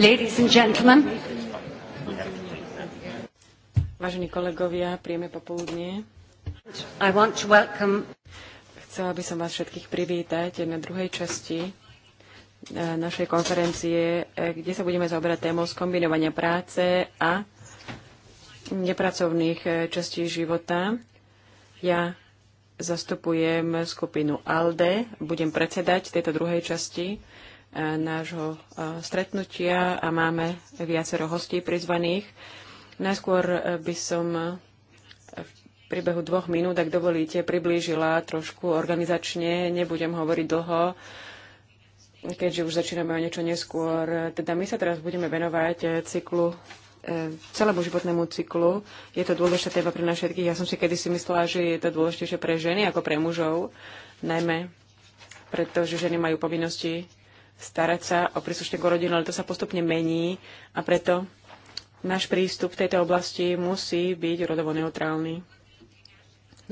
Ladies and gentlemen. Vážení kolegovia, príjemné popoludnie. I want to welcome... Chcela by som vás všetkých privítať na druhej časti e, našej konferencie, e, kde sa budeme zaoberať témou skombinovania práce a nepracovných e, častí života. Ja zastupujem skupinu ALDE, budem predsedať tejto druhej časti E, nášho e, stretnutia a máme viacero hostí prizvaných. Najskôr e, by som v priebehu dvoch minút, ak dovolíte, priblížila trošku organizačne. Nebudem hovoriť dlho, keďže už začíname o niečo neskôr. Teda my sa teraz budeme venovať cyklu celému životnému cyklu. Je to dôležitá téma pre nás všetkých. Ja som si kedysi myslela, že je to dôležitejšie pre ženy ako pre mužov, najmä pretože ženy majú povinnosti starať sa o príslušníkov rodiny, ale to sa postupne mení a preto náš prístup v tejto oblasti musí byť rodovo neutrálny.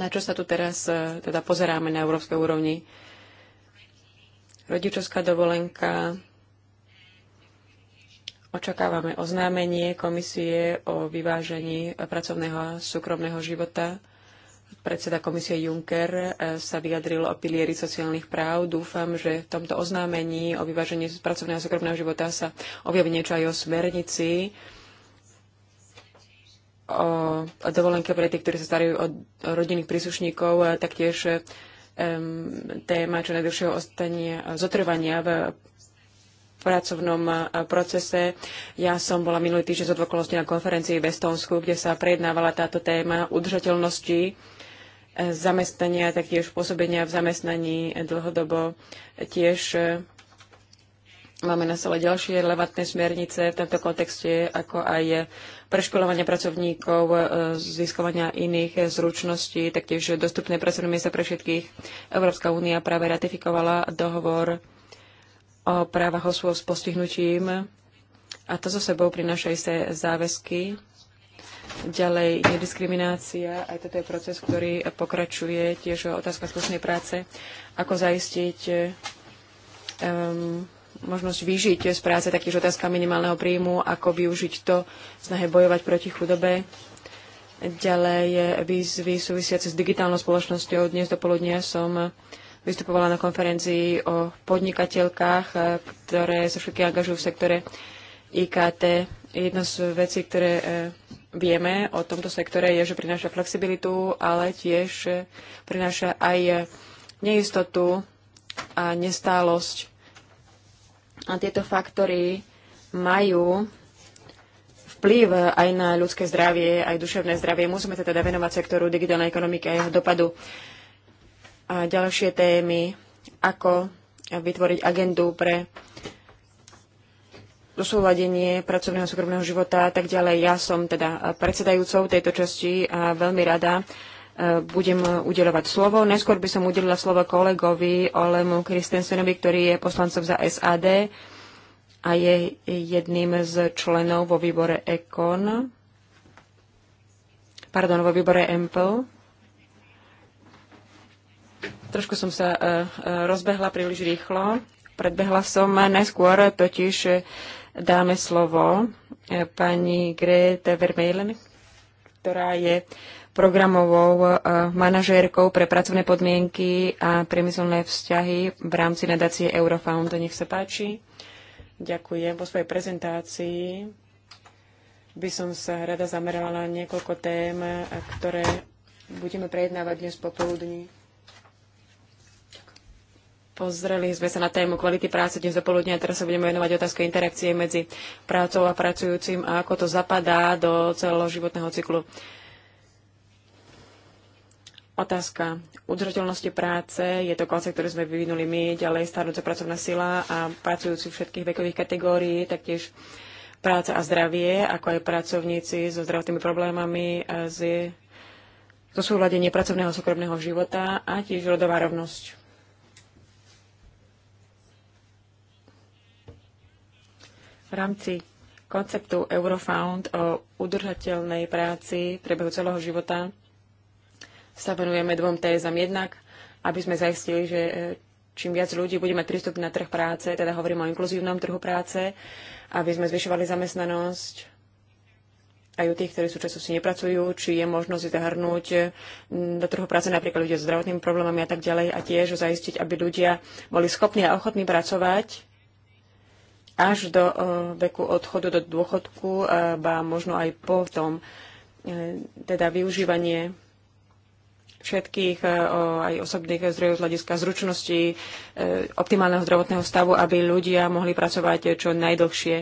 Na čo sa tu teraz e, teda pozeráme na európskej úrovni? Rodičovská dovolenka, očakávame oznámenie komisie o vyvážení pracovného a súkromného života. Predseda komisie Juncker e, sa vyjadril o pilieri sociálnych práv. Dúfam, že v tomto oznámení o vyvážení pracovného a súkromného života sa objaví niečo aj o smernici, o, dovolenke pre tých, ktorí sa starajú o, rodinných príslušníkov, taktiež um, téma čo najdlhšieho ostania, zotrvania v pracovnom e, procese. Ja som bola minulý týždeň z okolností na konferencii v Estónsku, kde sa prejednávala táto téma udržateľnosti zamestnania, taktiež pôsobenia v zamestnaní dlhodobo. Tiež e, máme na stole ďalšie relevantné smernice v tomto kontexte, ako aj preškolovanie pracovníkov, e, získovania iných zručností, taktiež dostupné pracovné miesta pre všetkých. Európska únia práve ratifikovala dohovor o právach osôb s postihnutím a to so sebou prináša isté záväzky Ďalej nediskriminácia, aj toto je proces, ktorý pokračuje, tiež otázka slušnej práce, ako zaistiť um, možnosť vyžiť z práce, taktiež otázka minimálneho príjmu, ako využiť to v snahe bojovať proti chudobe. Ďalej výzvy súvisiace s digitálnou spoločnosťou. Dnes do poludnia som vystupovala na konferencii o podnikateľkách, ktoré sa všetky angažujú v sektore IKT. Jedna z vecí, ktoré vieme o tomto sektore, je, že prináša flexibilitu, ale tiež prináša aj neistotu a nestálosť. A tieto faktory majú vplyv aj na ľudské zdravie, aj duševné zdravie. Musíme sa teda venovať sektoru digitálnej ekonomiky a jeho dopadu. A ďalšie témy, ako vytvoriť agendu pre zosúladenie pracovného a súkromného života a tak ďalej. Ja som teda predsedajúcou tejto časti a veľmi rada e, budem udelovať slovo. Neskôr by som udelila slovo kolegovi Olemu Kristensenovi, ktorý je poslancom za SAD a je jedným z členov vo výbore EKON, pardon, vo výbore EMPL. Trošku som sa e, e, rozbehla príliš rýchlo. Predbehla som neskôr totiž dáme slovo eh, pani Grete Vermeilen, ktorá je programovou eh, manažérkou pre pracovné podmienky a priemyselné vzťahy v rámci nadácie Eurofound. Nech sa páči. Ďakujem. Po svojej prezentácii by som sa rada zamerala na niekoľko tém, eh, ktoré budeme prejednávať dnes popoludní. Pozreli sme sa na tému kvality práce dnes dopoludne a teraz sa budeme venovať otázke interakcie medzi prácou a pracujúcim a ako to zapadá do celoživotného cyklu. Otázka udržateľnosti práce. Je to koncept, ktorý sme vyvinuli my, ďalej starnúca pracovná sila a pracujúci všetkých vekových kategórií, taktiež práca a zdravie, ako aj pracovníci so zdravotnými problémami, eh, z, to sú pracovného a súkromného života a tiež rodová rovnosť. V rámci konceptu Eurofound o udržateľnej práci priebehu celého života sa venujeme dvom tézam. Jednak, aby sme zaistili, že e, čím viac ľudí bude mať prístup na trh práce, teda hovorím o inkluzívnom trhu práce, aby sme zvyšovali zamestnanosť aj u tých, ktorí súčasnosti si nepracujú, či je možnosť zahrnúť e, do trhu práce napríklad ľudia s zdravotnými problémami a tak ďalej a tiež zaistiť, aby ľudia boli schopní a ochotní pracovať až do eh, veku odchodu do dôchodku, eh, ba možno aj potom, eh, teda využívanie všetkých aj osobných zdrojov z hľadiska zručnosti, optimálneho zdravotného stavu, aby ľudia mohli pracovať čo najdlhšie.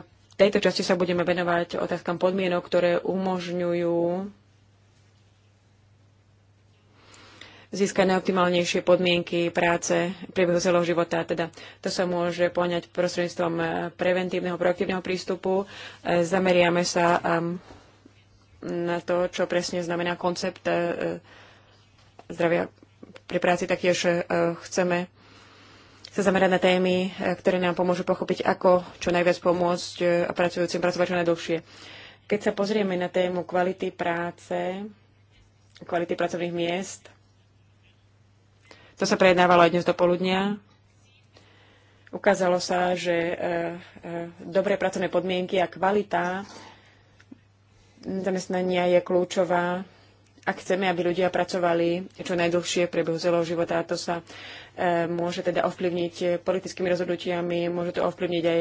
V tejto časti sa budeme venovať otázkam podmienok, ktoré umožňujú získať najoptimálnejšie podmienky práce v priebehu celého života. Teda to sa môže poňať prostredníctvom eh, preventívneho, proaktívneho prístupu. Eh, zameriame sa ehm, na to, čo presne znamená koncept eh, zdravia pri práci, taktiež chceme sa zamerať na témy, ktoré nám pomôžu pochopiť, ako čo najviac pomôcť pracujúcim pracovať čo najdlhšie. Keď sa pozrieme na tému kvality práce, kvality pracovných miest, to sa prejednávalo aj dnes do poludnia. Ukázalo sa, že e, e, dobré pracovné podmienky a kvalita zamestnania je kľúčová. Ak chceme, aby ľudia pracovali čo najdlhšie v priebehu celého života, a to sa e, môže teda ovplyvniť politickými rozhodnutiami, môže to ovplyvniť aj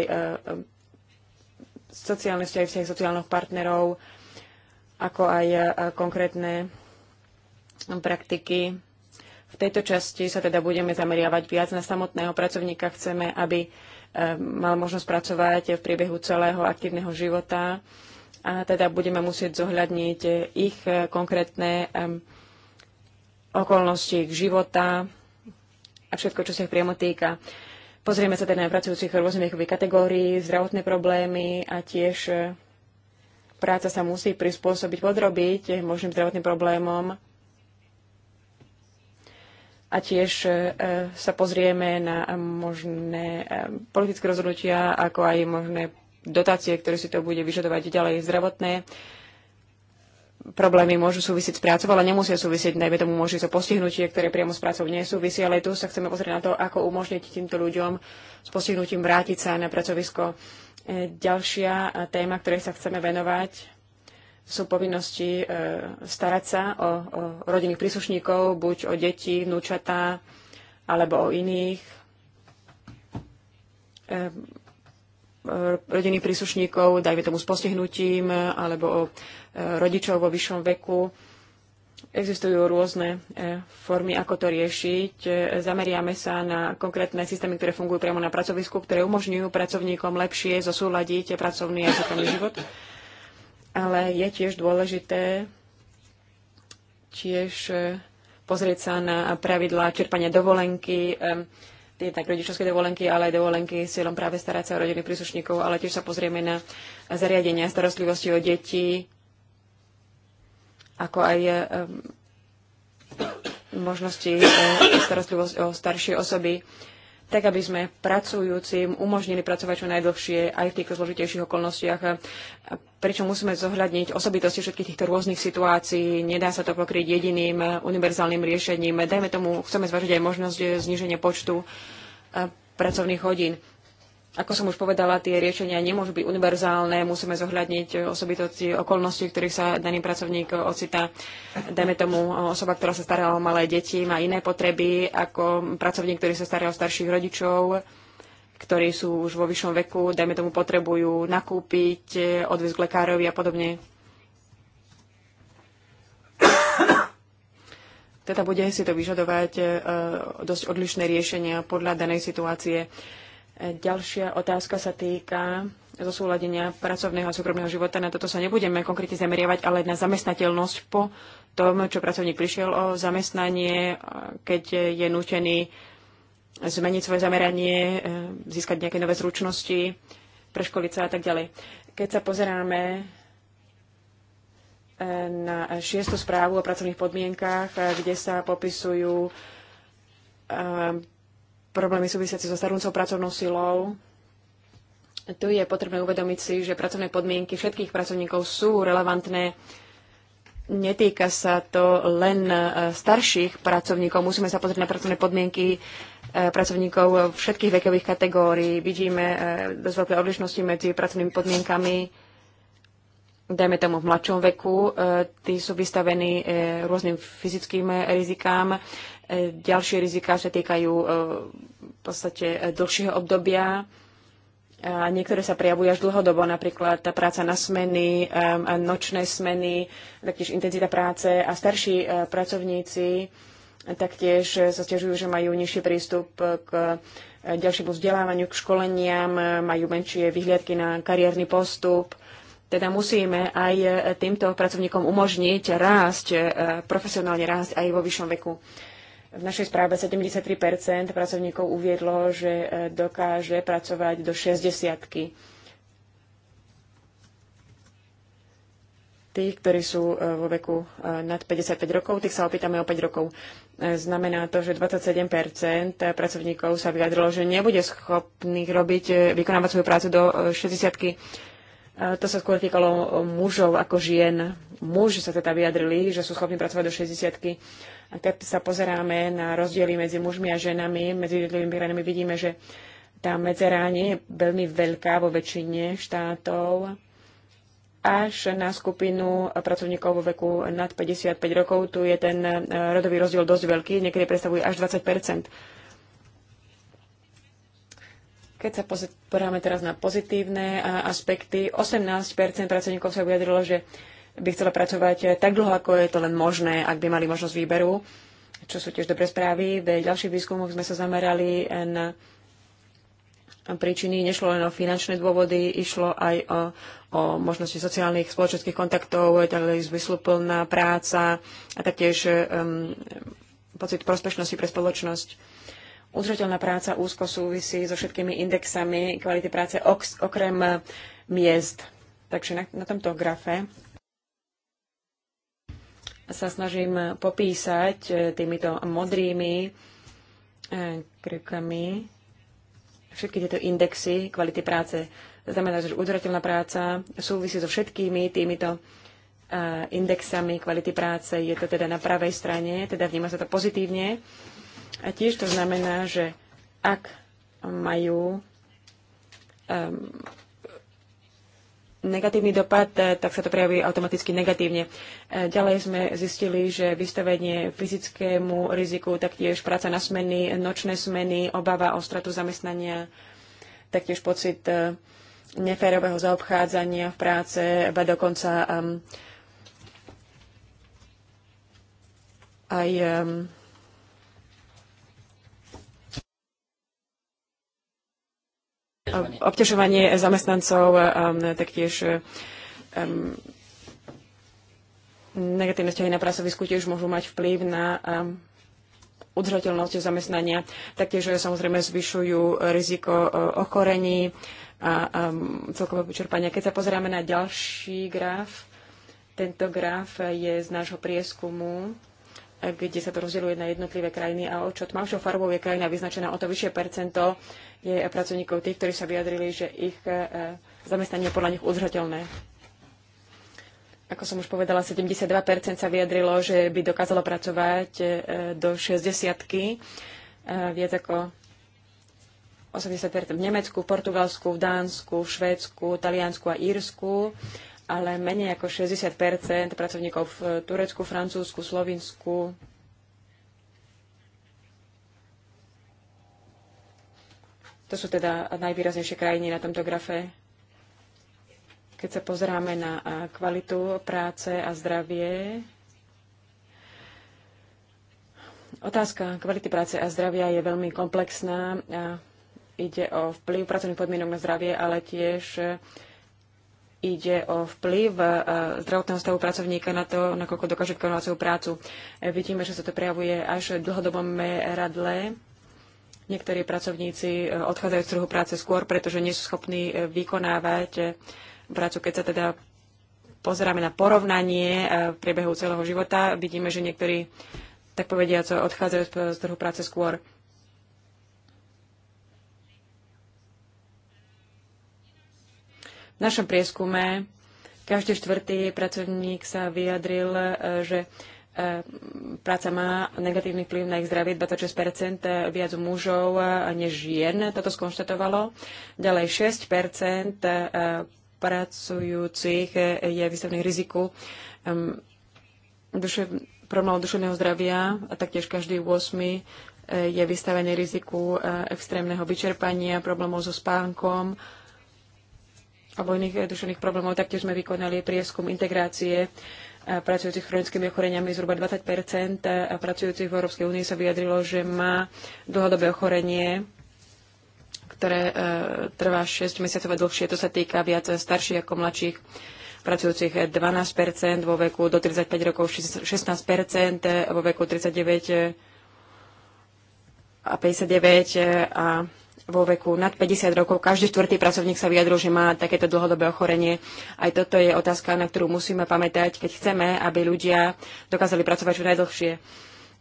sociálne vzťahy, vzťahy sociálnych partnerov, ako aj konkrétne praktiky v tejto časti sa teda budeme zameriavať viac na samotného pracovníka. Chceme, aby e, mal možnosť pracovať v priebehu celého aktívneho života a teda budeme musieť zohľadniť ich konkrétne okolnosti ich života a všetko, čo sa ich priamo týka. Pozrieme sa teda na pracujúcich rôznych vekových kategórií, zdravotné problémy a tiež e, práca sa musí prispôsobiť, podrobiť možným zdravotným problémom a tiež e, sa pozrieme na možné e, politické rozhodnutia, ako aj možné dotácie, ktoré si to bude vyžadovať ďalej zdravotné. Problémy môžu súvisieť s prácou, ale nemusia súvisieť, najmä tomu môže sa postihnutie, ktoré priamo s prácou nesúvisí, ale tu sa chceme pozrieť na to, ako umožniť týmto ľuďom s postihnutím vrátiť sa na pracovisko. E, ďalšia téma, ktorej sa chceme venovať, sú povinnosti e, starať sa o, o rodinných príslušníkov, buď o deti, vnúčatá alebo o iných e, e, rodinných príslušníkov, dajme tomu s postihnutím, alebo o rodičov vo vyššom veku. Existujú rôzne formy, ako to riešiť. Zameriame sa na konkrétne systémy, ktoré fungujú priamo na pracovisku, ktoré umožňujú pracovníkom lepšie zosúľadiť pracovný a súkromný život ale je tiež dôležité tiež e, pozrieť sa na pravidlá čerpania dovolenky, e, tie tak rodičovské dovolenky, ale aj dovolenky s cieľom práve starať sa o rodinných príslušníkov, ale tiež sa pozrieme na zariadenia starostlivosti o deti, ako aj e, možnosti starostlivosti o staršie osoby tak aby sme pracujúcim umožnili pracovať čo najdlhšie aj v týchto zložitejších okolnostiach, pričom musíme zohľadniť osobitosti všetkých týchto rôznych situácií. Nedá sa to pokryť jediným univerzálnym riešením. Dajme tomu, chceme zvažiť aj možnosť zníženia počtu eh, pracovných hodín. Ako som už povedala, tie riešenia nemôžu byť univerzálne, musíme zohľadniť eh, osobitosti okolnosti, v ktorých sa daný pracovník eh, ocitá. Dajme tomu eh, osoba, ktorá sa stará o malé deti, má iné potreby ako pracovník, ktorý sa stará o starších rodičov, ktorí sú už vo vyššom veku, dajme tomu potrebujú nakúpiť, odviezť k lekárovi a podobne. Teda bude si to vyžadovať dosť odlišné riešenia podľa danej situácie. Ďalšia otázka sa týka zosúladenia pracovného a súkromného života. Na toto sa nebudeme konkrétne zameriavať, ale na zamestnateľnosť po tom, čo pracovník prišiel o zamestnanie, keď je nutený zmeniť svoje zameranie, e, získať nejaké nové zručnosti, preškoliť sa a tak ďalej. Keď sa pozeráme e, na šiestu správu o pracovných podmienkách, e, kde sa popisujú problémy súvisiace so starúcou pracovnou silou. Tu je potrebné uvedomiť si, že pracovné podmienky všetkých pracovníkov sú relevantné. Netýka sa to len e, starších pracovníkov. Musíme sa pozrieť na pracovné podmienky e, pracovníkov všetkých vekových kategórií. Vidíme e, dosť veľké odlišnosti medzi pracovnými podmienkami dajme tomu v mladšom veku, tí sú vystavení rôznym fyzickým rizikám, E, ďalšie riziká sa týkajú e, v podstate e, dlhšieho obdobia. A niektoré sa prejavujú až dlhodobo, napríklad tá práca na smeny, nočné smeny, taktiež intenzita práce a starší pracovníci taktiež sa stiažujú, že majú nižší prístup k ďalšiemu vzdelávaniu, k školeniam, majú menšie vyhliadky na kariérny postup. Teda musíme aj týmto pracovníkom umožniť rásť, profesionálne rásť aj vo vyššom veku. V našej správe 73 pracovníkov uviedlo, že e, dokáže pracovať do 60 -ky. Tí, ktorí sú e, vo veku e, nad 55 rokov, tých sa opýtame o 5 rokov. Znamená to, že 27 pracovníkov sa vyjadrilo, že nebude schopných robiť, vykonávať svoju prácu do 60 -ky. To sa skôr týkalo mužov ako žien. Muži sa teda vyjadrili, že sú schopní pracovať do 60 a keď sa pozeráme na rozdiely medzi mužmi a ženami, medzi jednotlivými krajinami, vidíme, že tá medzera nie je veľmi veľká vo väčšine štátov. Až na skupinu pracovníkov vo veku nad 55 rokov, tu je ten eh, rodový rozdiel dosť veľký, niekedy predstavuje až 20 Keď sa pozeráme teraz na pozitívne eh, aspekty, 18 pracovníkov sa vyjadrilo, že by chcela pracovať eh, tak dlho, ako je to len možné, ak by mali možnosť výberu, čo sú tiež dobré správy. V ďalších výskumoch sme sa zamerali eh, na príčiny. Nešlo len o finančné dôvody, išlo aj o, o možnosti sociálnych, spoločenských kontaktov, ďalej zmysluplná práca a taktiež um, pocit prospešnosti pre spoločnosť. Udržateľná práca úzko súvisí so všetkými indexami kvality práce okrem miest. Takže na, na tomto grafe sa snažím popísať e, týmito modrými e, krkami, všetky tieto indexy kvality práce. Znamená, že udržateľná práca súvisí so všetkými týmito e, indexami kvality práce. Je to teda na pravej strane, teda vníma sa to pozitívne. A tiež to znamená, že ak majú um, negatívny dopad, e, tak sa to prejaví automaticky negatívne. E, ďalej sme zistili, že vystavenie fyzickému riziku, taktiež práca na smeny, nočné smeny, obava o stratu zamestnania, taktiež pocit e, neférového zaobchádzania v práce, ba dokonca um, aj um, obťažovanie zamestnancov, um, taktiež um, negatívne vzťahy na pracovisku tiež môžu mať vplyv na um, udržateľnosť zamestnania. Taktiež samozrejme zvyšujú riziko uh, ochorení a celkové vyčerpania. Keď sa pozeráme na ďalší graf, tento graf je z nášho prieskumu kde sa to rozdeľuje na jednotlivé krajiny a o čo tmavšou farbou je krajina vyznačená, o to vyššie percento je pracovníkov tých, ktorí sa vyjadrili, že ich e, zamestnanie je podľa nich udržateľné. Ako som už povedala, 72% sa vyjadrilo, že by dokázalo pracovať e, do 60 e, viac ako 80% v Nemecku, v Portugalsku, v Dánsku, v Švédsku, Taliansku a Írsku ale menej ako 60 pracovníkov v Turecku, Francúzsku, Slovinsku. To sú teda najvýraznejšie krajiny na tomto grafe. Keď sa pozeráme na kvalitu práce a zdravie, Otázka kvality práce a zdravia je veľmi komplexná. ide o vplyv pracovných podmienok na zdravie, ale tiež ide o vplyv e, zdravotného stavu pracovníka na to, nakoľko dokáže vykonávať svoju prácu. E, vidíme, že sa to prejavuje až v dlhodobom meradle. Niektorí pracovníci e, odchádzajú z trhu práce skôr, pretože nie sú schopní vykonávať prácu. Keď sa teda pozeráme na porovnanie v priebehu celého života, vidíme, že niektorí, tak povediac, odchádzajú z trhu práce skôr. V našom prieskume každý štvrtý pracovník sa vyjadril, e, že e, práca má negatívny vplyv na ich zdravie, 26% e, viac mužov než žien, toto skonštatovalo. Ďalej 6% pracujúcich je výstavný riziku problémov duševného zdravia a taktiež každý 8 je vystavený riziku extrémneho vyčerpania, problémov so spánkom, alebo iných eh, duševných problémov. Taktiež sme vykonali prieskum integrácie eh, pracujúcich chronickými ochoreniami. Zhruba 20 eh, pracujúcich v Európskej únii sa vyjadrilo, že má dlhodobé ochorenie, ktoré trvá 6 mesiacov a dlhšie. To sa týka viac starších ako mladších pracujúcich 12 vo veku do 35 rokov 16 vo veku 39 a 59 a vo veku nad 50 rokov. Každý štvrtý pracovník sa vyjadril, že má takéto dlhodobé ochorenie. Aj toto je otázka, na ktorú musíme pamätať, keď chceme, aby ľudia dokázali pracovať čo najdlhšie.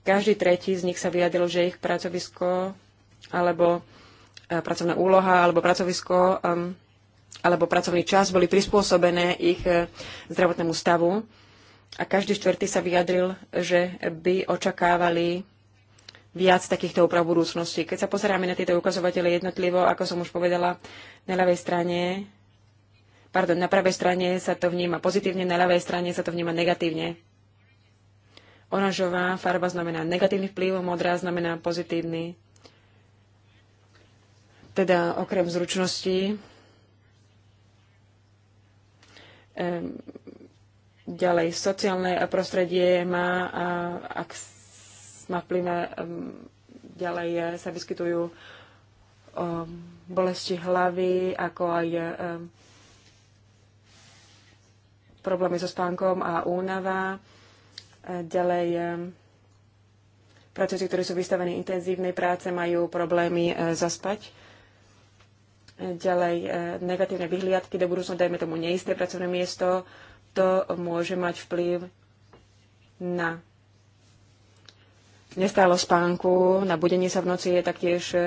Každý tretí z nich sa vyjadril, že ich pracovisko alebo e, pracovná úloha alebo pracovisko alebo pracovný čas boli prispôsobené ich e, zdravotnému stavu. A každý štvrtý sa vyjadril, že by očakávali viac takýchto úprav budúcnosti. Keď sa pozeráme na tieto ukazovatele jednotlivo, ako som už povedala, na ľavej strane, pardon, na pravej strane sa to vníma pozitívne, na ľavej strane sa to vníma negatívne. Oranžová farba znamená negatívny vplyv, modrá znamená pozitívny. Teda okrem zručnosti ďalej sociálne prostredie má, ak má vplyv um, ďalej eh, sa vyskytujú bolesti hlavy, ako aj problémy so spánkom a únava. Eh, ďalej pracujúci, ktorí sú vystavení intenzívnej práce, majú problémy eh, zaspať. Ďalej negatívne vyhliadky do budúcnosti, dajme tomu neisté pracovné miesto, to môže mať vplyv na nestálo spánku, na budenie sa v noci je taktiež e,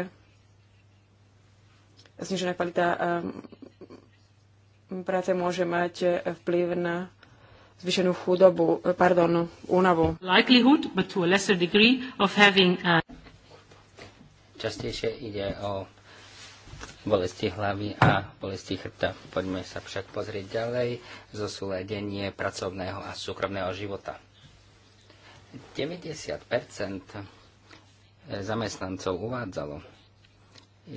znižená kvalita e, práce môže mať e, vplyv na zvyšenú chudobu, pardon, únavu. Likelihood, but to a lesser degree of having a... Častejšie ide o bolesti hlavy a bolesti chrbta. Poďme sa však pozrieť ďalej. zo súledenie pracovného a súkromného života. 90 eh, zamestnancov uvádzalo,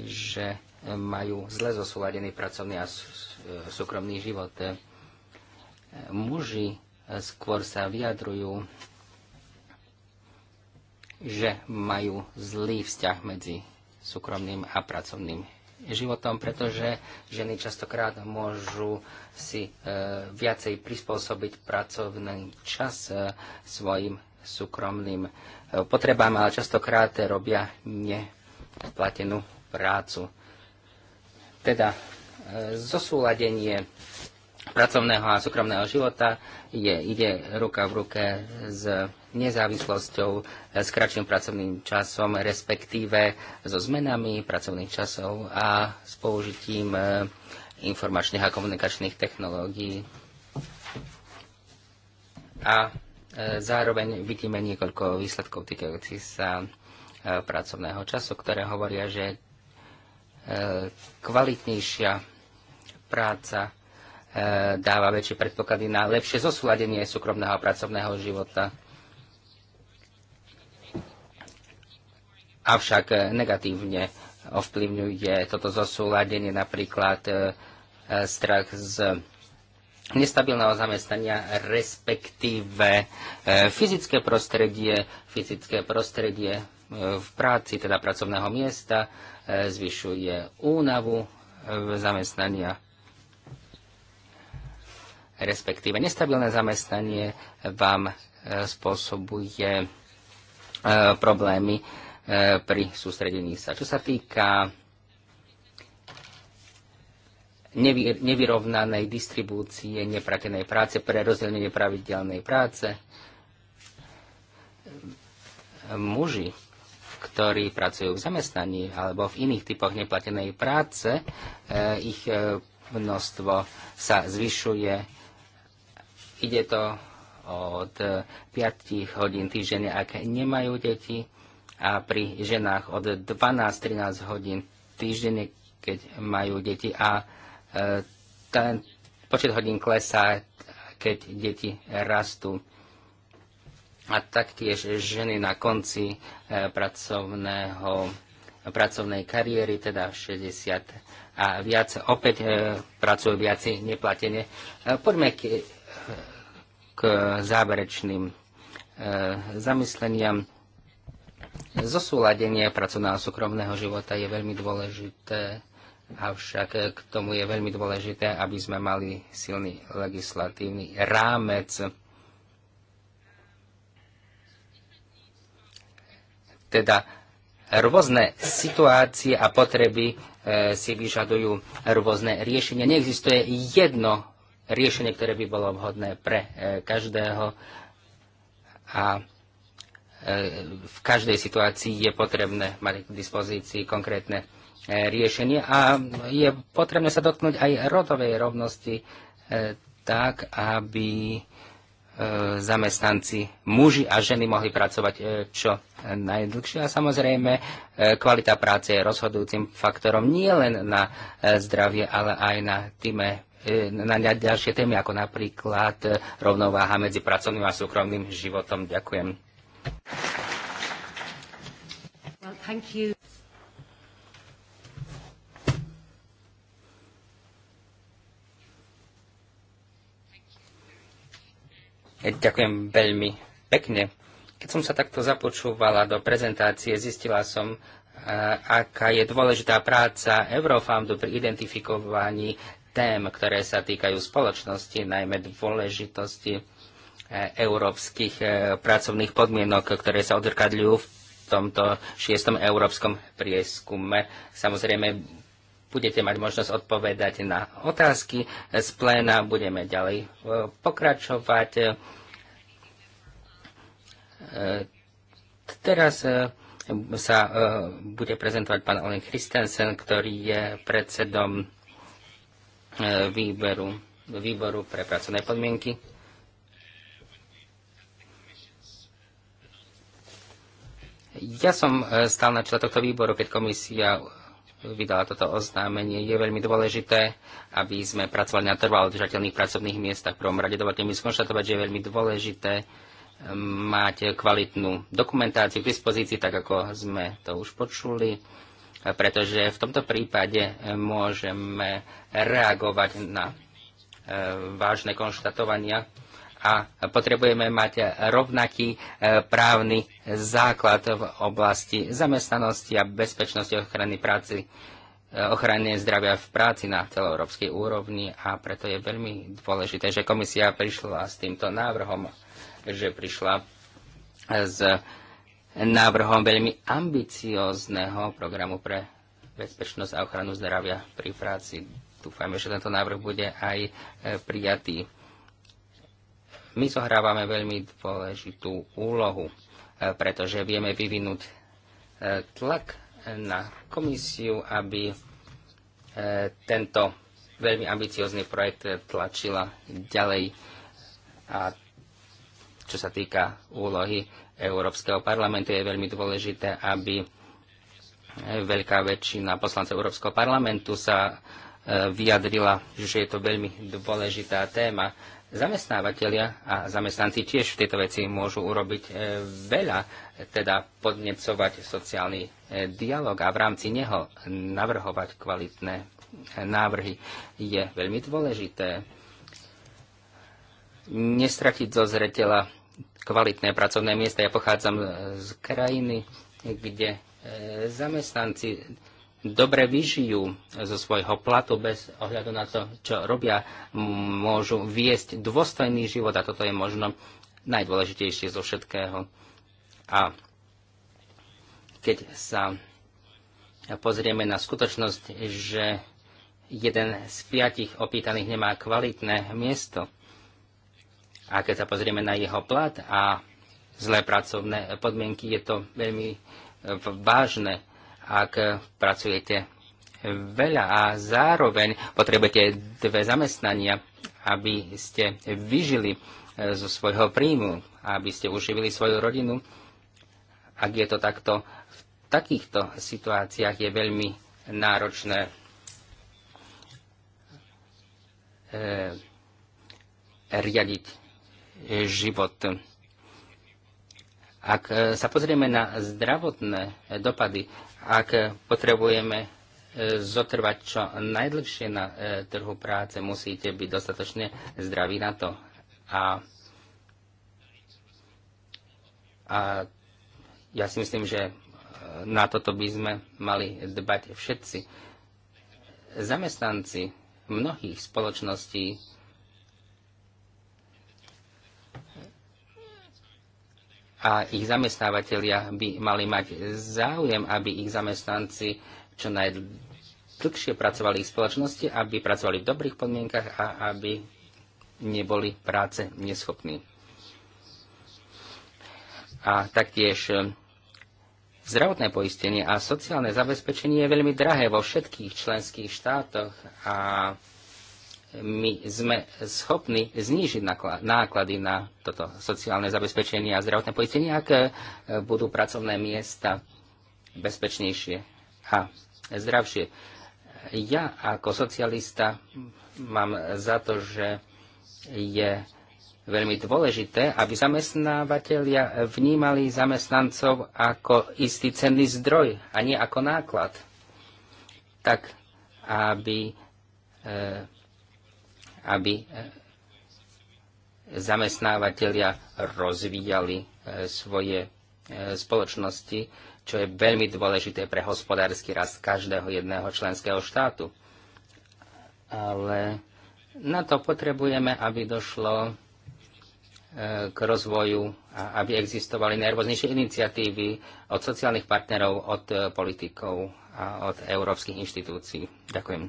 že eh, majú zle zosúladený pracovný a eh, súkromný život. Muži skôr sa vyjadrujú, že majú zlý vzťah medzi súkromným a pracovným životom, pretože ženy častokrát môžu si e, viacej prispôsobiť pracovný čas e, svojim súkromným e, potrebám, ale častokrát robia neplatenú prácu. Teda e, zosúladenie pracovného a súkromného života je, ide ruka v ruke s nezávislosťou, s kratším pracovným časom, respektíve so zmenami pracovných časov a s použitím e, informačných a komunikačných technológií. A E, zároveň vidíme niekoľko výsledkov týkajúcich sa e, pracovného času, ktoré hovoria, že e, kvalitnejšia práca dáva väčšie predpoklady na lepšie zosúladenie súkromného a pracovného života. Avšak negatívne ovplyvňuje toto zosúladenie napríklad strach z nestabilného zamestnania, respektíve e, fyzické prostredie, fyzické prostredie e, v práci, teda pracovného miesta, e, zvyšuje únavu e, zamestnania, respektíve nestabilné zamestnanie vám e, spôsobuje e, problémy pri sústredení sa. Čo sa týka nevy, nevyrovnanej distribúcie nepratenej práce pre rozdelenie pravidelnej práce. Muži, ktorí pracujú v zamestnaní alebo v iných typoch neplatenej práce, e, ich e, množstvo sa zvyšuje. Ide to od 5 hodín týždenne, ak nemajú deti, a pri ženách od 12-13 hodín týždenne, keď majú deti a E, ten počet hodín klesá, keď deti rastú. A taktiež ženy na konci e, pracovného, pracovnej kariéry, teda 60 a viac, opäť e, pracujú viac neplatene. Poďme k, k záverečným zamysleniam. Zosúladenie pracovného a súkromného života je veľmi dôležité Avšak k tomu je veľmi dôležité, aby sme mali silný legislatívny rámec. Teda rôzne situácie a potreby e, si vyžadujú rôzne riešenia. Neexistuje jedno riešenie, ktoré by bolo vhodné pre e, každého a e, v každej situácii je potrebné mať k dispozícii konkrétne E, riešenie a je potrebné sa dotknúť aj rodovej rovnosti e, tak, aby e, zamestnanci, muži a ženy mohli pracovať čo najdlhšie. A samozrejme, kvalita práce je rozhodujúcim faktorom nie len na zdravie, ale aj na týme na ďalšie témy, ako napríklad rovnováha medzi pracovným a súkromným životom. Ďakujem. Well, E, ďakujem veľmi pekne. Keď som sa takto započúvala do prezentácie, zistila som, e, aká je dôležitá práca Eurofoundu pri identifikovaní tém, ktoré sa týkajú spoločnosti, najmä dôležitosti e, európskych pracovných podmienok, ktoré sa odrkadľujú v tomto šiestom európskom prieskume. Samozrejme, budete mať možnosť odpovedať na otázky. Z pléna budeme ďalej e, pokračovať. E, teraz e, sa bude prezentovať pán Olin Christensen, ktorý je predsedom výberu, výboru pre pracovné podmienky. Ja som stál na čele tohto výboru, keď komisia vydala toto oznámenie. Je veľmi dôležité, aby sme pracovali na trvalo udržateľných pracovných miestach. V prvom rade dovolte mi skonštatovať, že je veľmi dôležité um, mať kvalitnú dokumentáciu k dispozícii, tak ako sme to už počuli, pretože v tomto prípade eh, môžeme reagovať na eh, vážne konštatovania a potrebujeme mať rovnaký e, právny základ v oblasti zamestnanosti a bezpečnosti ochrany práci e, ochrany zdravia v práci na celoeurópskej úrovni a preto je veľmi dôležité, že komisia prišla s týmto návrhom, že prišla e, s návrhom veľmi ambiciozného programu pre bezpečnosť a ochranu zdravia pri práci. Dúfajme, že tento návrh bude aj prijatý. My zohrávame veľmi dôležitú úlohu, e, pretože vieme vyvinúť e, tlak na komisiu, aby e, tento veľmi ambiciózny projekt tlačila ďalej. A čo sa týka úlohy Európskeho parlamentu, je veľmi dôležité, aby veľká väčšina poslancov Európskeho parlamentu sa vyjadrila, že je to veľmi dôležitá téma Zamestnávateľia a zamestnanci tiež v tejto veci môžu urobiť e, veľa, teda podnecovať sociálny e, dialog a v rámci neho navrhovať kvalitné e, návrhy je veľmi dôležité. Nestratiť zo zretela kvalitné pracovné miesta. Ja pochádzam z krajiny, kde zamestnanci dobre vyžijú zo svojho platu bez ohľadu na to, čo robia, môžu viesť dôstojný život a toto je možno najdôležitejšie zo všetkého. A keď sa pozrieme na skutočnosť, že jeden z piatich opýtaných nemá kvalitné miesto, a keď sa pozrieme na jeho plat a zlé pracovné podmienky, je to veľmi vážne ak pracujete veľa a zároveň potrebujete dve zamestnania, aby ste vyžili eh, zo svojho príjmu, aby ste uživili svoju rodinu. Ak je to takto, v takýchto situáciách je veľmi náročné e, riadiť život. Ak eh, sa pozrieme na zdravotné dopady ak potrebujeme e, zotrvať čo najdlhšie na e, trhu práce, musíte byť dostatočne zdraví na to. A, a ja si myslím, že e, na toto by sme mali dbať všetci. Zamestnanci mnohých spoločností a ich zamestnávateľia by mali mať záujem, aby ich zamestnanci čo najdlhšie pracovali v spoločnosti, aby pracovali v dobrých podmienkach a aby neboli práce neschopní. A taktiež e, zdravotné poistenie a sociálne zabezpečenie je veľmi drahé vo všetkých členských štátoch a my sme schopní znížiť náklady na toto sociálne zabezpečenie a zdravotné poistenie, ak e, budú pracovné miesta bezpečnejšie a zdravšie. Ja ako socialista mám za to, že je veľmi dôležité, aby zamestnávateľia vnímali zamestnancov ako istý cenný zdroj a nie ako náklad. Tak, aby e, aby eh, zamestnávateľia rozvíjali eh, svoje eh, spoločnosti, čo je veľmi dôležité pre hospodársky rast každého jedného členského štátu. Ale na to potrebujeme, aby došlo k rozvoju a aby existovali najrôznejšie iniciatívy od sociálnych partnerov, od politikov a od európskych inštitúcií. Ďakujem.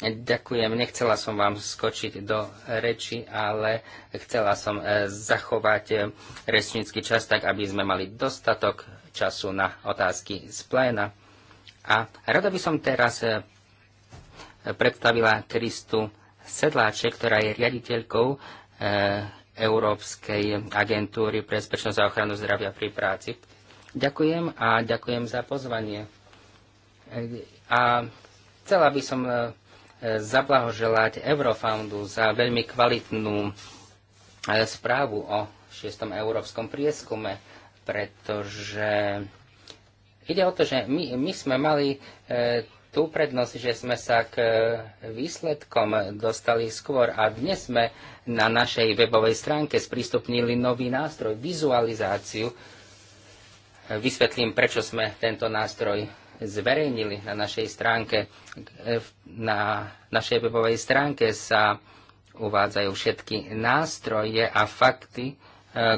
Ďakujem, nechcela som vám skočiť do reči, ale chcela som e, zachovať e, rečnícky čas tak, aby sme mali dostatok času na otázky z pléna. A rada by som teraz e, predstavila Kristu Sedláče, ktorá je riaditeľkou Európskej agentúry pre bezpečnosť a ochranu zdravia pri práci. Ďakujem a ďakujem za pozvanie. A chcela by som zablahoželať Eurofoundu za veľmi kvalitnú e, správu o 6. európskom prieskume, pretože ide o to, že my, my sme mali e, tú prednosť, že sme sa k e, výsledkom dostali skôr a dnes sme na našej webovej stránke sprístupnili nový nástroj, vizualizáciu. Vysvetlím, prečo sme tento nástroj zverejnili na našej stránke. E, na našej webovej stránke sa uvádzajú všetky nástroje a fakty, e,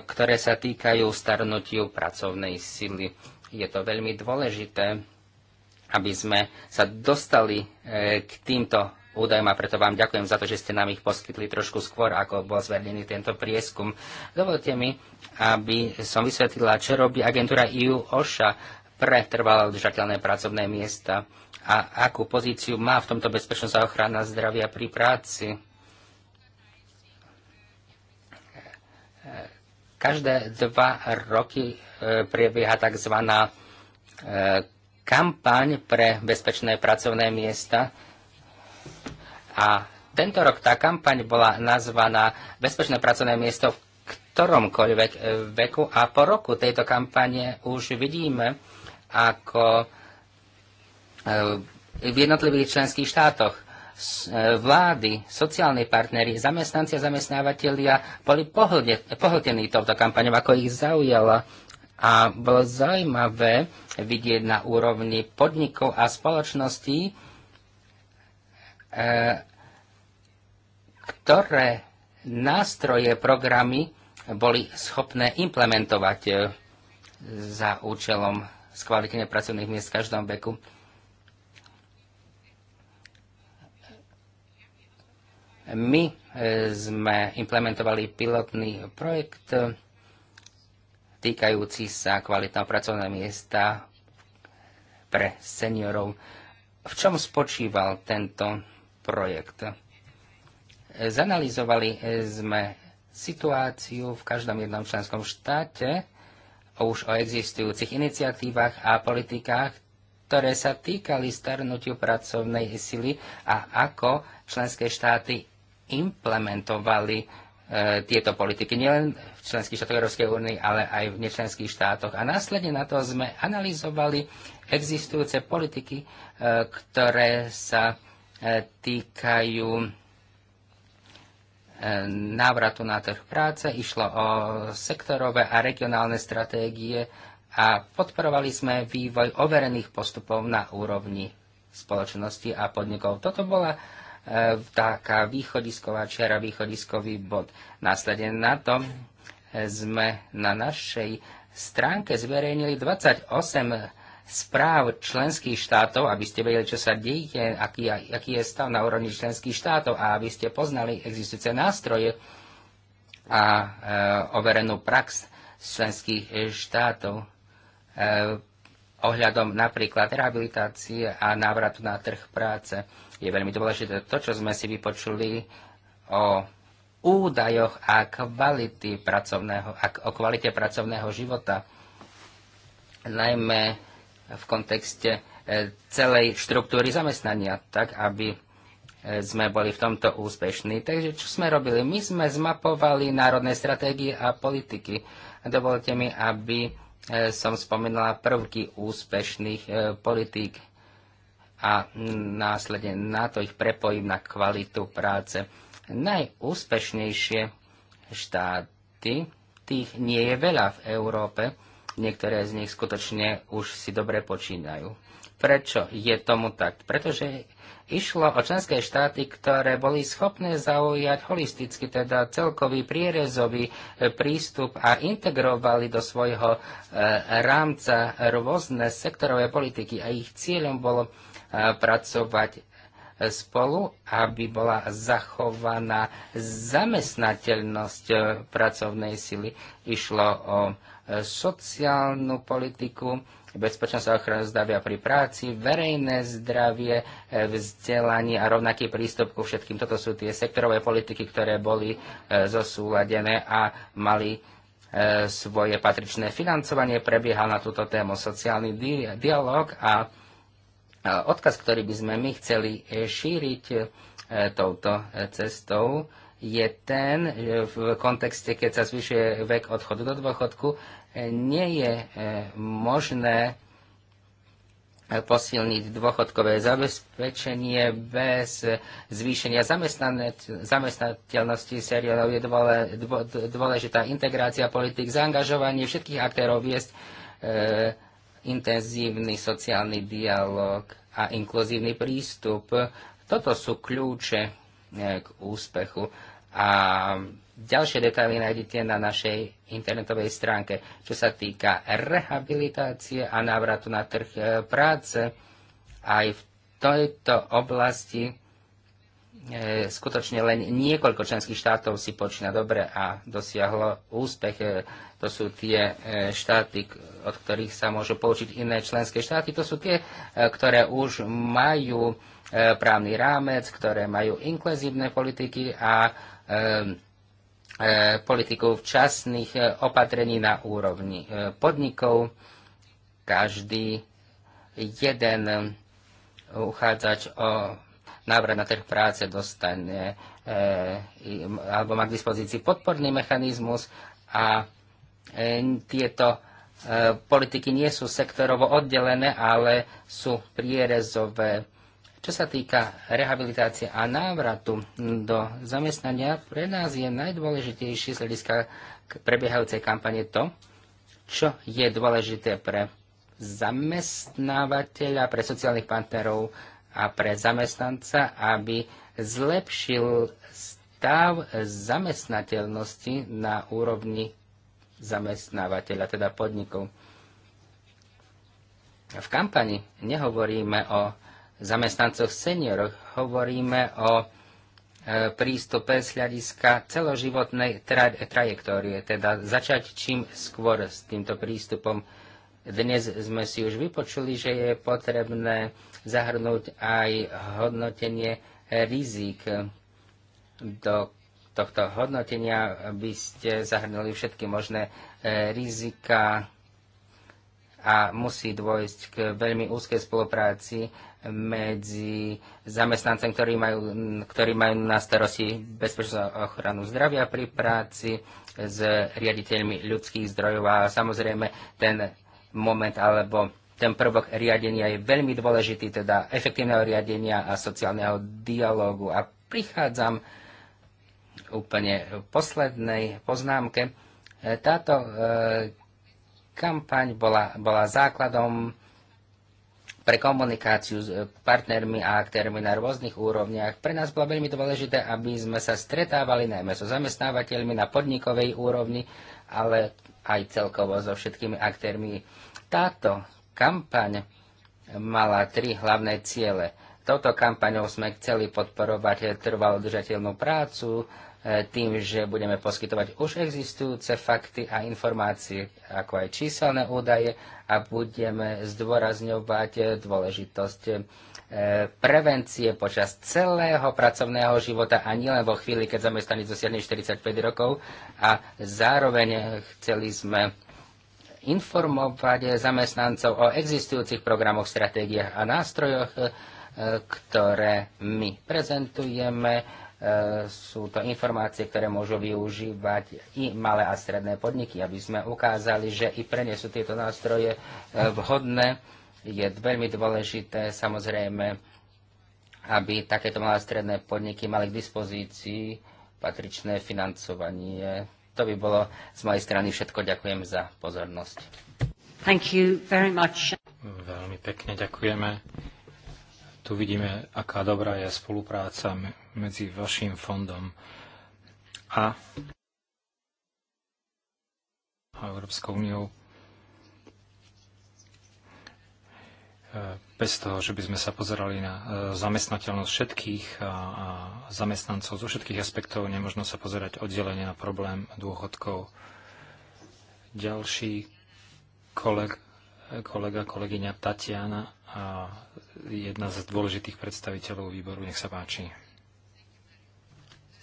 ktoré sa týkajú starnutiu pracovnej sily. Je to veľmi dôležité, aby sme sa dostali e, k týmto údajom a preto vám ďakujem za to, že ste nám ich poskytli trošku skôr, ako bol zverejnený tento prieskum. Dovolte mi, aby som vysvetlila, čo robí agentúra EU OSHA pretrvalé udržateľné pracovné miesta a akú pozíciu má v tomto bezpečnosť a ochrana zdravia pri práci. Každé dva roky e, prebieha tzv. E, kampaň pre bezpečné pracovné miesta a tento rok tá kampaň bola nazvaná Bezpečné pracovné miesto v ktoromkoľvek e, veku a po roku tejto kampane už vidíme, ako e, v jednotlivých členských štátoch e, vlády, sociálni partneri, zamestnanci a zamestnávateľia boli pohltení touto kampaňou, ako ich zaujala. A bolo zaujímavé vidieť na úrovni podnikov a spoločností, e, ktoré nástroje, programy boli schopné implementovať za účelom skvalitnenie pracovných miest v každom veku. My e, sme implementovali pilotný projekt e, týkajúci sa kvalitného pracovného miesta pre seniorov. V čom spočíval tento projekt? E, zanalizovali sme situáciu v každom jednom členskom štáte už o existujúcich iniciatívach a politikách, ktoré sa týkali starnutiu pracovnej sily a ako členské štáty implementovali e, tieto politiky nielen v členských štátoch Európskej únie, ale aj v nečlenských štátoch. A následne na to sme analyzovali existujúce politiky, e, ktoré sa e, týkajú E, návratu na trh práce, išlo o sektorové a regionálne stratégie a podporovali sme vývoj overených postupov na úrovni spoločnosti a podnikov. Toto bola e, taká východisková čiara, východiskový bod. Následne na to e, sme na našej stránke zverejnili 28 správ členských štátov, aby ste vedeli, čo sa deje, aký, aký je stav na úrovni členských štátov a aby ste poznali existujúce nástroje a e, overenú prax členských štátov e, ohľadom napríklad rehabilitácie a návratu na trh práce. Je veľmi dôležité to, čo sme si vypočuli o údajoch a, kvality pracovného, a o kvalite pracovného života. Najmä v kontexte e, celej štruktúry zamestnania, tak aby e, sme boli v tomto úspešní. Takže čo sme robili? My sme zmapovali národné stratégie a politiky. Dovolte mi, aby e, som spomenula prvky úspešných politík a následne na to ich prepojím na kvalitu práce. Najúspešnejšie štáty, tých nie je veľa v Európe, Niektoré z nich skutočne už si dobre počínajú. Prečo je tomu tak? Pretože išlo o členské štáty, ktoré boli schopné zaujať holisticky, teda celkový prierezový e, prístup a integrovali do svojho e, rámca rôzne sektorové politiky a ich cieľom bolo e, pracovať spolu, aby bola zachovaná zamestnateľnosť pracovnej sily. Išlo o sociálnu politiku, bezpečnosť a ochranu zdravia pri práci, verejné zdravie, e, vzdelanie a rovnaký prístup ku všetkým. Toto sú tie sektorové politiky, ktoré boli e, zosúladené a mali e, svoje patričné financovanie. Prebiehal na túto tému sociálny di- dialog a odkaz, ktorý by sme my chceli šíriť touto cestou, je ten v kontexte, keď sa zvyšuje vek odchodu do dôchodku, E, nie je e, možné e, posilniť dôchodkové zabezpečenie bez zvýšenia zamestnateľnosti seriónov. Je dôležitá integrácia politik, zaangažovanie všetkých aktérov, viesť intenzívny sociálny dialog a inkluzívny prístup. Toto sú kľúče k úspechu a Ďalšie detaily nájdete na našej internetovej stránke. Čo sa týka rehabilitácie a návratu na trh e, práce, aj v tejto oblasti e, skutočne len niekoľko členských štátov si počína dobre a dosiahlo úspech. E, to sú tie štáty, od ktorých sa môžu poučiť iné členské štáty. To sú tie, ktoré už majú právny rámec, ktoré majú inkluzívne politiky a E, politikov včasných e, opatrení na úrovni e, podnikov. Každý jeden uchádzač o návrat na trh práce dostane alebo má k dispozícii podporný mechanizmus a tieto politiky nie sú sektorovo oddelené, ale sú prierezové čo sa týka rehabilitácie a návratu do zamestnania, pre nás je najdôležitejšie z hľadiska prebiehajúcej kampane to, čo je dôležité pre zamestnávateľa, pre sociálnych partnerov a pre zamestnanca, aby zlepšil stav zamestnateľnosti na úrovni zamestnávateľa, teda podnikov. V kampani nehovoríme o zamestnancoch senioroch. Hovoríme o e, prístupe z hľadiska celoživotnej tra- trajektórie, teda začať čím skôr s týmto prístupom. Dnes sme si už vypočuli, že je potrebné zahrnúť aj hodnotenie rizik. Do tohto hodnotenia by ste zahrnuli všetky možné e, rizika a musí dôjsť k veľmi úzkej spolupráci medzi zamestnancem, ktorí majú, ktorí majú na starosti bezpečnú ochranu zdravia pri práci s riaditeľmi ľudských zdrojov a samozrejme ten moment alebo ten prvok riadenia je veľmi dôležitý, teda efektívneho riadenia a sociálneho dialógu. A prichádzam úplne v poslednej poznámke. Táto e, kampaň bola, bola základom pre komunikáciu s eh, partnermi a aktérmi na rôznych úrovniach. Pre nás bolo veľmi dôležité, aby sme sa stretávali najmä so zamestnávateľmi na podnikovej úrovni, ale aj celkovo so všetkými aktérmi. Táto kampaň mala tri hlavné ciele. Touto kampaňou sme chceli podporovať trvalo držateľnú prácu, tým, že budeme poskytovať už existujúce fakty a informácie, ako aj číselné údaje a budeme zdôrazňovať dôležitosť eh, prevencie počas celého pracovného života a nielen vo chvíli, keď zamestnanec dosiahne 45 rokov a zároveň chceli sme informovať zamestnancov o existujúcich programoch, stratégiách a nástrojoch, eh, ktoré my prezentujeme E, sú to informácie, ktoré môžu využívať i malé a stredné podniky, aby sme ukázali, že i pre ne sú tieto nástroje e, vhodné. Je veľmi dôležité samozrejme, aby takéto malé a stredné podniky mali k dispozícii patričné financovanie. To by bolo z mojej strany všetko. Ďakujem za pozornosť. Thank you very much. Veľmi pekne ďakujeme. Tu vidíme, aká dobrá je spolupráca medzi vašim fondom a Európskou úniou e, bez toho, že by sme sa pozerali na e, zamestnateľnosť všetkých a zamestnancov zo všetkých aspektov, nemožno sa pozerať oddelenie na problém dôchodkov. Ďalší koleg, kolega, kolegyňa Tatiana, a jedna z dôležitých predstaviteľov výboru, nech sa páči.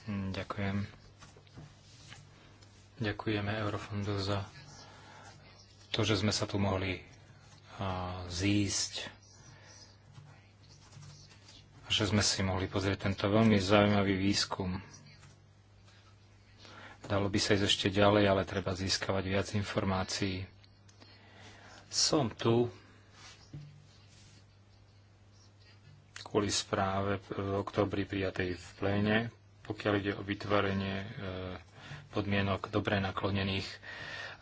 Hm, ďakujem. Ďakujeme Eurofondu za to, že sme sa tu mohli zísť že sme si mohli pozrieť tento veľmi zaujímavý výskum. Dalo by sa ísť ešte ďalej, ale treba získavať viac informácií. Som tu kvôli správe v oktobri prijatej v pléne pokiaľ ide o vytvorenie e, podmienok dobre naklonených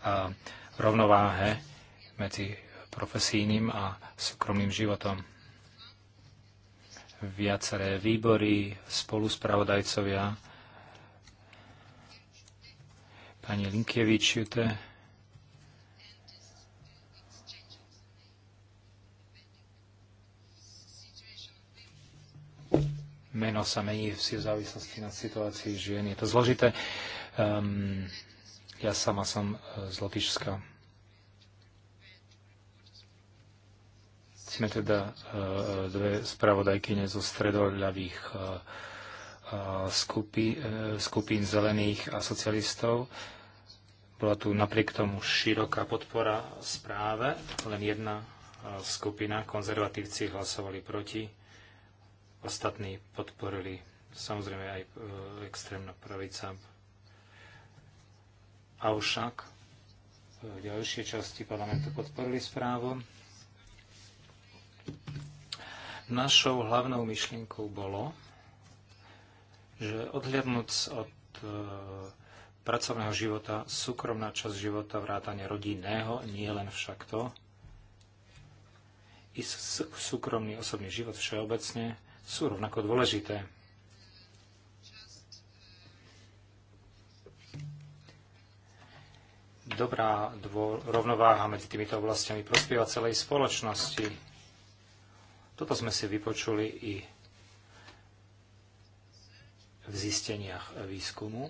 a rovnováhe medzi profesijným a súkromným životom. Viaceré výbory, spoluspravodajcovia, pani Linkievičiute, meno sa mení v závislosti na situácii žien. Je to zložité. Um, ja sama som e, z Lotyšska. Sme teda uh, dve spravodajkyne zo stredoľavých uh, skupi, uh, skupín zelených a socialistov. Bola tu napriek tomu široká podpora správe, len jedna skupina, konzervatívci hlasovali proti ostatní podporili, samozrejme aj e, extrémna pravica. Avšak e, ďalšie časti parlamentu podporili správu. Našou hlavnou myšlienkou bolo, že odhľadnúc od e, pracovného života, súkromná časť života, vrátane rodinného, nie len však to, i súkromný osobný život všeobecne sú rovnako dôležité. Dobrá dvo- rovnováha medzi týmito oblastiami prospieva celej spoločnosti. Toto sme si vypočuli i v zisteniach výskumu.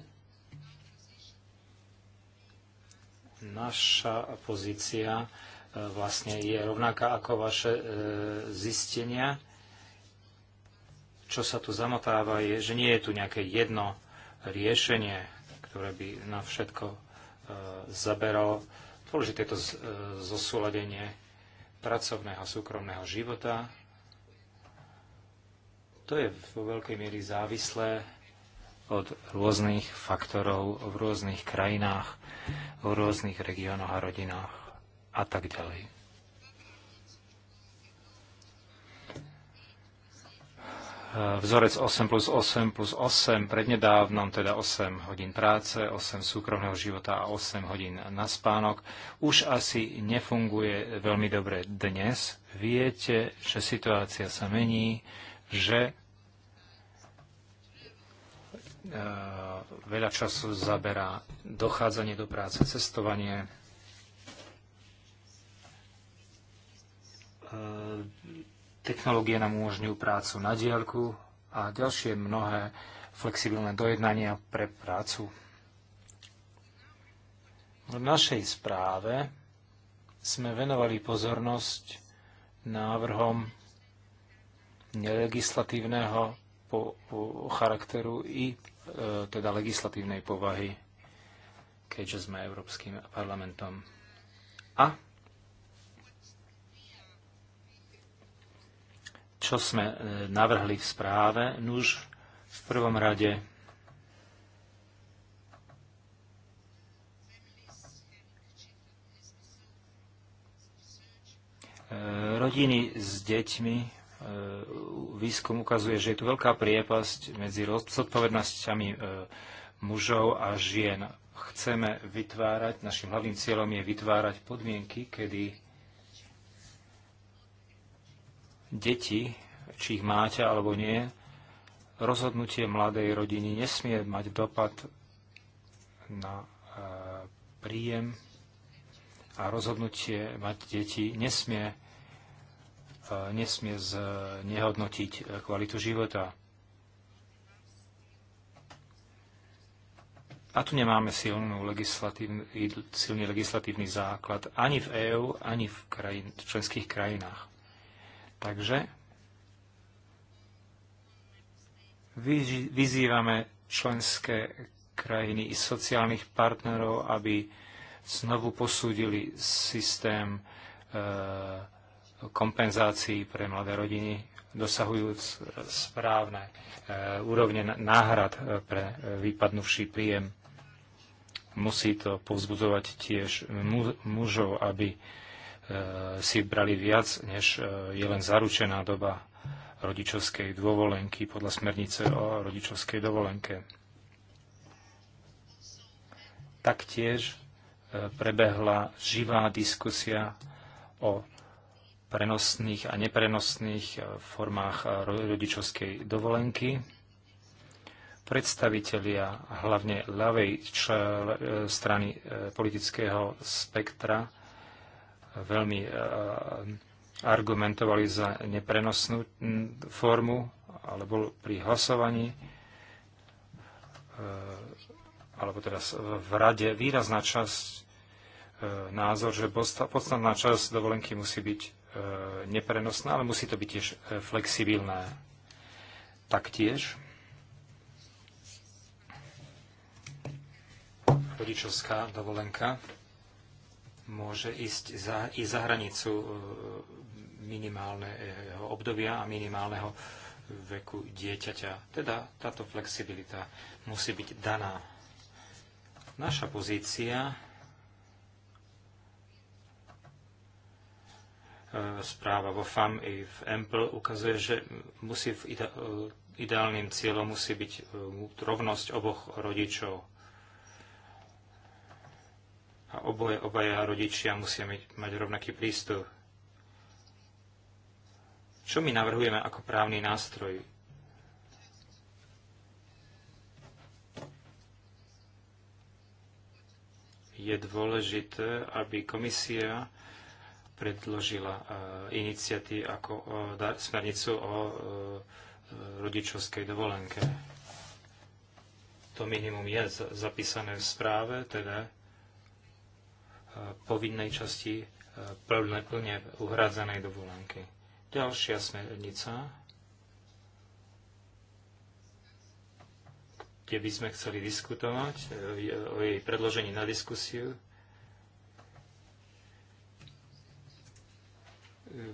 Naša pozícia e, vlastne je rovnaká ako vaše e, zistenia čo sa tu zamotáva, je, že nie je tu nejaké jedno riešenie, ktoré by na všetko e, zaberalo. Dôležité je to z, e, zosúladenie pracovného a súkromného života. To je vo veľkej miery závislé od rôznych faktorov v rôznych krajinách, v rôznych regiónoch a rodinách a tak ďalej. Eh, vzorec 8 plus 8 plus 8, prednedávnom teda 8 hodín práce, 8 súkromného života a 8 hodín na spánok, už asi nefunguje veľmi dobre dnes. Viete, že situácia sa mení, že eh, veľa času zaberá dochádzanie do práce, cestovanie, eh, Technológie nám umožňujú prácu na diaľku a ďalšie mnohé flexibilné dojednania pre prácu. V našej správe sme venovali pozornosť návrhom nelegislatívneho po, po charakteru i e, teda legislatívnej povahy, keďže sme Európskym parlamentom. A Čo sme e, navrhli v správe? Nuž v prvom rade e, rodiny s deťmi, e, výskum ukazuje, že je tu veľká priepasť medzi zodpovednosťami mužov a žien. Chceme vytvárať, našim hlavným cieľom je vytvárať podmienky, kedy deti, či ich máte alebo nie, rozhodnutie mladej rodiny nesmie mať dopad na e, príjem a rozhodnutie mať deti nesmie, e, nesmie znehodnotiť e, kvalitu života. A tu nemáme silnú legislatívny, silný legislatívny základ ani v EÚ, ani v krajin, v členských krajinách. Takže vyzývame členské krajiny i sociálnych partnerov, aby znovu posúdili systém e, kompenzácií pre mladé rodiny, dosahujúc e, správne e, úrovne náhrad pre výpadnuvší príjem. Musí to povzbudzovať tiež mužov, aby E, si brali viac, než e, je len zaručená doba rodičovskej dôvolenky podľa smernice o rodičovskej dovolenke. Taktiež e, prebehla živá diskusia o prenosných a neprenosných formách rodičovskej dovolenky. Predstavitelia hlavne ľavej strany politického spektra veľmi e, argumentovali za neprenosnú formu, alebo pri hlasovaní, e, alebo teda v rade výrazná časť e, názor, že podstatná časť dovolenky musí byť neprenosná, ale musí to byť tiež flexibilné. Taktiež rodičovská dovolenka môže ísť za, i za hranicu e, minimálneho obdobia a minimálneho veku dieťaťa. Teda táto flexibilita musí byť daná. Naša pozícia e, správa vo FAM i v EMPL ukazuje, že musí v e, ideálnym cieľom musí byť rovnosť oboch rodičov a oboje, obaja rodičia musia mať, mať rovnaký prístup. Čo my navrhujeme ako právny nástroj? Je dôležité, aby komisia predložila e, iniciatívy ako e, smernicu o e, rodičovskej dovolenke. To minimum je zapísané v správe, teda povinnej časti e, plne, plne uhrádzanej dovolenky. Ďalšia smernica, kde by sme chceli diskutovať e, o jej predložení na diskusiu.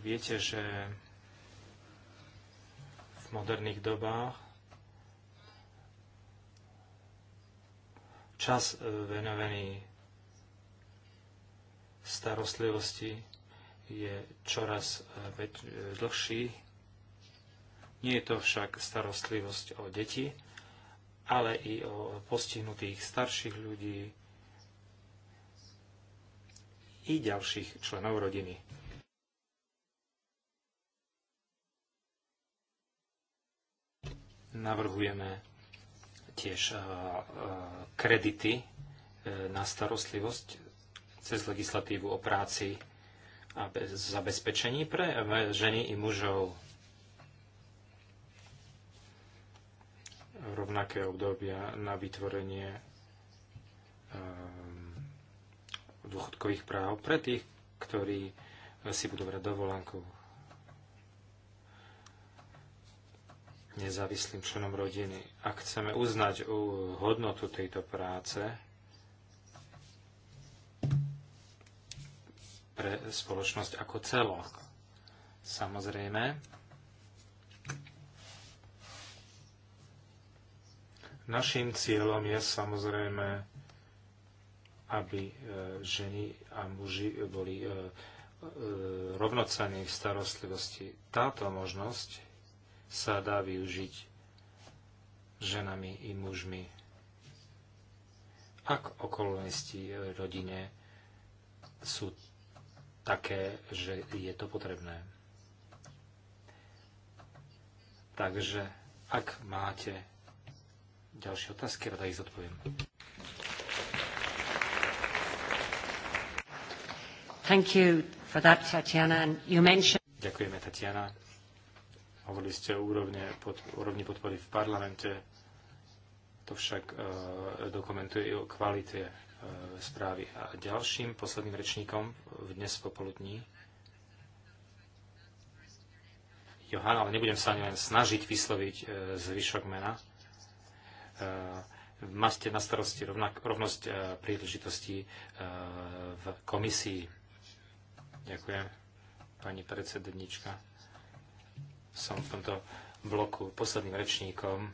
Viete, že v moderných dobách čas e, venovaný starostlivosti je čoraz e, e, dlhší. Nie je to však starostlivosť o deti, ale i o postihnutých starších ľudí i ďalších členov rodiny. Navrhujeme tiež e, kredity na starostlivosť cez legislatívu o práci a bez zabezpečení pre ženy i mužov. Rovnaké obdobia na vytvorenie ehm, dôchodkových práv pre tých, ktorí si budú brať dovolenku nezávislým členom rodiny. Ak chceme uznať eh, hodnotu tejto práce, pre spoločnosť ako celok. Samozrejme, našim cieľom je samozrejme, aby e, ženy a muži boli e, e, rovnocenní v starostlivosti. Táto možnosť sa dá využiť ženami i mužmi, ak okolnosti rodine sú také, že je to potrebné. Takže ak máte ďalšie otázky, rada ich zodpoviem. Thank you for that, Tatiana. And you mentioned... Ďakujeme, Tatiana. Hovorili ste o úrovne, pod, úrovni podpory v parlamente. To však uh, dokumentuje i o kvalite E, správy. A ďalším posledným rečníkom dnes popoludní Johan, ale nebudem sa ani len snažiť vysloviť e, zvyšok mena. E, máte na starosti rovnak, rovnosť príležitostí v komisii. Ďakujem, pani predsednička. Som v tomto bloku posledným rečníkom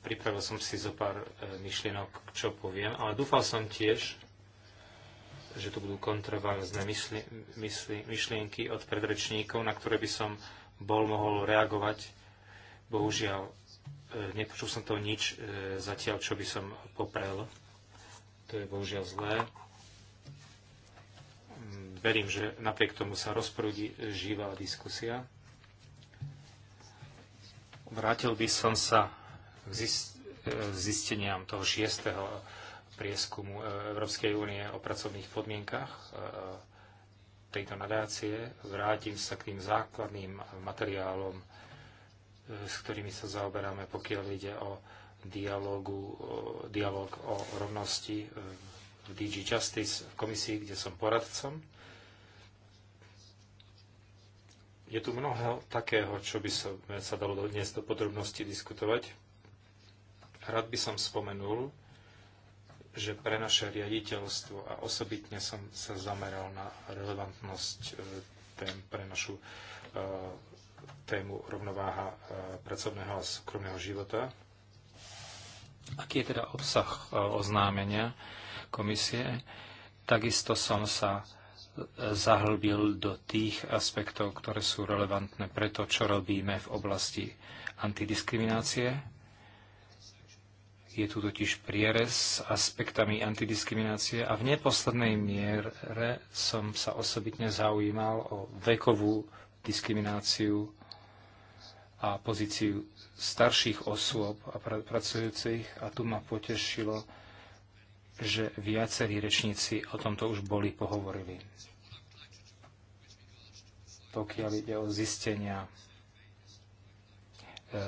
Pripravil som si zo pár e, myšlienok, čo poviem, ale dúfal som tiež, že tu budú kontroverzné myšlienky od predrečníkov, na ktoré by som bol mohol reagovať. Bohužiaľ, e, nepočul som to nič e, zatiaľ, čo by som poprel. To je bohužiaľ zlé. Mm, verím, že napriek tomu sa rozprúdi živá diskusia. Vrátil by som sa E, zisteniam toho šiestého prieskumu e, Európskej únie o pracovných podmienkach e, tejto nadácie. Vrátim sa k tým základným materiálom, s ktorými sa zaoberáme, pokiaľ ide o dialogu, dialog o rovnosti v DG Justice v komisii, kde som poradcom. Je tu mnoho takého, čo by sa, sa dalo dnes do podrobnosti diskutovať Rád by som spomenul, že pre naše riaditeľstvo a osobitne som sa zameral na relevantnosť e, tém pre našu e, tému rovnováha e, pracovného a súkromného života. Aký je teda obsah oznámenia komisie? Takisto som sa zahlbil do tých aspektov, ktoré sú relevantné pre to, čo robíme v oblasti antidiskriminácie, je tu totiž prierez s aspektami antidiskriminácie a v neposlednej miere som sa osobitne zaujímal o vekovú diskrimináciu a pozíciu starších osôb a pr- pracujúcich a tu ma potešilo, že viacerí rečníci o tomto už boli pohovorili. Pokiaľ ide o zistenia E,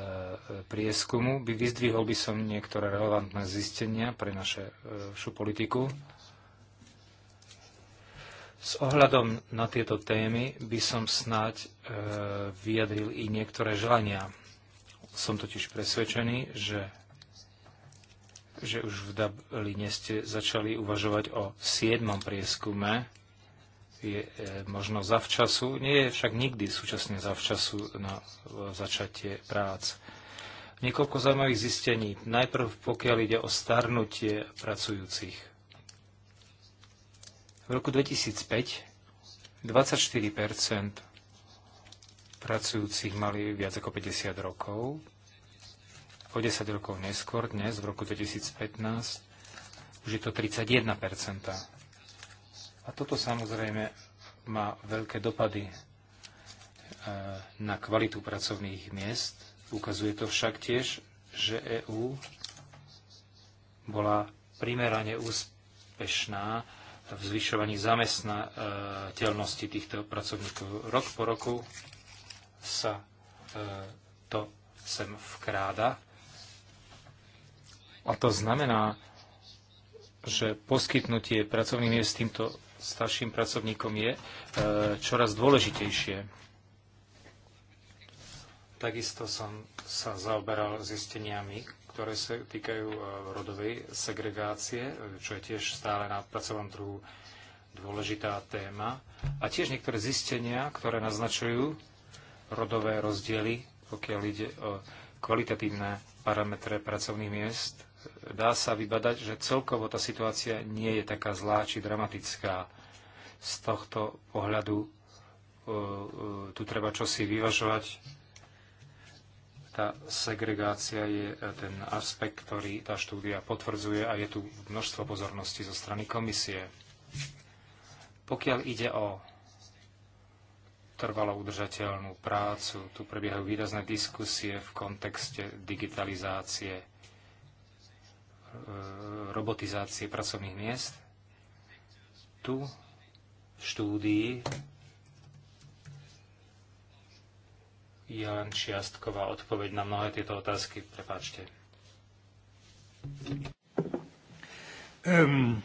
prieskumu. By vyzdvihol by som niektoré relevantné zistenia pre našu e, politiku. S ohľadom na tieto témy by som snáď e, vyjadril i niektoré želania. Som totiž presvedčený, že, že už v Dubline ste začali uvažovať o siedmom prieskume je e, možno zavčasu, nie je však nikdy súčasne zavčasu na začatie prác. Niekoľko zaujímavých zistení. Najprv pokiaľ ide o starnutie pracujúcich. V roku 2005 24 pracujúcich mali viac ako 50 rokov. O 10 rokov neskôr, dnes, v roku 2015, už je to 31 a toto samozrejme má veľké dopady e, na kvalitu pracovných miest. Ukazuje to však tiež, že EÚ bola primerane úspešná v zvyšovaní zamestnateľnosti týchto pracovníkov. Rok po roku sa e, to sem vkráda. A to znamená, že poskytnutie pracovných miest týmto starším pracovníkom je e, čoraz dôležitejšie. Takisto som sa zaoberal zisteniami, ktoré sa týkajú e, rodovej segregácie, čo je tiež stále na pracovnom trhu dôležitá téma. A tiež niektoré zistenia, ktoré naznačujú rodové rozdiely, pokiaľ ide o kvalitatívne parametre pracovných miest dá sa vybadať, že celkovo tá situácia nie je taká zlá či dramatická. Z tohto pohľadu e, e, tu treba čosi vyvažovať. Tá segregácia je ten aspekt, ktorý tá štúdia potvrdzuje a je tu množstvo pozornosti zo strany komisie. Pokiaľ ide o trvalo udržateľnú prácu, tu prebiehajú výrazné diskusie v kontexte digitalizácie Eh, robotizácie pracovných miest. Tu v štúdii je len čiastková odpoveď na mnohé tieto otázky. Prepáčte. Um,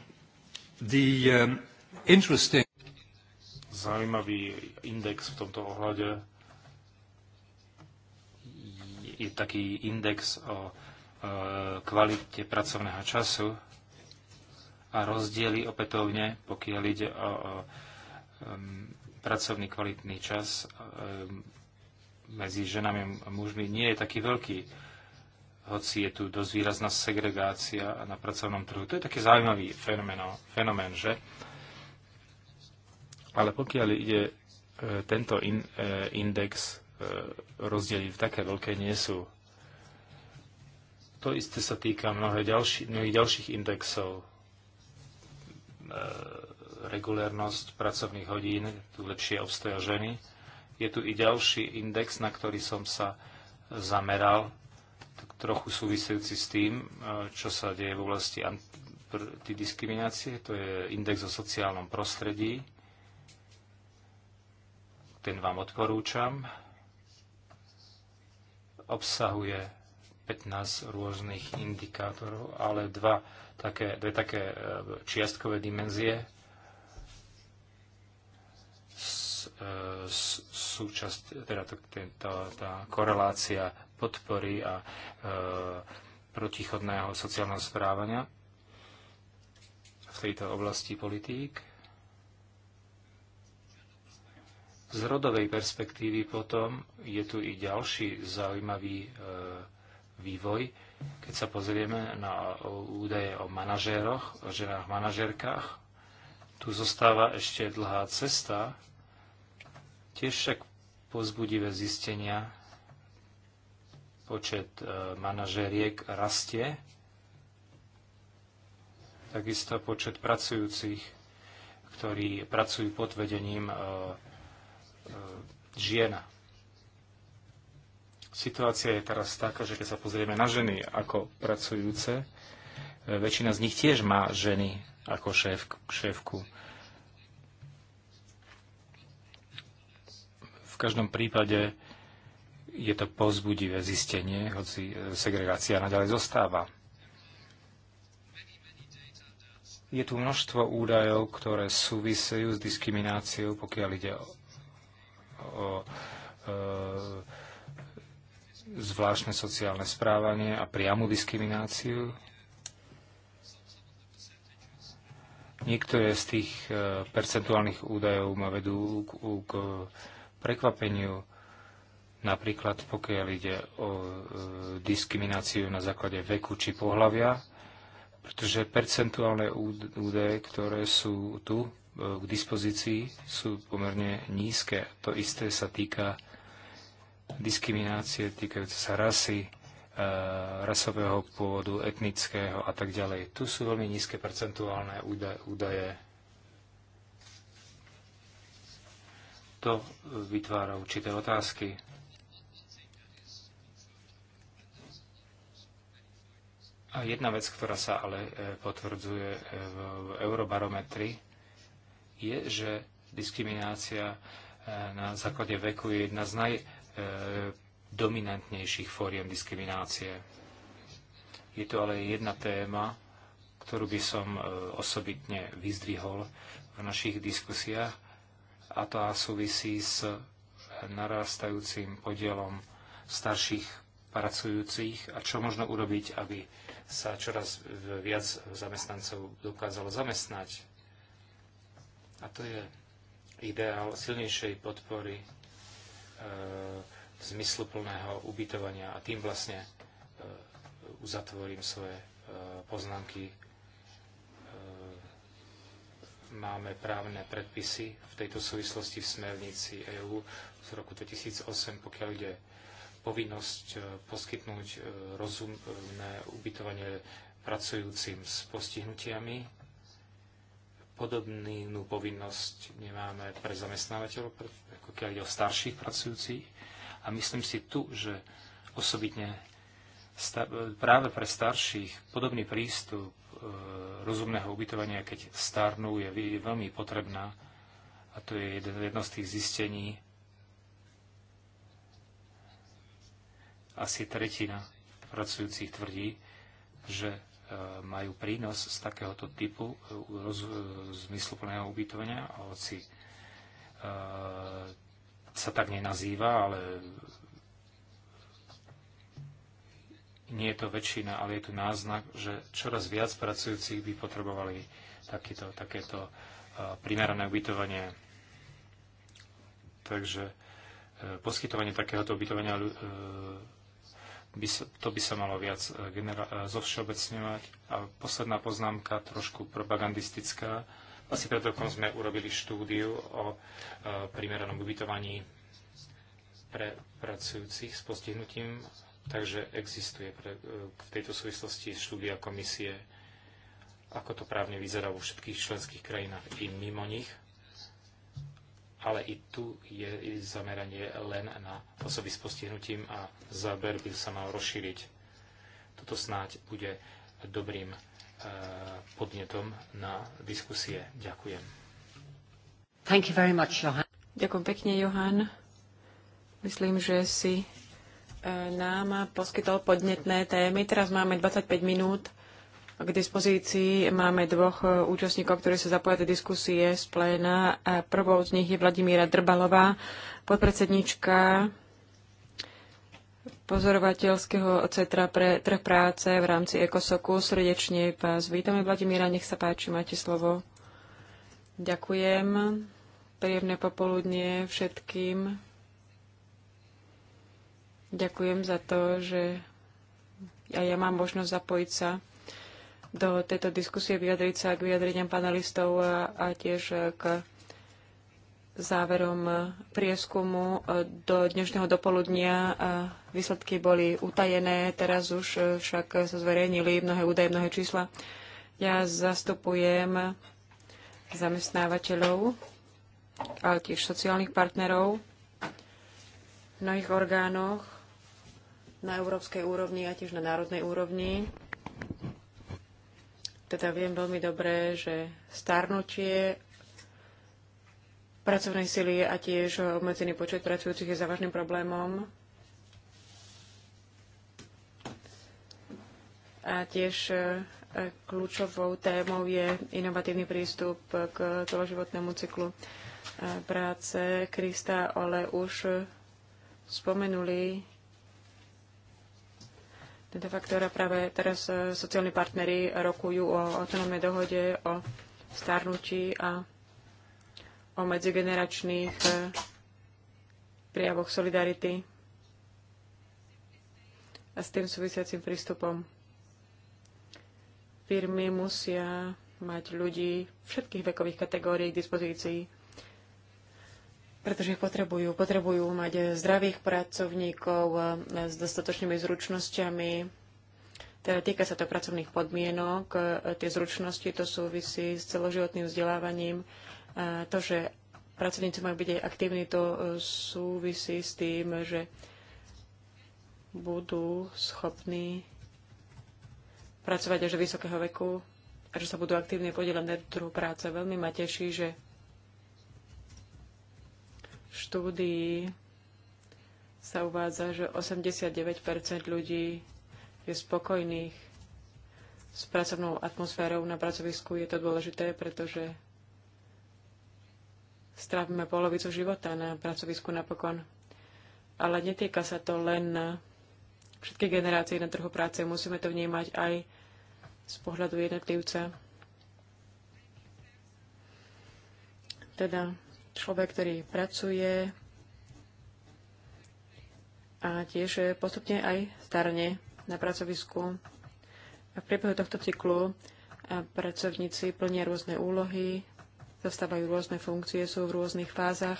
the, um, interesting... Zaujímavý index v tomto ohľade je taký index o E, kvalite pracovného času a rozdiely opätovne, pokiaľ ide o, o um, pracovný kvalitný čas um, medzi ženami a mužmi, nie je taký veľký, hoci je tu dosť výrazná segregácia na pracovnom trhu. To je taký zaujímavý fenomén, fenomén že? Ale pokiaľ ide e, tento in, e, index, rozdiely také veľké nie sú to isté sa týka mnohých ďalší, mnohých ďalších indexov. E, regulérnosť pracovných hodín, tu lepšie obstoja ženy. Je tu i ďalší index, na ktorý som sa zameral, tak trochu súvisejúci s tým, e, čo sa deje v oblasti antidiskriminácie. To je index o sociálnom prostredí. Ten vám odporúčam. Obsahuje 15 rôznych indikátorov, ale dva, také, dve také e, čiastkové dimenzie. E, súčasť, teda to, tá, tá korelácia podpory a e, protichodného sociálneho správania v tejto oblasti politík. Z rodovej perspektívy potom je tu i ďalší zaujímavý e, vývoj. Keď sa pozrieme na údaje o manažéroch, o ženách manažérkach, tu zostáva ešte dlhá cesta. Tiež však pozbudivé zistenia počet e, manažériek rastie, takisto počet pracujúcich, ktorí pracujú pod vedením e, e, žien Situácia je teraz taká, že keď sa pozrieme na ženy ako pracujúce, e, väčšina z nich tiež má ženy ako šéf, šéfku. V každom prípade je to pozbudivé zistenie, hoci e, segregácia naďalej zostáva. Je tu množstvo údajov, ktoré súvisejú s diskrimináciou, pokiaľ ide o, o, o e, zvláštne sociálne správanie a priamu diskrimináciu. Niektoré z tých e, percentuálnych údajov ma vedú k, k prekvapeniu, napríklad pokiaľ ide o e, diskrimináciu na základe veku či pohľavia, pretože percentuálne údaje, ktoré sú tu e, k dispozícii, sú pomerne nízke. To isté sa týka diskriminácie týkajúce sa rasy, e, rasového pôvodu, etnického a tak ďalej. Tu sú veľmi nízke percentuálne údaje. To vytvára určité otázky. A jedna vec, ktorá sa ale e, potvrdzuje e, v Eurobarometri, je, že diskriminácia na základe veku je jedna z naj dominantnejších fóriem diskriminácie. Je to ale jedna téma, ktorú by som e, osobitne vyzdvihol v našich diskusiách a to súvisí s narastajúcim podielom starších pracujúcich a čo možno urobiť, aby sa čoraz viac zamestnancov dokázalo zamestnať. A to je ideál silnejšej podpory E, zmysluplného ubytovania a tým vlastne e, uzatvorím svoje e, poznámky. Máme právne predpisy v tejto súvislosti v smernici EÚ z roku 2008, pokiaľ ide povinnosť poskytnúť rozumné ubytovanie pracujúcim s postihnutiami. Podobnú povinnosť nemáme pre zamestnávateľov, pokiaľ ide o starších pracujúcich. A myslím si tu, že osobitne práve pre starších podobný prístup e, rozumného ubytovania, keď starnú, je, je veľmi potrebná. A to je jedno z tých zistení. Asi tretina pracujúcich tvrdí, že e, majú prínos z takéhoto typu e, zmysluplného ubytovania, hoci E, sa tak nenazýva, ale nie je to väčšina, ale je tu náznak, že čoraz viac pracujúcich by potrebovali takýto, takéto e, primerané ubytovanie. Takže e, poskytovanie takéhoto ubytovania by sa, to by sa malo viac zovšeobecňovať. A posledná poznámka, trošku propagandistická asi pred rokom sme urobili štúdiu o e, primeranom ubytovaní pre pracujúcich s postihnutím, takže existuje pre, e, v tejto súvislosti štúdia komisie, ako to právne vyzerá vo všetkých členských krajinách i mimo nich. Ale i tu je zameranie len na osoby s postihnutím a záber by sa mal rozšíriť. Toto snáď bude dobrým Eh, podnetom na diskusie. Ďakujem. Thank you very much, Johan. Ďakujem pekne, Johan. Myslím, že si eh, nám poskytol podnetné témy. Teraz máme 25 minút k dispozícii. Máme dvoch eh, účastníkov, ktorí sa zapojili do diskusie z pléna. Prvou z nich je Vladimíra Drbalová, podpredsednička pozorovateľského centra pre trh práce v rámci Ekosoku. Srdečne vás vítame, Vladimíra, nech sa páči, máte slovo. Ďakujem. Príjemné popoludnie všetkým. Ďakujem za to, že ja, ja mám možnosť zapojiť sa do tejto diskusie, vyjadriť sa k vyjadreniam panelistov a, a tiež k záverom prieskumu e, do dnešného dopoludnia e, výsledky boli utajené, teraz už e, však sa zverejnili mnohé údaje, mnohé čísla. Ja zastupujem zamestnávateľov, ale tiež sociálnych partnerov v mnohých orgánoch na európskej úrovni a tiež na národnej úrovni. Teda viem veľmi dobre, že starnutie pracovnej sily a tiež obmedzený počet pracujúcich je závažným problémom. A tiež e, kľúčovou témou je inovatívny prístup k celoživotnému cyklu e, práce. Krista ale už spomenuli tento faktor a práve teraz e, sociálni partnery rokujú o autonómnej dohode, o starnutí a o medzigeneračných eh, prijavoch solidarity a s tým súvisiacím prístupom. Firmy musia mať ľudí všetkých vekových kategórií k dispozícii, pretože ich potrebujú. Potrebujú mať zdravých pracovníkov eh, s dostatočnými zručnosťami. Teda týka sa to pracovných podmienok. Eh, tie zručnosti to súvisí s celoživotným vzdelávaním, to, že pracovníci majú byť aj aktívni, to e, súvisí s tým, že budú schopní pracovať až do vysokého veku a že sa budú aktívne podielať na trhu práce. Veľmi ma teší, že v štúdii sa uvádza, že 89 ľudí je spokojných s pracovnou atmosférou na pracovisku. Je to dôležité, pretože strávime polovicu života na pracovisku napokon. Ale netýka sa to len na všetky generácie na trhu práce. Musíme to vnímať aj z pohľadu jednotlivca. Teda človek, ktorý pracuje a tiež postupne aj starne na pracovisku. A v priebehu tohto cyklu pracovníci plnia rôzne úlohy, zastávajú rôzne funkcie, sú v rôznych fázach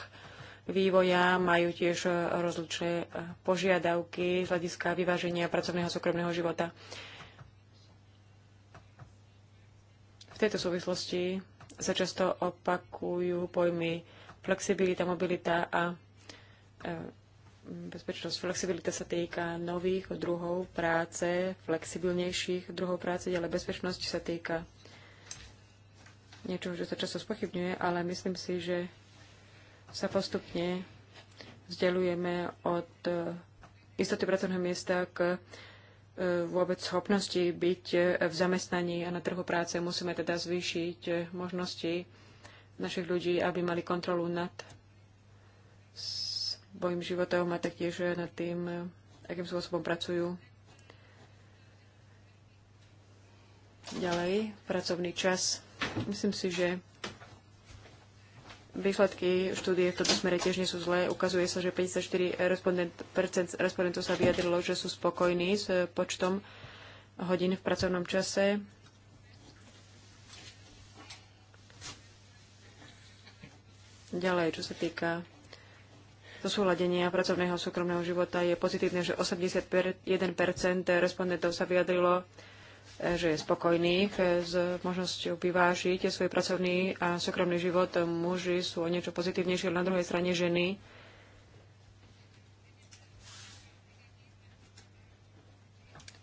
vývoja, majú tiež e, rozličné e, požiadavky z hľadiska vyváženia pracovného a súkromného života. V tejto súvislosti sa často opakujú pojmy flexibilita, mobilita a e, bezpečnosť. Flexibilita sa týka nových druhov práce, flexibilnejších druhov práce, ale bezpečnosť sa týka niečo, čo sa často spochybňuje, ale myslím si, že sa postupne vzdelujeme od e, istoty pracovného miesta k e, vôbec schopnosti byť v zamestnaní a na trhu práce. Musíme teda zvýšiť e, možnosti našich ľudí, aby mali kontrolu nad svojim životom a taktiež nad tým, akým spôsobom pracujú. Ďalej, pracovný čas. Myslím si, že výsledky štúdie v tomto smere tiež nie sú zlé. Ukazuje sa, že 54% respondentov sa vyjadrilo, že sú spokojní s eh, počtom hodín v pracovnom čase. Ďalej, čo sa týka zosúladenia pracovného súkromného života, je pozitívne, že 81% respondentov sa vyjadrilo, že je spokojný eh, s možnosťou vyvážiť svoj pracovný a súkromný život. Muži sú o niečo pozitívnejšie, ale na druhej strane ženy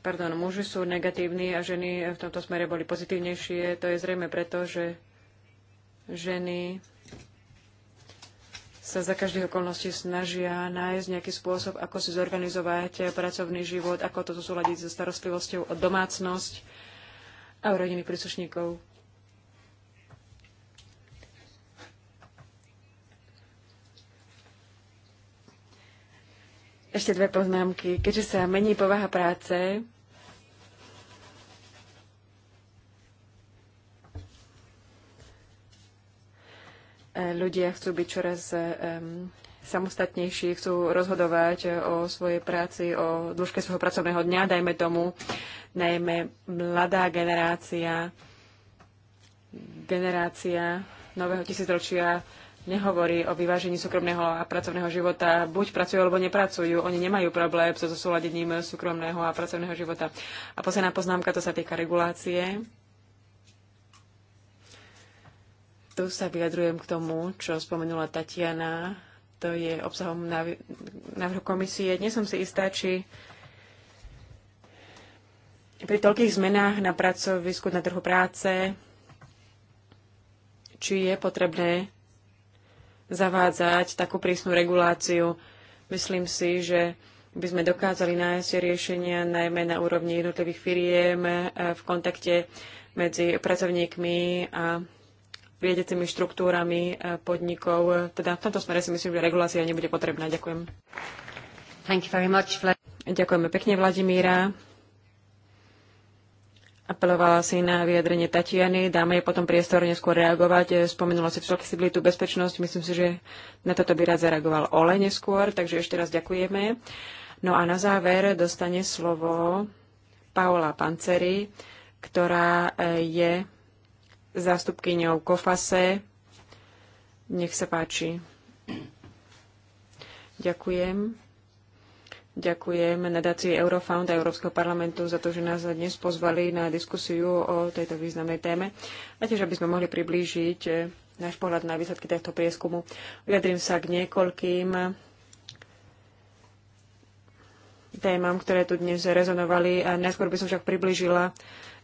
pardon, muži sú negatívni a ženy v tomto smere boli pozitívnejšie. To je zrejme preto, že ženy sa za každých okolností snažia nájsť nejaký spôsob, ako si zorganizovať pracovný život, ako to zosúľadiť so starostlivosťou o domácnosť a o rodiny príslušníkov. Ešte dve poznámky. Keďže sa mení povaha práce, Ľudia chcú byť čoraz eh, samostatnejší, chcú rozhodovať eh, o svojej práci, o dĺžke svojho pracovného dňa, dajme tomu, najmä mladá generácia, generácia nového tisícročia nehovorí o vyvážení súkromného a pracovného života. Buď pracujú, alebo nepracujú. Oni nemajú problém so zosúladením súkromného a pracovného života. A posledná poznámka, to sa týka regulácie. Tu sa vyjadrujem k tomu, čo spomenula Tatiana. To je obsahom návrhu komisie. Dnes som si istá, či pri toľkých zmenách na pracovisku, na trhu práce, či je potrebné zavádzať takú prísnu reguláciu. Myslím si, že by sme dokázali nájsť riešenia najmä na úrovni jednotlivých firiem eh, v kontakte medzi pracovníkmi a riadiacimi štruktúrami eh, podnikov. Teda v tomto smere si myslím, že regulácia nebude potrebná. Ďakujem. Thank you very much, Ďakujeme pekne, Vladimíra. Apelovala si na vyjadrenie Tatiany, dáme jej potom priestor neskôr reagovať. Eh, Spomenula si flexibilitu, bezpečnosť. Myslím si, že na toto by rád zareagoval Ole neskôr, takže ešte raz ďakujeme. No a na záver dostane slovo Paola Panceri, ktorá eh, je zástupkyňou Kofase. Nech sa páči. Ďakujem. Ďakujem nadácii Eurofound a Európskeho parlamentu za to, že nás dnes pozvali na diskusiu o tejto významnej téme a tiež, aby sme mohli priblížiť eh, náš pohľad na výsledky tohto prieskumu. Vyjadrím sa k niekoľkým témam, ktoré tu dnes rezonovali. A najskôr by som však priblížila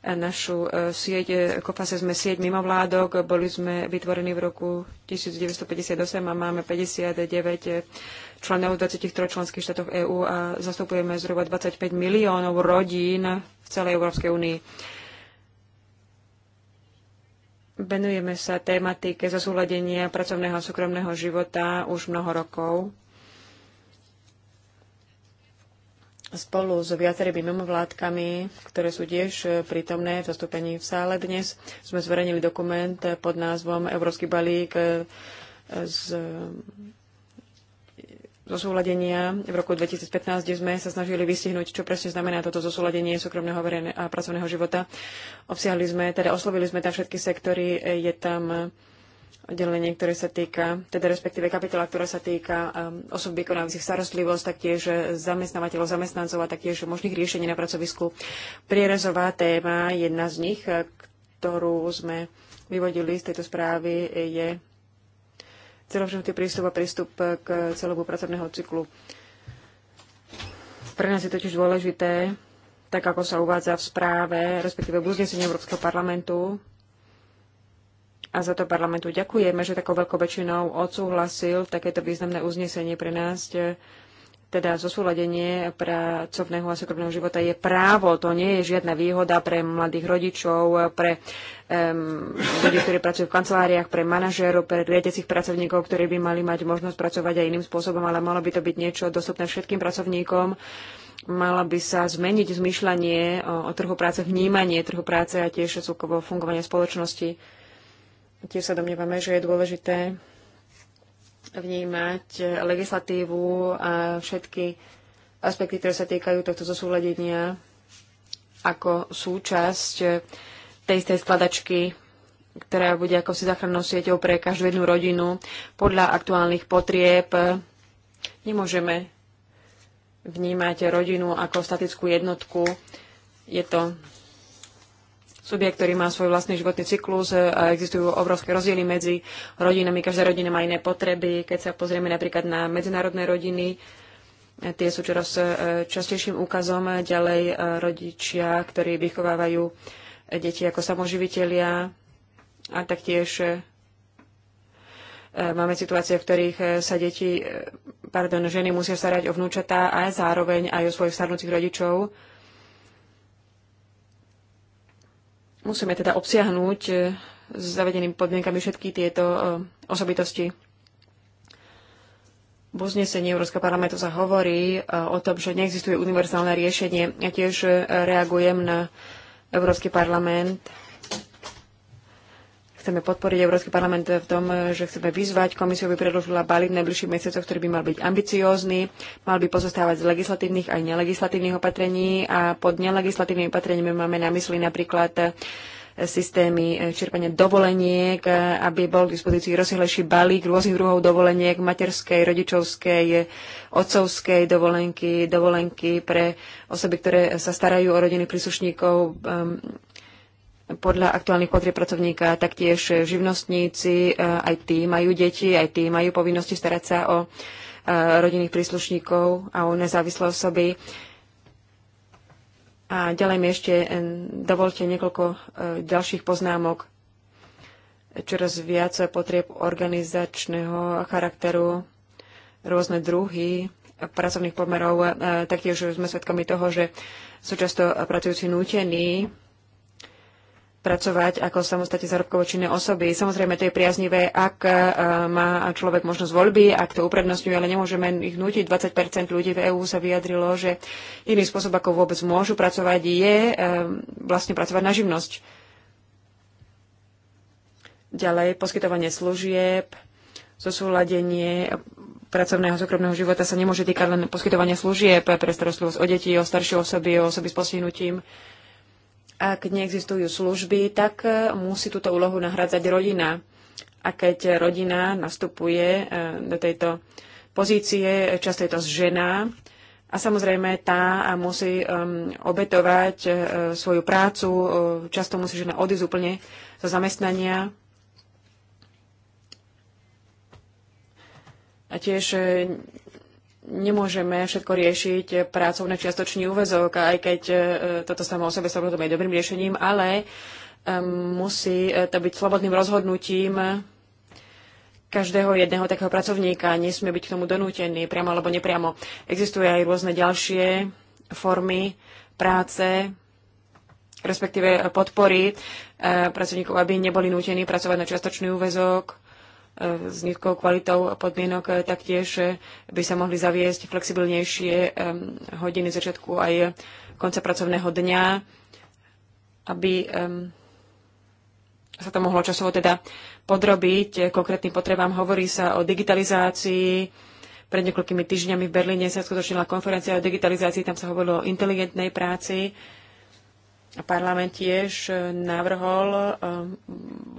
našu e, sieť. E, kopase sme sieť mimovládok, boli sme vytvorení v roku 1958 a máme 59 e, členov v 23 členských štátoch EÚ a zastupujeme zhruba 25 miliónov rodín v celej Európskej únii. Venujeme sa tématike zasúladenia pracovného a súkromného života už mnoho rokov spolu s viacerými mimovládkami, ktoré sú tiež e, prítomné v zastúpení v sále dnes, sme zverejnili dokument pod názvom Európsky balík e, z e, zosúladenia v roku 2015, kde sme sa snažili vystihnúť, čo presne znamená toto zosúladenie súkromného a pracovného života. Obsiahli sme, teda oslovili sme tam všetky sektory, je tam oddelenie, ktoré sa týka, teda respektíve kapitola, ktorá sa týka um, osob vykonávajúcich starostlivosť, taktiež e, zamestnávateľov, zamestnancov a taktiež možných riešení na pracovisku. Prierezová téma, jedna z nich, e, ktorú sme vyvodili z tejto správy, je celovšetný prístup a prístup k celobu pracovného cyklu. Pre nás je totiž dôležité, tak ako sa uvádza v správe, respektíve v uznesení Európskeho parlamentu, a za to parlamentu ďakujeme, že takou veľkou väčšinou odsúhlasil takéto významné uznesenie pre nás, teda zosúladenie pracovného a súkromného života je právo, to nie je žiadna výhoda pre mladých rodičov, pre um, ľudí, ktorí pracujú v kanceláriách, pre manažérov, pre riadiacich pracovníkov, ktorí by mali mať možnosť pracovať aj iným spôsobom, ale malo by to byť niečo dostupné všetkým pracovníkom. Mala by sa zmeniť zmyšľanie o, o trhu práce, vnímanie trhu práce a tiež celkovo fungovanie spoločnosti Tiež sa domnievame, že je dôležité vnímať legislatívu a všetky aspekty, ktoré sa týkajú tohto zosúladenia ako súčasť tej istej skladačky, ktorá bude ako si záchrannou sieťou pre každú jednu rodinu podľa aktuálnych potrieb. Nemôžeme vnímať rodinu ako statickú jednotku. Je to subjekt, ktorý má svoj vlastný životný cyklus e, a existujú obrovské rozdiely medzi rodinami. Každá rodina má iné potreby. Keď sa pozrieme napríklad na medzinárodné rodiny, e, tie sú čoraz e, častejším úkazom. Ďalej rodičia, ktorí vychovávajú deti ako samoživitelia a taktiež máme situácie, v ktorých sa deti, pardon, ženy musia starať o vnúčatá a zároveň aj o svojich starnúcich rodičov. Musíme teda obsiahnuť e, s zavedenými podmienkami všetky tieto e, osobitosti. V uznesení Európskeho parlamentu sa hovorí e, o tom, že neexistuje univerzálne riešenie. Ja tiež reagujem na Európsky parlament Chceme podporiť Európsky parlament v tom, že chceme vyzvať komisiu, aby predložila balík v najbližších mesiacoch, ktorý by mal byť ambiciózny, mal by pozostávať z legislatívnych aj nelegislatívnych opatrení a pod nelegislatívnymi opatreniami máme na mysli napríklad eh, systémy eh, čerpania dovoleniek, eh, aby bol k dispozícii rozsiahlejší balík rôznych druhov dovoleniek, materskej, rodičovskej, otcovskej dovolenky, dovolenky pre osoby, ktoré sa starajú o rodiny príslušníkov, ehm, podľa aktuálnych potrieb pracovníka, taktiež živnostníci, e, aj tí majú deti, aj tí majú povinnosti starať sa o e, rodinných príslušníkov a o nezávislé osoby. A ďalej mi ešte e, dovolte niekoľko ďalších poznámok. Čoraz viac potrieb organizačného charakteru, rôzne druhy pracovných pomerov. Taktiež sme svedkami toho, že sú často pracujúci nútení pracovať ako samostatne zárobkovo činné osoby. Samozrejme, to je priaznivé, ak e, má človek možnosť voľby, ak to uprednostňuje, ale nemôžeme ich nutiť. 20 ľudí v EÚ sa vyjadrilo, že iný spôsob, ako vôbec môžu pracovať, je e, vlastne pracovať na živnosť. Ďalej, poskytovanie služieb, zosúladenie pracovného súkromného života sa nemôže týkať len poskytovania služieb pre starostlivosť o deti, o staršie osoby, o osoby s postihnutím. Ak neexistujú služby, tak e, musí túto úlohu nahradzať rodina. A keď rodina nastupuje e, do tejto pozície, často je to žena, a samozrejme tá musí obetovať e, svoju prácu, často musí žena odísť úplne zo zamestnania. A tiež nemôžeme všetko riešiť prácou na čiastočný úvezok, aj keď e, toto samo o sebe samozrejme je dobrým riešením, ale e, musí to byť slobodným rozhodnutím každého jedného takého pracovníka. Nesmie byť k tomu donútený, priamo alebo nepriamo. Existujú aj rôzne ďalšie formy práce, respektíve podpory e, pracovníkov, aby neboli nútení pracovať na čiastočný úvezok, s nízkou kvalitou podmienok, eh, taktiež eh, by sa mohli zaviesť flexibilnejšie hodiny začiatku aj konca pracovného dňa, aby sa to mohlo časovo teda podrobiť eh, konkrétnym potrebám. Hovorí sa o digitalizácii. Pred niekoľkými týždňami v Berlíne sa skutočnila konferencia o digitalizácii, tam sa hovorilo o inteligentnej práci. Parlament tiež e, navrhol e,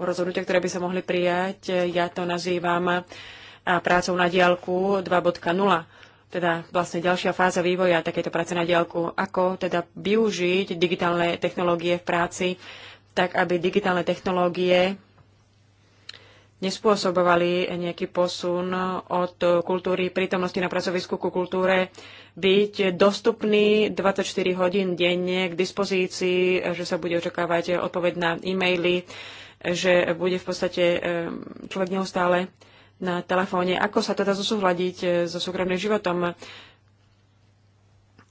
rozhodnutia, ktoré by sa mohli prijať. E, ja to nazývam prácou na diálku 2.0 teda vlastne ďalšia fáza vývoja takéto práce na diálku, ako teda využiť digitálne technológie v práci, tak aby digitálne technológie nespôsobovali nejaký posun od kultúry prítomnosti na pracovisku ku kultúre byť dostupný 24 hodín denne k dispozícii, že sa bude očakávať odpoveď na e-maily, že bude v podstate e, človek neustále na telefóne. Ako sa teda zosúhľadiť e, so súkromným životom?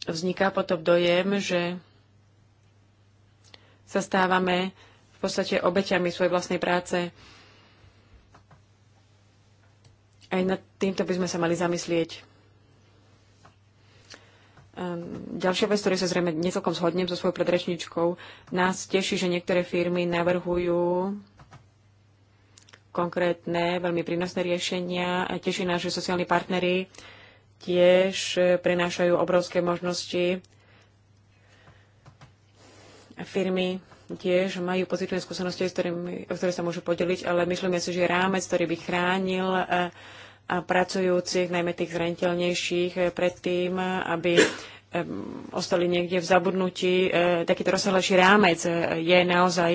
Vzniká potom dojem, že sa stávame v podstate obeťami svojej vlastnej práce. Aj nad týmto by sme sa mali zamyslieť. Ehm, ďalšia vec, ktorej sa zrejme necelkom zhodnem so svojou predrečničkou, nás teší, že niektoré firmy navrhujú konkrétne, veľmi prínosné riešenia. A teší nás, že sociálni partnery tiež prenášajú obrovské možnosti. Firmy tiež majú pozitívne skúsenosti, s ktorými, o ktoré sa môžu podeliť, ale myslíme si, že rámec, ktorý by chránil eh, pracujúcich, najmä tých zraniteľnejších, eh, pred tým, aby ostali niekde v zabudnutí. Eh, takýto rozsahlejší rámec eh, je naozaj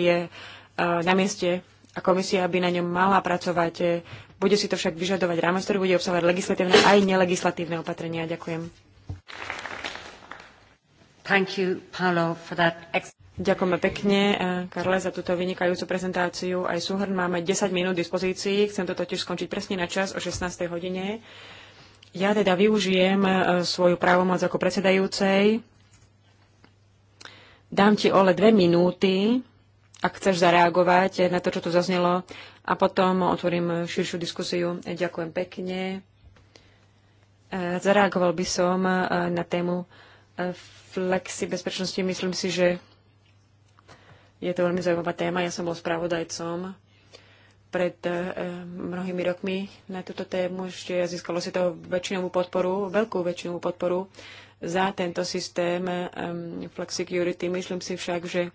na mieste a komisia by na ňom mala pracovať. Bude si to však vyžadovať rámec, ktorý bude obsahovať legislatívne aj nelegislatívne opatrenia. Ďakujem. Thank you, Paolo, for that Ďakujeme pekne, eh, Karle, za túto vynikajúcu prezentáciu. Aj súhrn máme 10 minút dispozícií. Chcem to totiž skončiť presne na čas o 16. hodine. Ja teda využijem eh, svoju právomoc ako predsedajúcej. Dám ti, Ole, dve minúty, ak chceš zareagovať na to, čo tu zaznelo, a potom otvorím širšiu diskusiu. Ďakujem pekne. Eh, zareagoval by som na tému flexi bezpečnosti. Myslím si, že je to veľmi zaujímavá téma. Ja som bol spravodajcom pred eh, mnohými rokmi na túto tému. Ešte získalo si to väčšinovú podporu, veľkú väčšinovú podporu za tento systém um, flexicurity. Myslím si však, že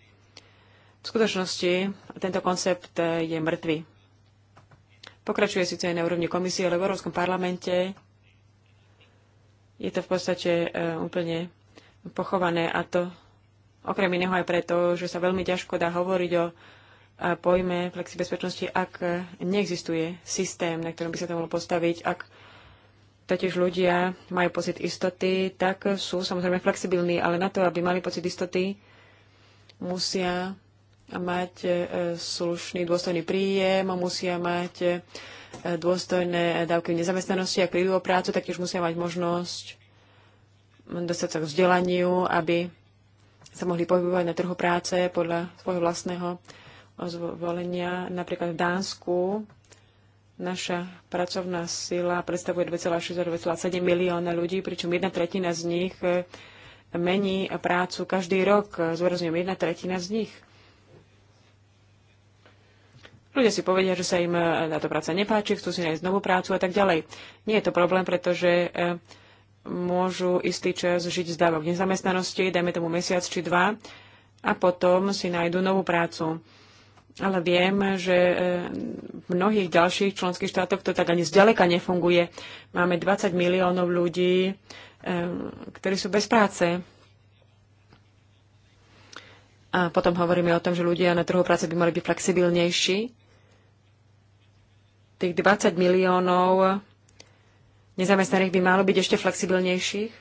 v skutočnosti tento koncept eh, je mŕtvy. Pokračuje síce aj na úrovni komisie, ale v Európskom parlamente je to v podstate eh, úplne pochované a to Okrem iného aj preto, že sa veľmi ťažko dá hovoriť o pojme flexi bezpečnosti, ak e, neexistuje systém, na ktorom by sa to mohlo postaviť. Ak totiž ľudia majú pocit istoty, tak sú samozrejme flexibilní, ale na to, aby mali pocit istoty, musia mať e, slušný dôstojný príjem, musia mať e, dôstojné dávky v nezamestnanosti, ak prídu o prácu, tak tiež musia mať možnosť dostať sa k vzdelaniu, aby sa mohli pohybovať na trhu práce podľa svojho vlastného zvolenia. Napríklad v Dánsku naša pracovná sila predstavuje 2,6 2,7 milióna ľudí, pričom jedna tretina z nich e, mení prácu každý rok. Zúrazňujem, jedna tretina z nich. Ľudia si povedia, že sa im e, to práca nepáči, chcú si nájsť novú prácu a tak ďalej. Nie je to problém, pretože e, môžu istý čas žiť z dávok nezamestnanosti, dajme tomu mesiac či dva, a potom si nájdu novú prácu. Ale viem, že eh, v mnohých ďalších členských štátoch to tak ani zďaleka nefunguje. Máme 20 miliónov ľudí, eh, ktorí sú bez práce. A potom hovoríme o tom, že ľudia na trhu práce by mali byť flexibilnejší. Tých 20 miliónov nezamestnaných by malo byť ešte flexibilnejších.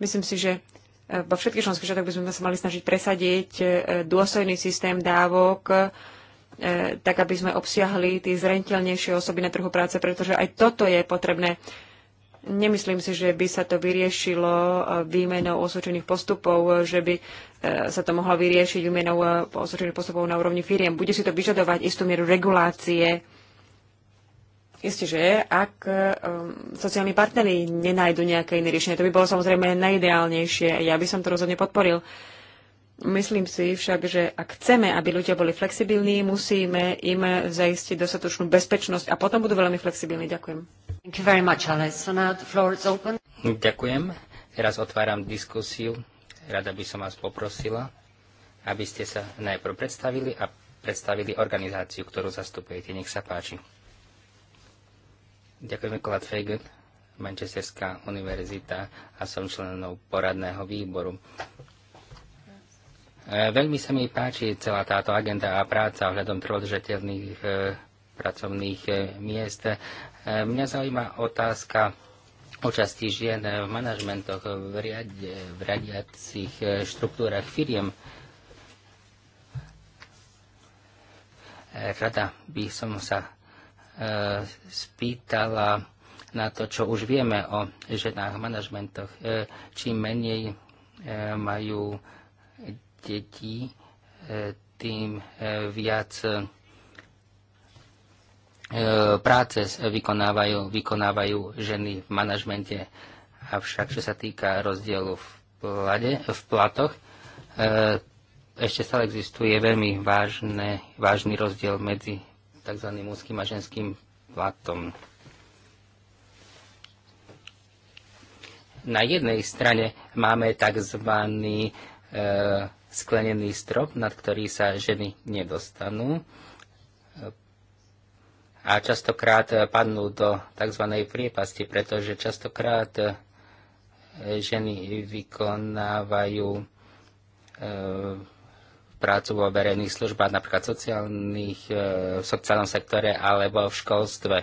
Myslím si, že eh, vo všetkých členských štátoch by sme sa mali snažiť presadiť eh, dôstojný systém dávok, eh, tak aby sme obsiahli tie zrentelnejšie osoby na trhu práce, pretože aj toto je potrebné. Nemyslím si, že by sa to vyriešilo výmenou osvedčených postupov, že by sa to mohlo vyriešiť výmenou osočených postupov na úrovni firiem. Bude si to vyžadovať istú mieru regulácie, Isté, že ak um, sociálni partnery nenajdu nejaké iné riešenie, to by bolo samozrejme najideálnejšie. Ja by som to rozhodne podporil. Myslím si však, že ak chceme, aby ľudia boli flexibilní, musíme im zaistiť dostatočnú bezpečnosť a potom budú veľmi flexibilní. Ďakujem. Much, so Ďakujem. Teraz otváram diskusiu. Rada by som vás poprosila, aby ste sa najprv predstavili a predstavili organizáciu, ktorú zastupujete. Nech sa páči. Ďakujem, Kolat Fejgen, Manchesterská univerzita a som členom poradného výboru. E, veľmi sa mi páči celá táto agenda a práca ohľadom trvodržateľných e, pracovných e, miest. mňa zaujíma otázka účasti žien v manažmentoch, v, riade, v riadiacich štruktúrach firiem. Rada by som sa E, spýtala na to, čo už vieme o ženách v manažmentoch. E, čím menej e, majú deti, tým viac práce vykonávajú, vykonávajú ženy v manažmente. Avšak, čo sa týka rozdielu v, plade, v platoch, ešte stále existuje veľmi vážne, vážny rozdiel medzi tzv. mužským a ženským platom. Na jednej strane máme tzv. E, sklenený strop, nad ktorý sa ženy nedostanú a častokrát padnú do tzv. priepasti, pretože častokrát e, ženy vykonávajú e, prácu vo verejných službách, napríklad sociálnych, e, v sociálnom sektore alebo v školstve.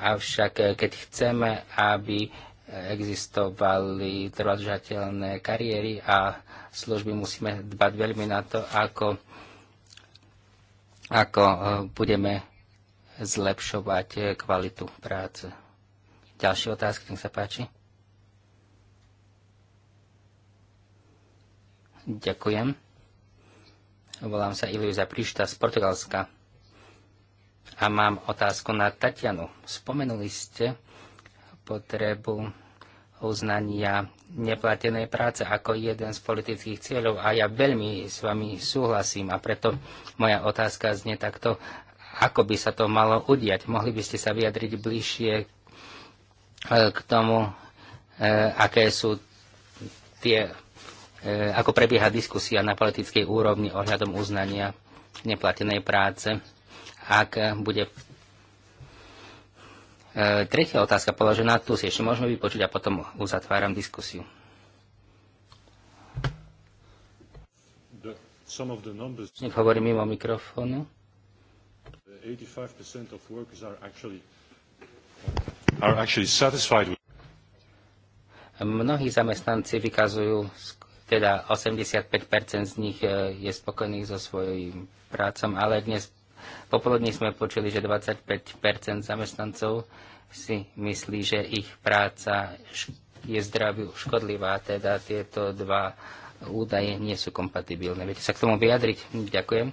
Avšak e, keď chceme, aby existovali trvadžateľné kariéry a služby, musíme dbať veľmi na to, ako, ako e, budeme zlepšovať kvalitu práce. Ďalšie otázky, nech sa páči. Ďakujem. Volám sa Iliuza Prišta z Portugalska a mám otázku na Tatianu. Spomenuli ste potrebu uznania neplatenej práce ako jeden z politických cieľov a ja veľmi s vami súhlasím a preto moja otázka znie takto, ako by sa to malo udiať. Mohli by ste sa vyjadriť bližšie e, k tomu, e, aké sú tie E, ako prebieha diskusia na politickej úrovni ohľadom uznania neplatenej práce. Ak bude e, tretia otázka položená, tu si ešte môžeme vypočuť a potom uzatváram diskusiu. Nech mimo mikrofónu. 85% of workers are actually, are actually satisfied with Mnohí zamestnanci vykazujú teda 85% z nich e, je spokojných so svojím prácom, ale dnes popoludní sme počuli, že 25% zamestnancov si myslí, že ich práca je zdraviu škodlivá, teda tieto dva údaje nie sú kompatibilné. Viete sa k tomu vyjadriť? Hm, ďakujem.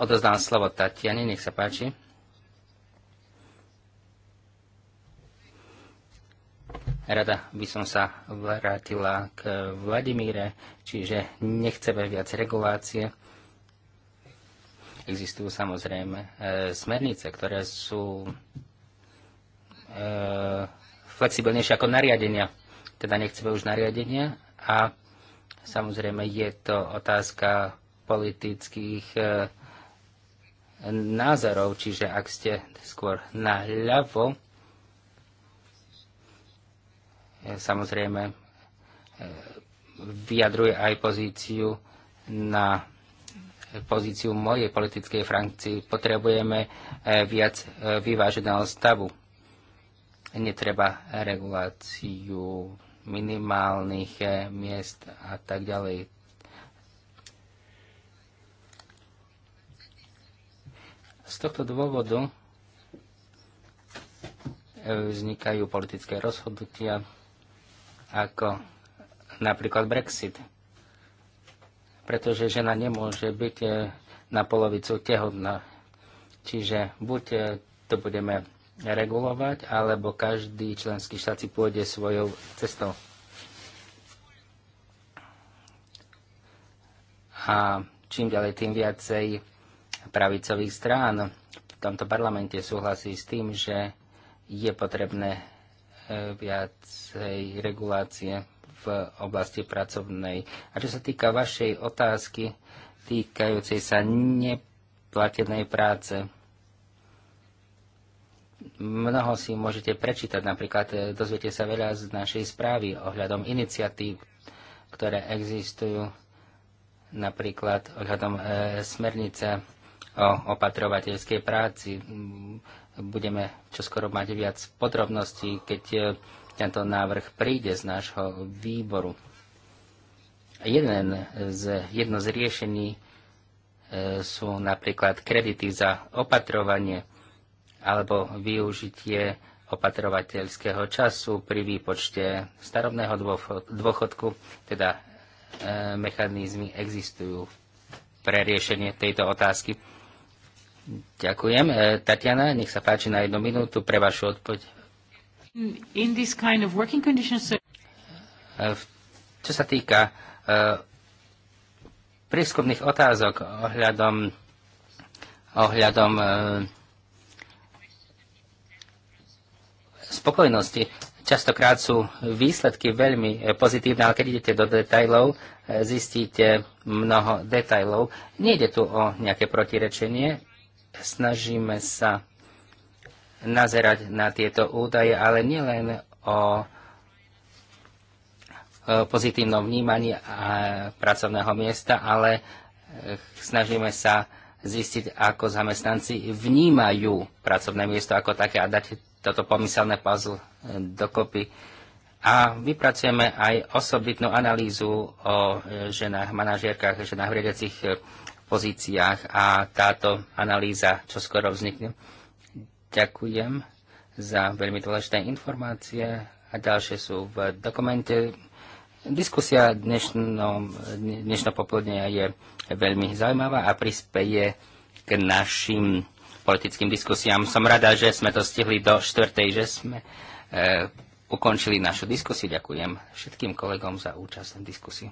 Odoznám slovo Tatiane, nech sa páči. Rada by som sa vrátila k Vladimíre, čiže nechceme viac regulácie. Existujú samozrejme e, smernice, ktoré sú e, flexibilnejšie ako nariadenia. Teda nechceme už nariadenia a samozrejme je to otázka politických e, názorov, čiže ak ste skôr na ľavo, samozrejme e, vyjadruje aj pozíciu na pozíciu mojej politickej frankcii. Potrebujeme e, viac e, vyváženého stavu. Netreba reguláciu minimálnych miest a tak ďalej. Z tohto dôvodu vznikajú politické rozhodnutia, ako napríklad Brexit. Pretože žena nemôže byť e, na polovicu tehodná. Čiže buď e, to budeme regulovať, alebo každý členský štát si pôjde svojou cestou. A čím ďalej, tým viacej pravicových strán v tomto parlamente súhlasí s tým, že je potrebné viacej regulácie v oblasti pracovnej. A čo sa týka vašej otázky týkajúcej sa neplatenej práce, mnoho si môžete prečítať. Napríklad e, dozviete sa veľa z našej správy ohľadom iniciatív, ktoré existujú, napríklad ohľadom e, smernice o opatrovateľskej práci. Budeme čoskoro mať viac podrobností, keď e, tento návrh príde z nášho výboru. Jeden z, jedno z riešení e, sú napríklad kredity za opatrovanie alebo využitie opatrovateľského času pri výpočte starobného dôchodku, teda e, mechanizmy existujú pre riešenie tejto otázky. Ďakujem. E, Tatiana, nech sa páči na jednu minútu pre vašu odpoď. In this kind of working conditions, e, čo sa týka e, prískupných otázok ohľadom, ohľadom spokojnosti. Častokrát sú výsledky veľmi pozitívne, ale keď idete do detajlov, zistíte mnoho detajlov. Nejde tu o nejaké protirečenie, snažíme sa nazerať na tieto údaje, ale nielen o pozitívnom vnímaní pracovného miesta, ale e, snažíme sa zistiť, ako zamestnanci vnímajú pracovné miesto ako také a dať toto pomyselné puzzle e, dokopy. A vypracujeme aj osobitnú analýzu o e, ženách, manažierkách, ženách v riadiacich pozíciách a táto analýza čo skoro vznikne. Ďakujem za veľmi dôležité informácie a ďalšie sú v dokumente. Diskusia dnešno, popoludne je veľmi zaujímavá a prispeje k našim politickým diskusiám. Som rada, že sme to stihli do štvrtej, že sme e, ukončili našu diskusiu. Ďakujem všetkým kolegom za účasť v diskusii.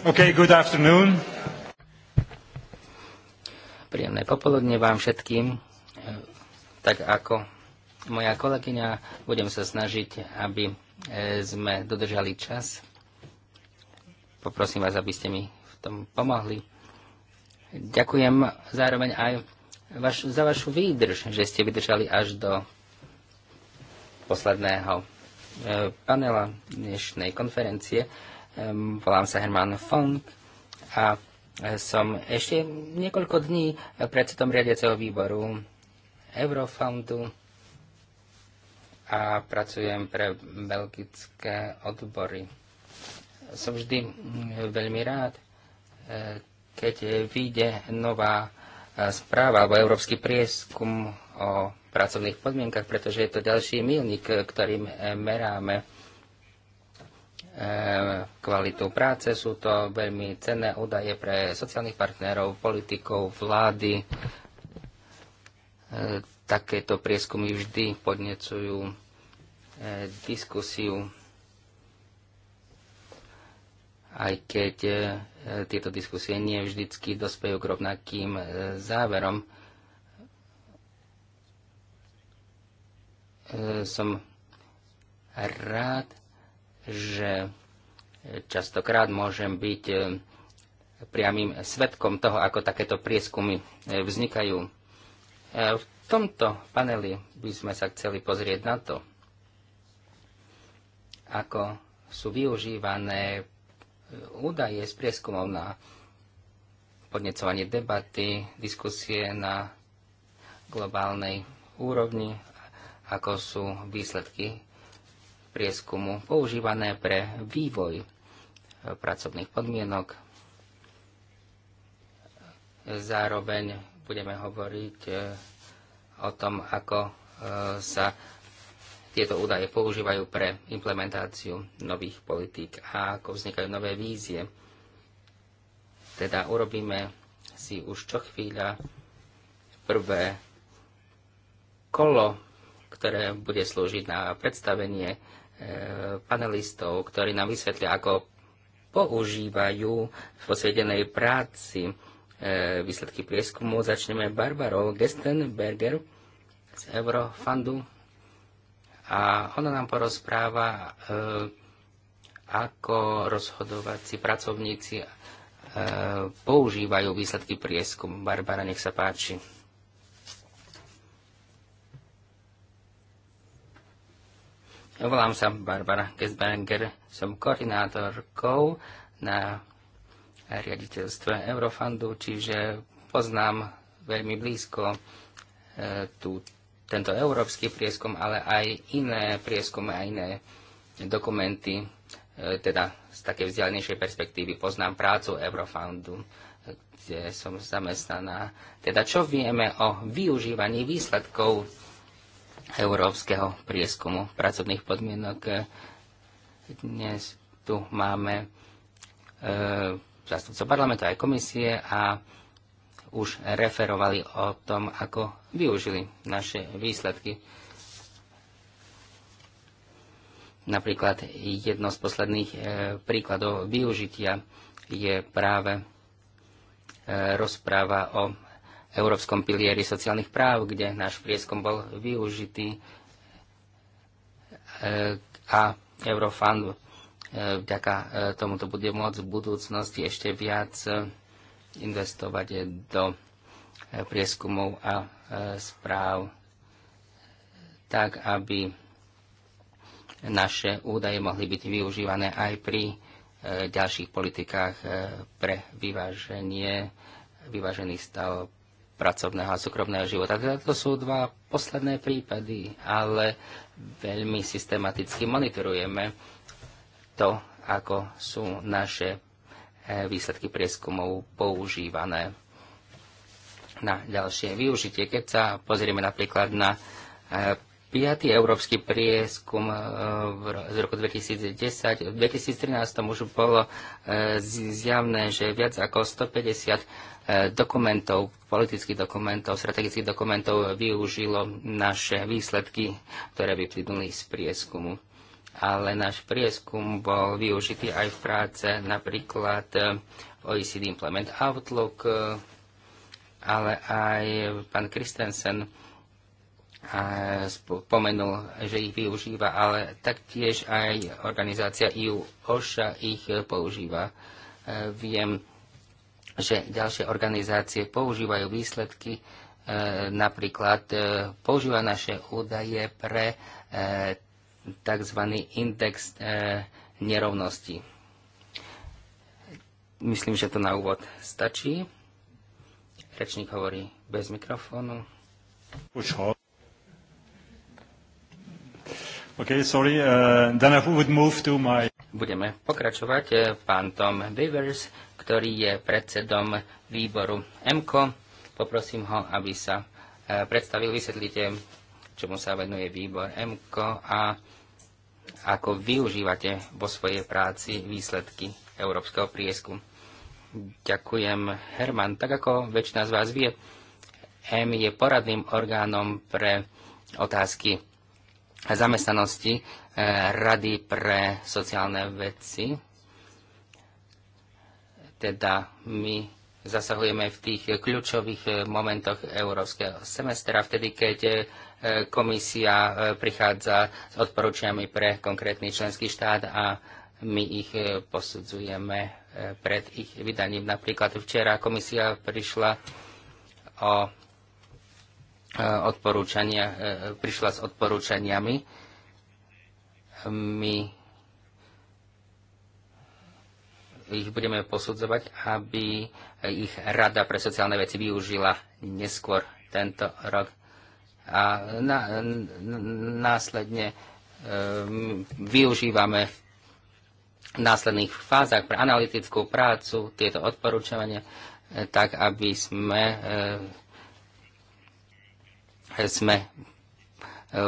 Okay, good afternoon. Príjemné popoludne vám všetkým. Tak ako moja kolegyňa, budem sa snažiť, aby e, sme dodržali čas. Poprosím vás, aby ste mi v tom pomohli. Ďakujem zároveň aj vaš, za vašu výdrž, že ste vydržali až do posledného e, panela dnešnej konferencie. Ehm, volám sa Herman Fong a e, som ešte niekoľko dní predsedom riadiaceho výboru Eurofoundu a pracujem pre belgické odbory. Som vždy veľmi rád, e, keď vyjde nová e, správa alebo európsky prieskum o pracovných podmienkach, pretože je to ďalší milník, ktorým meráme E, kvalitu práce. Sú to veľmi cenné údaje pre sociálnych partnerov, politikov, vlády. E, takéto prieskumy vždy podnecujú e, diskusiu, aj keď tieto diskusie nie vždycky dospejú k rovnakým záverom. Som rád, že častokrát môžem byť e, priamým svetkom toho, ako takéto prieskumy e, vznikajú. E, v tomto paneli by sme sa chceli pozrieť na to, ako sú využívané údaje z prieskumov na podnecovanie debaty, diskusie na globálnej úrovni, ako sú výsledky prieskumu používané pre vývoj e, pracovných podmienok. Zároveň budeme hovoriť e, o tom, ako e, sa tieto údaje používajú pre implementáciu nových politík a ako vznikajú nové vízie. Teda urobíme si už čo chvíľa prvé kolo, ktoré bude slúžiť na predstavenie E, panelistov, ktorí nám vysvetlia, ako používajú v posvedenej práci e, výsledky prieskumu. Začneme Barbarou Gestenberger z Eurofundu a ona nám porozpráva, e, ako rozhodovací pracovníci používajú výsledky prieskumu. Barbara, nech sa páči. Volám sa Barbara Gesbenger, som koordinátorkou na riaditeľstve Eurofundu, čiže poznám veľmi blízko e, tú, tento európsky prieskum, ale aj iné prieskumy a iné dokumenty, e, teda z takej vzdialenejšej perspektívy poznám prácu Eurofundu, kde som zamestnaná. Teda čo vieme o využívaní výsledkov európskeho prieskumu pracovných podmienok. Dnes tu máme e, parlamentu aj komisie a už referovali o tom, ako využili naše výsledky. Napríklad jedno z posledných e, príkladov využitia je práve e, rozpráva o Európskom pilieri sociálnych práv, kde náš prieskum bol využitý e, a Eurofund e, vďaka e, tomuto bude môcť v budúcnosti ešte viac investovať do prieskumov a správ tak, aby naše údaje mohli byť využívané aj pri ďalších politikách pre vyváženie, vyvážených stav pracovného a súkromného života. Teda to sú dva posledné prípady, ale veľmi systematicky monitorujeme to, ako sú naše e, výsledky prieskumov používané na ďalšie využitie. Keď sa pozrieme napríklad na e, Piatý európsky prieskum e, z roku 2010. V 2013 už bolo e, zjavné, že viac ako 150 e, dokumentov, politických dokumentov, strategických dokumentov využilo naše výsledky, ktoré vyplynuli z prieskumu. Ale náš prieskum bol využitý aj v práce napríklad OECD Implement Outlook, ale aj pán Kristensen a spomenul, že ich využíva, ale taktiež aj organizácia EU OSHA ich používa. E, viem, že ďalšie organizácie používajú výsledky, e, napríklad e, používa naše údaje pre tzv. index nerovnosti. Myslím, že to na úvod stačí. Rečník hovorí bez mikrofónu. Už ho. Okay, sorry. Uh, then I would move to my... Budeme pokračovať. Eh, pán Tom Bivers, ktorý je predsedom výboru MKO. Poprosím ho, aby sa eh, predstavil. Vysvetlite, čomu sa venuje výbor MKO a ako využívate vo svojej práci výsledky európskeho priesku. Ďakujem, Herman. Tak ako väčšina z vás vie, M je poradným orgánom pre otázky zamestnanosti e, Rady pre sociálne veci. Teda my zasahujeme v tých kľúčových e, momentoch európskeho semestra, vtedy keď e, komisia prichádza s odporúčaniami pre konkrétny členský štát a my ich posudzujeme pred ich vydaním. Napríklad včera komisia prišla o E, odporúčania, e, prišla s odporúčaniami. My ich budeme posudzovať, aby ich Rada pre sociálne veci využila neskôr tento rok. A na, následne e, využívame v následných fázach pre analytickú prácu tieto odporúčania, tak aby sme sme e,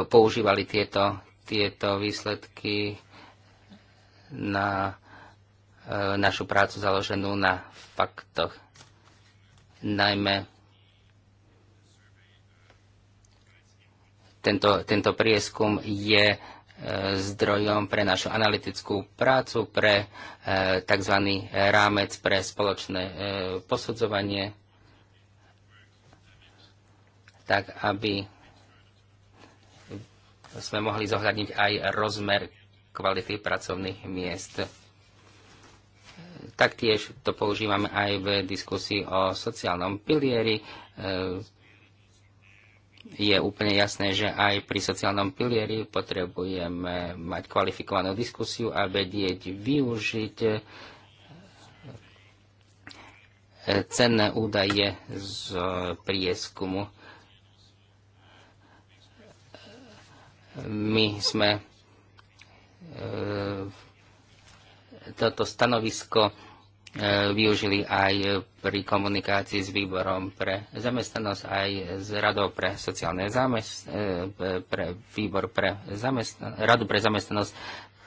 používali tieto, tieto výsledky na e, našu prácu založenú na faktoch. Najmä tento, tento prieskum je e, zdrojom pre našu analytickú prácu, pre tzv. rámec pre spoločné posudzovanie tak aby sme mohli zohľadniť aj rozmer kvality pracovných miest. Taktiež to používame aj v diskusii o sociálnom pilieri. E, je úplne jasné, že aj pri sociálnom pilieri potrebujeme mať kvalifikovanú diskusiu a vedieť využiť e, cenné údaje z prieskumu My sme e, toto stanovisko e, využili aj pri komunikácii s výborom pre zamestnanosť, aj s radou pre sociálne zamest... E, pre výbor pre zamestnanosť, radu pre zamestnanosť.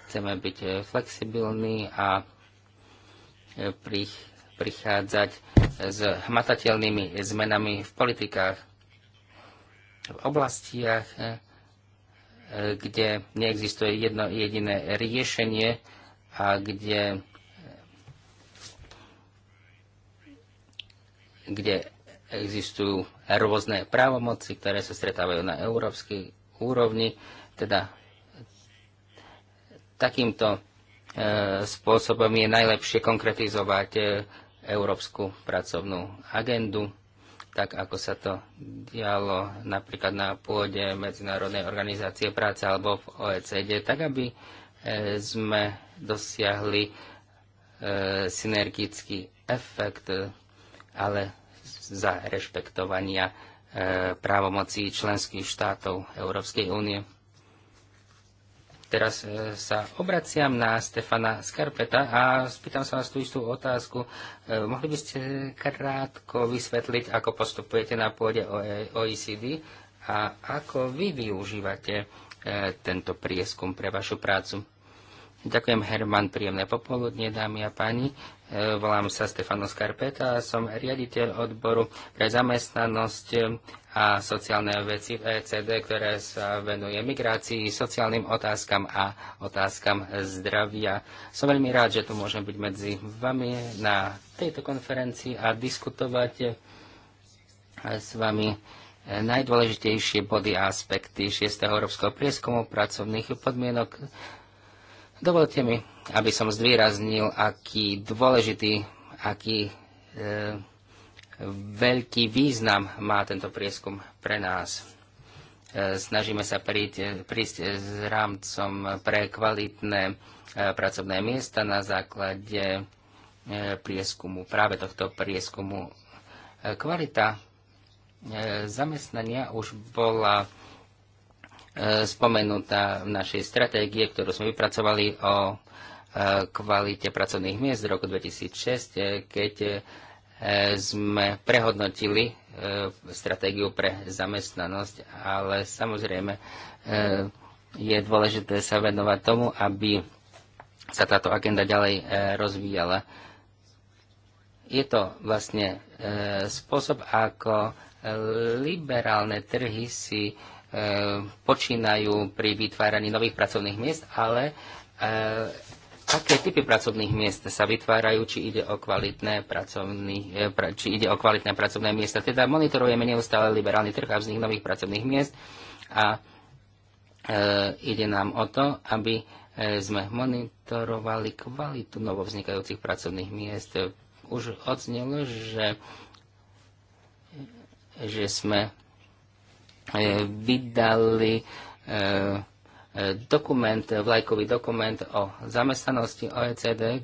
Chceme byť flexibilní a pri... prichádzať s hmatateľnými zmenami v politikách, v oblastiach, kde neexistuje jedno jediné riešenie a kde, kde existujú rôzne právomoci, ktoré sa stretávajú na európskej úrovni. Teda takýmto e, spôsobom je najlepšie konkretizovať e, európsku pracovnú agendu tak ako sa to dialo napríklad na pôde Medzinárodnej organizácie práce alebo v OECD, tak aby e, sme dosiahli e, synergický efekt, ale za rešpektovania e, právomocí členských štátov Európskej únie. Teraz e, sa obraciam na Stefana Skarpeta a spýtam sa vás tú istú otázku. E, mohli by ste krátko vysvetliť, ako postupujete na pôde OECD e a ako vy využívate tento prieskum pre vašu prácu? Ďakujem, Herman, príjemné popoludne, dámy a páni. E, volám sa Stefano Skarpeta a som riaditeľ odboru pre zamestnanosť a sociálne veci v ECD, ktoré sa venuje migrácii, sociálnym otázkam a otázkam zdravia. Som veľmi rád, že tu môžem byť medzi vami na tejto konferencii a diskutovať s vami najdôležitejšie body a aspekty 6. európskeho prieskumu pracovných podmienok Dovolte mi, aby som zvýraznil, aký dôležitý, aký e, veľký význam má tento prieskum pre nás. E, snažíme sa príť, e, prísť s rámcom pre kvalitné e, pracovné miesta na základe e, prieskumu, práve tohto prieskumu. E, kvalita e, zamestnania už bola spomenutá v našej stratégie, ktorú sme vypracovali o e, kvalite pracovných miest z roku 2006, e, keď e, sme prehodnotili stratégiu pre zamestnanosť, ale samozrejme je dôležité sa venovať tomu, aby sa táto agenda ďalej rozvíjala. Je to vlastne spôsob, ako liberálne trhy si E, počínajú pri vytváraní nových pracovných miest, ale e, aké typy pracovných miest sa vytvárajú, či ide o kvalitné, pracovný, e, či ide o kvalitné pracovné miesta. Teda monitorujeme neustále liberálny trh a vznik nových pracovných miest a e, ide nám o to, aby sme monitorovali kvalitu novovznikajúcich pracovných miest. Už odznelo, že, že sme E, vydali e, e, dokument, vlajkový dokument o zamestnanosti OECD.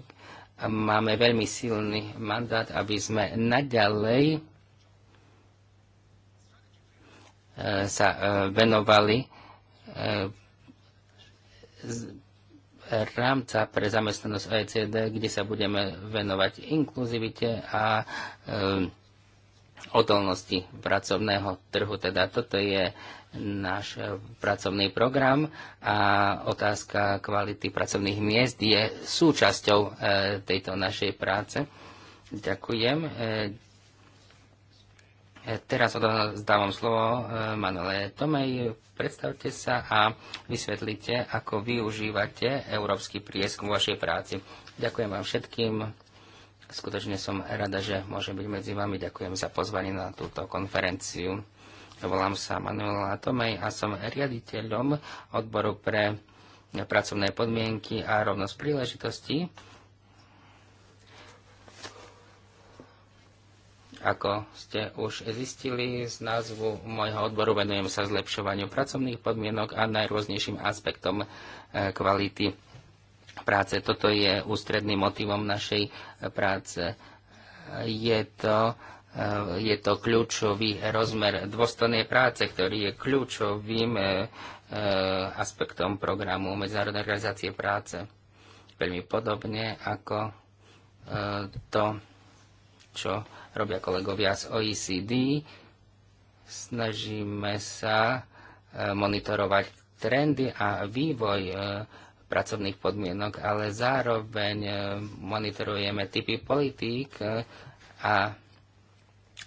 Máme veľmi silný mandát, aby sme naďalej sa venovali rámca pre zamestnanosť OECD, kde sa budeme venovať inkluzivite a e, odolnosti pracovného trhu. Teda toto je náš pracovný program a otázka kvality pracovných miest je súčasťou e, tejto našej práce. Ďakujem. E, e, teraz dávam slovo Manuele Tomej. Predstavte sa a vysvetlite, ako využívate európsky prieskum v vašej práci. Ďakujem vám všetkým Skutočne som rada, že môžem byť medzi vami. Ďakujem za pozvanie na túto konferenciu. Volám sa Manuela Tomej a som riaditeľom odboru pre pracovné podmienky a rovnosť príležitostí. Ako ste už zistili z názvu môjho odboru, venujem sa zlepšovaniu pracovných podmienok a najrôznejším aspektom eh, kvality práce. Toto je ústredným motivom našej e, práce. Je to, e, je to kľúčový rozmer dôstojnej práce, ktorý je kľúčovým e, aspektom programu Medzinárodnej organizácie práce. Veľmi podobne ako to, čo robia kolegovia z OECD, snažíme sa monitorovať trendy a vývoj pracovných podmienok, ale zároveň e, monitorujeme typy politík e, a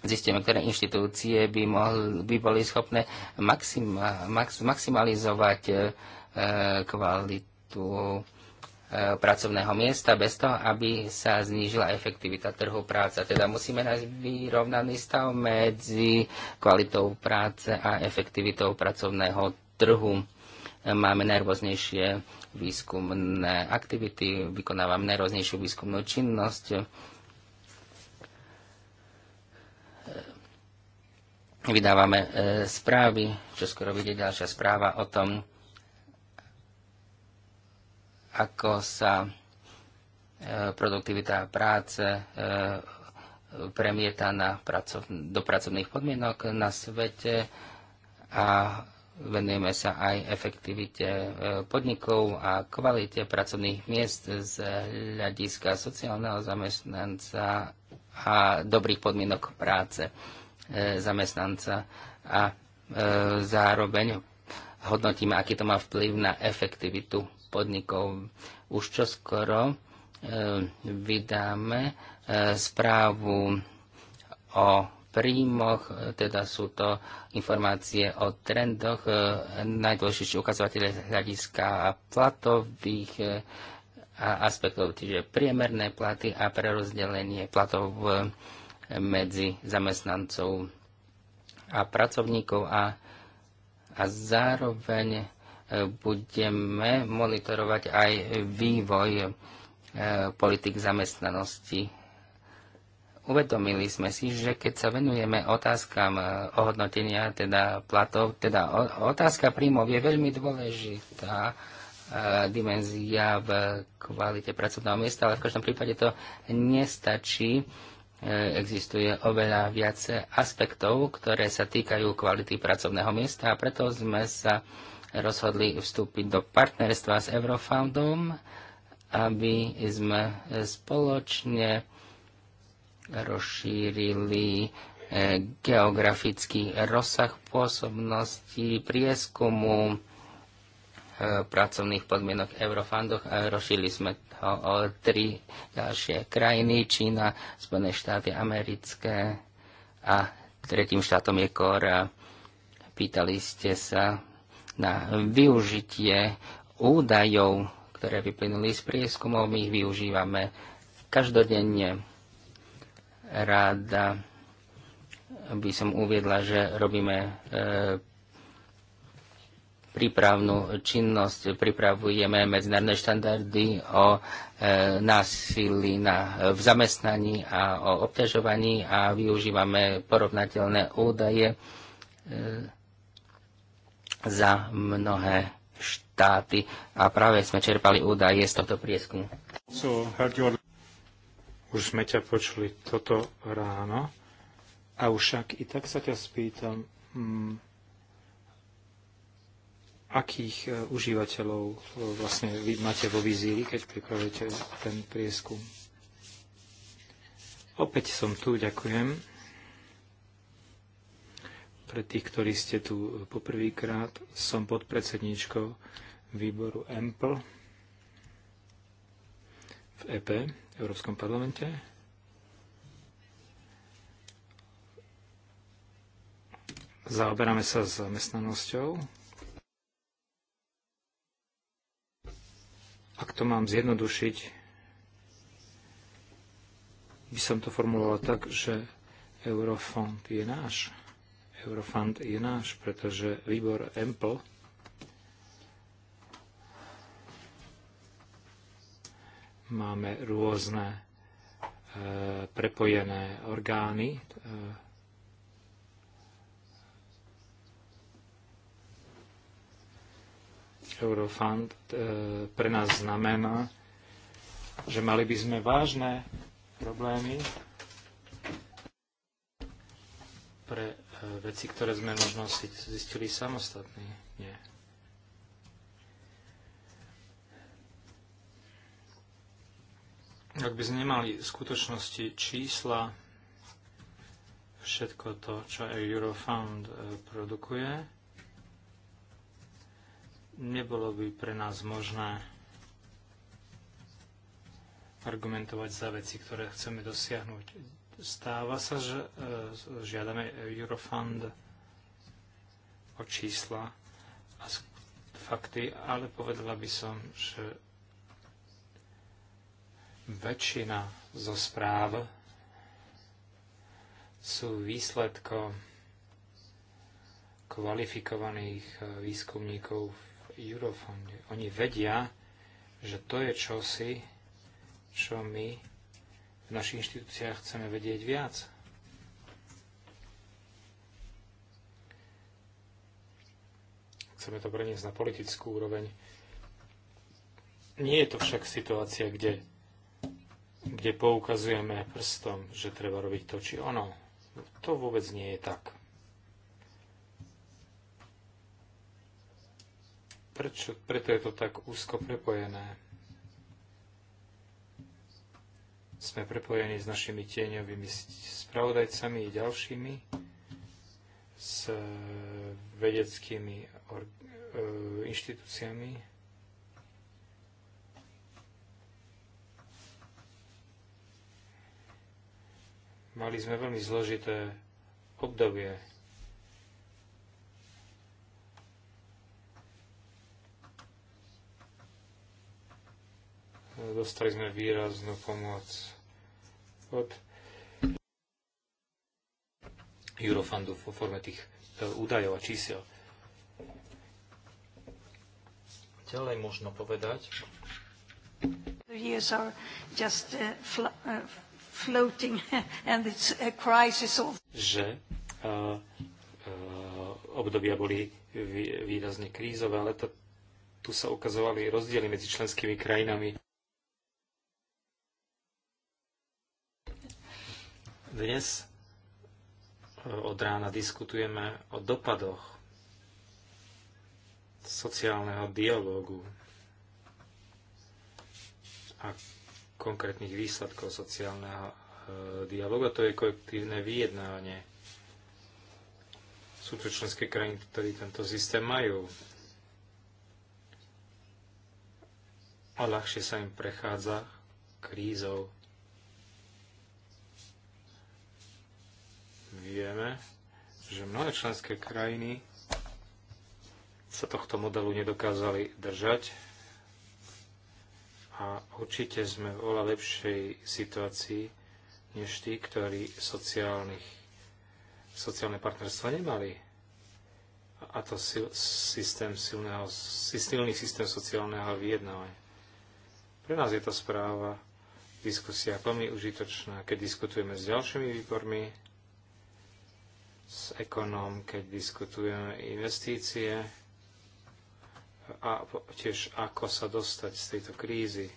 zistíme, ktoré inštitúcie by, mohli, by boli schopné maxima, max, maximalizovať e, kvalitu pracovného miesta bez toho, aby sa znížila efektivita trhu práce. Teda musíme nájsť vyrovnaný stav medzi kvalitou práce a efektivitou pracovného trhu. Máme najrôznejšie výskumné aktivity, vykonávam najrôznejšiu výskumnú činnosť. Vydávame e, správy, čo skoro vyjde ďalšia správa o tom, ako sa e, produktivita práce e, premieta na pracov, do pracovných podmienok na svete a venujeme sa aj efektivite e, podnikov a kvalite pracovných miest z hľadiska sociálneho zamestnanca a dobrých podmienok práce e, zamestnanca a e, zároveň hodnotíme, aký to má vplyv na efektivitu podnikov. Už čoskoro vydáme správu o príjmoch, e, teda sú to informácie o trendoch, e, najdôležitejšie ukazovatele hľadiska platových e, aspektov, čiže priemerné platy a prerozdelenie platov medzi zamestnancov a pracovníkov a, a zároveň budeme monitorovať aj vývoj politik zamestnanosti Uvedomili sme si, že keď sa venujeme otázkam e, ohodnotenia, teda platov, teda otázka príjmov je veľmi dôležitá e, dimenzia v kvalite pracovného miesta, ale v každom prípade to nestačí. E, existuje oveľa viac aspektov, ktoré sa týkajú kvality pracovného miesta a preto sme sa rozhodli vstúpiť do partnerstva s Eurofoundom, aby sme spoločne rozšírili e, geografický rozsah pôsobnosti prieskumu e, pracovných podmienok eurofandoch a e, rozšili sme to o tri ďalšie krajiny, Čína, Spojené štáty americké a tretím štátom je Kóra. Pýtali ste sa na využitie údajov, ktoré vyplynuli z prieskumov. My ich využívame každodenne Rada by som uviedla, že robíme e, prípravnú činnosť, pripravujeme medzinárodné štandardy o e, násilí na, v zamestnaní a o obťažovaní a využívame porovnateľné údaje e, za mnohé štáty a práve sme čerpali údaje z tohto prieskumu. So, už sme ťa počuli toto ráno. A už však i tak sa ťa spýtam, m, mm, akých e, užívateľov e, vlastne vy máte vo vizíri, keď pripravujete ten prieskum. Opäť som tu, ďakujem. Pre tých, ktorí ste tu poprvýkrát, som podpredsedníčkou výboru EMPL v EP. Európskom parlamente. Zaoberáme sa zamestnanosťou. Ak to mám zjednodušiť, by som to formuloval tak, že Eurofond je náš. Eurofond je náš, pretože výbor EMPL Máme rôzne e, prepojené orgány. E, Eurofund e, pre nás znamená, že mali by sme vážne problémy pre veci, ktoré sme možno zistili samostatní. Nie. Ak by sme nemali v skutočnosti čísla, všetko to, čo Eurofound e, produkuje, nebolo by pre nás možné argumentovať za veci, ktoré chceme dosiahnuť. Stáva sa, že e, žiadame Eurofund o čísla a fakty, ale povedala by som, že väčšina zo správ sú výsledkom kvalifikovaných eh, výskumníkov v Eurofonde. Oni vedia, že to je čosi, čo my v našich inštitúciách chceme vedieť viac. Chceme to preniesť na politickú úroveň. Nie je to však situácia, kde kde poukazujeme prstom, že treba robiť to či ono. To vôbec nie je tak. Prečo, preto je to tak úzko prepojené. Sme prepojení s našimi tieňovými spravodajcami i ďalšími, s vedeckými e, inštitúciami, Mali sme veľmi zložité obdobie. Dostali sme výraznú pomoc od Eurofundu vo forme tých e, údajov a čísel. Ďalej možno povedať. years are just uh, fl- uh, floating and it's a crisis of... že uh, uh, obdobia boli výrazne krízové, ale to, tu sa ukazovali rozdiely medzi členskými krajinami. Dnes eh, od rána diskutujeme o dopadoch sociálneho dialógu a konkrétnych výsledkov sociálneho e, dialogu, a to je kolektívne vyjednávanie. Sú to členské krajiny, ktorí tento systém majú. A ľahšie sa im prechádza krízou. Vieme, že mnohé členské krajiny sa tohto modelu nedokázali držať, a určite sme v oľa lepšej situácii než tí, ktorí sociálnych, sociálne partnerstva nemali. A to sil, systém silného, silný systém sociálneho vyjednávania. Pre nás je tá správa, diskusia veľmi užitočná, keď diskutujeme s ďalšími výbormi, s ekonóm, keď diskutujeme investície, a tiež ako sa dostať z tejto krízy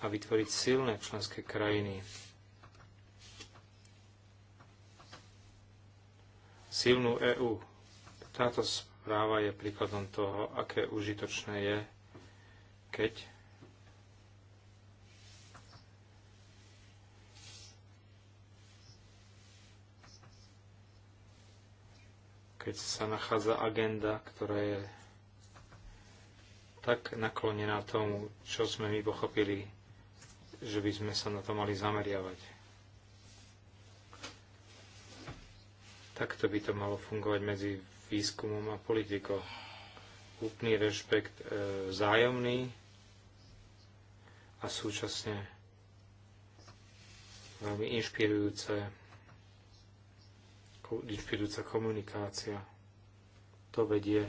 a vytvoriť silné členské krajiny. Silnú EÚ. Táto správa je príkladom toho, aké užitočné je, keď keď sa nachádza agenda, ktorá je tak naklonená tomu, čo sme my pochopili, že by sme sa na to mali zameriavať. Takto by to malo fungovať medzi výskumom a politikou. Úplný rešpekt e, vzájomný a súčasne veľmi inšpirujúce, inšpirujúca komunikácia. To vedie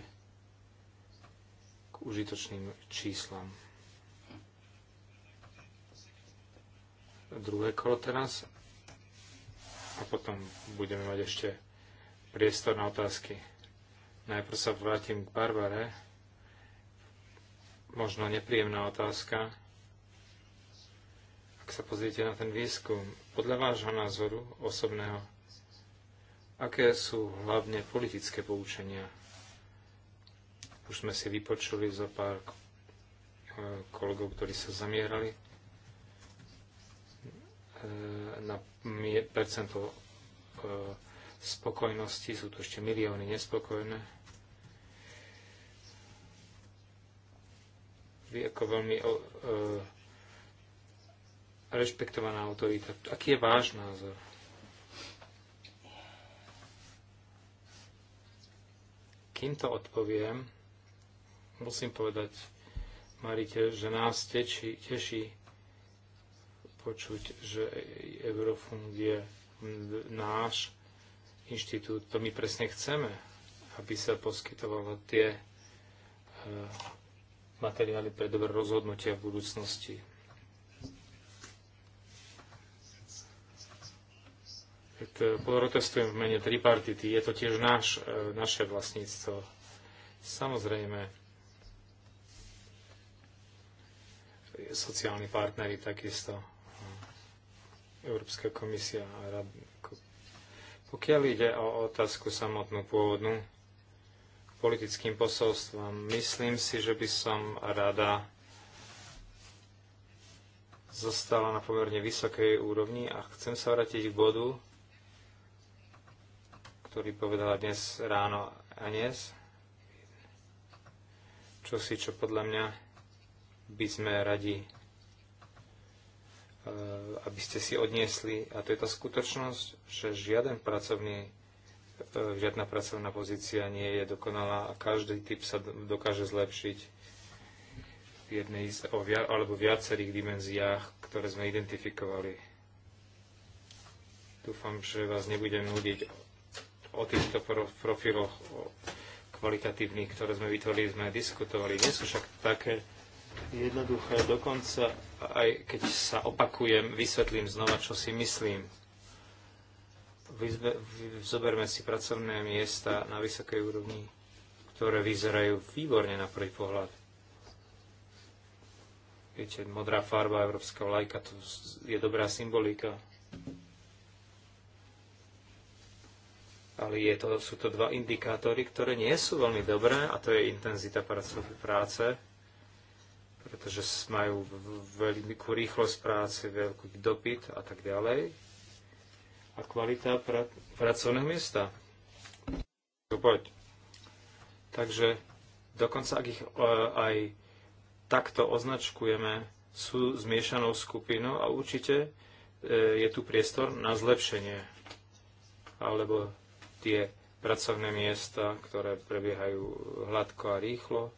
užitočným číslam. Druhé kolo teraz a potom budeme mať ešte priestor na otázky. Najprv sa vrátim k Barbare. Možno nepríjemná otázka. Ak sa pozriete na ten výskum, podľa vášho názoru osobného, aké sú hlavne politické poučenia už sme si vypočuli za pár e, kolegov, ktorí sa zamierali e, na percento e, spokojnosti. Sú to ešte milióny nespokojné. Vy ako veľmi rešpektovaná autorita. Aký je váš názor? Kým to odpoviem, Musím povedať, Marite, že nás teší, teší počuť, že Eurofund je náš inštitút. To my presne chceme, aby sa poskytovalo tie e, materiály pre dobré rozhodnutia v budúcnosti. E, protestujem v mene tripartity, je to tiež náš, e, naše vlastníctvo. Samozrejme, sociálni partnery takisto, Európska komisia a rad. Pokiaľ ide o otázku samotnú pôvodnú, politickým posolstvom, myslím si, že by som rada zostala na pomerne vysokej úrovni a chcem sa vrátiť k bodu, ktorý povedala dnes ráno Anies, čo si, čo podľa mňa by sme radi, e, aby ste si odniesli, a to je tá skutočnosť, že žiaden pracovný, e, žiadna pracovná pozícia nie je dokonalá a každý typ sa dokáže zlepšiť v jednej z, alebo viacerých dimenziách, ktoré sme identifikovali. Dúfam, že vás nebudem nudiť o týchto profiloch kvalitatívnych, ktoré sme vytvorili, sme diskutovali. Nie sú však také, jednoduché, dokonca aj keď sa opakujem, vysvetlím znova, čo si myslím. zoberme si pracovné miesta na vysokej úrovni, ktoré vyzerajú výborne na prvý pohľad. Viete, modrá farba, európska vlajka, to je dobrá symbolika. ale je to, sú to dva indikátory, ktoré nie sú veľmi dobré, a to je intenzita práce pretože majú veľkú rýchlosť práce, veľký dopyt a tak ďalej. A kvalita pra- pracovného miesta. Poď. Takže dokonca ak ich e, aj takto označkujeme, sú zmiešanou skupinou a určite e, je tu priestor na zlepšenie. Alebo tie pracovné miesta, ktoré prebiehajú hladko a rýchlo,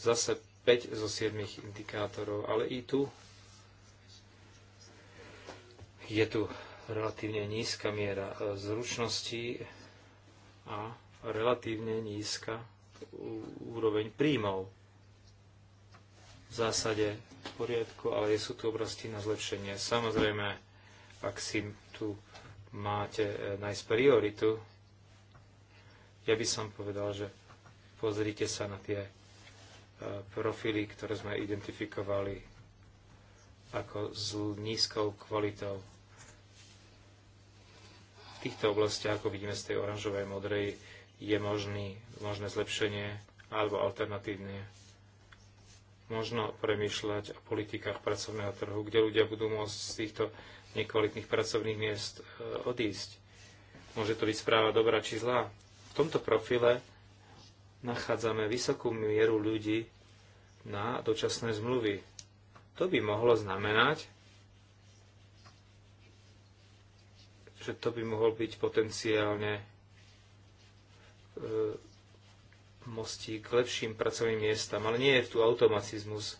zase 5 zo 7 indikátorov, ale i tu je tu relatívne nízka miera e, zručnosti a relatívne nízka úroveň príjmov. V zásade v poriadku, ale sú tu oblasti na zlepšenie. Samozrejme, ak si tu máte e, nájsť prioritu, ja by som povedal, že pozrite sa na tie profily, ktoré sme identifikovali ako s nízkou kvalitou. V týchto oblastiach, ako vidíme z tej oranžovej modrej, je možný, možné zlepšenie alebo alternatívne možno premýšľať o politikách pracovného trhu, kde ľudia budú môcť z týchto nekvalitných pracovných miest e, odísť. Môže to byť správa dobrá či zlá. V tomto profile nachádzame vysokú mieru ľudí na dočasné zmluvy. To by mohlo znamenať, že to by mohol byť potenciálne e, mostík k lepším pracovným miestam, ale nie je tu automatizmus.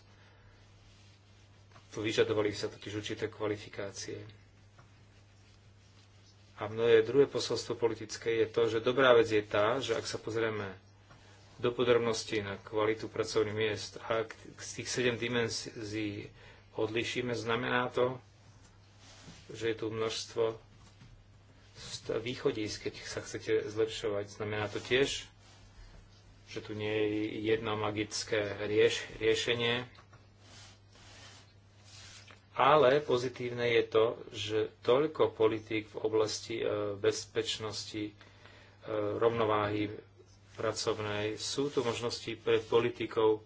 Vyžadovali sa totiž určité kvalifikácie. A mnohé druhé posolstvo politické je to, že dobrá vec je tá, že ak sa pozrieme do podrobností na kvalitu pracovných miest. Ak z tých 7 dimenzií odlišíme, znamená to, že je tu množstvo východísk, keď sa chcete zlepšovať. Znamená to tiež, že tu nie je jedno magické rieš, riešenie. Ale pozitívne je to, že toľko politík v oblasti e, bezpečnosti, e, rovnováhy pracovnej. Sú tu možnosti pre politikov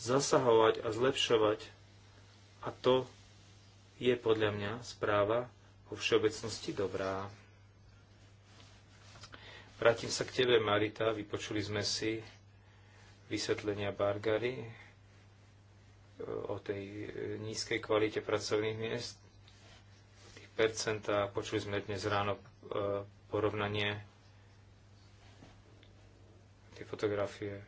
zasahovať a zlepšovať a to je podľa mňa správa vo všeobecnosti dobrá. Vrátim sa k tebe, Marita. Vypočuli sme si vysvetlenia Bargary e, o tej e, nízkej kvalite pracovných miest, tých percent a počuli sme dnes ráno e, porovnanie tie fotografie,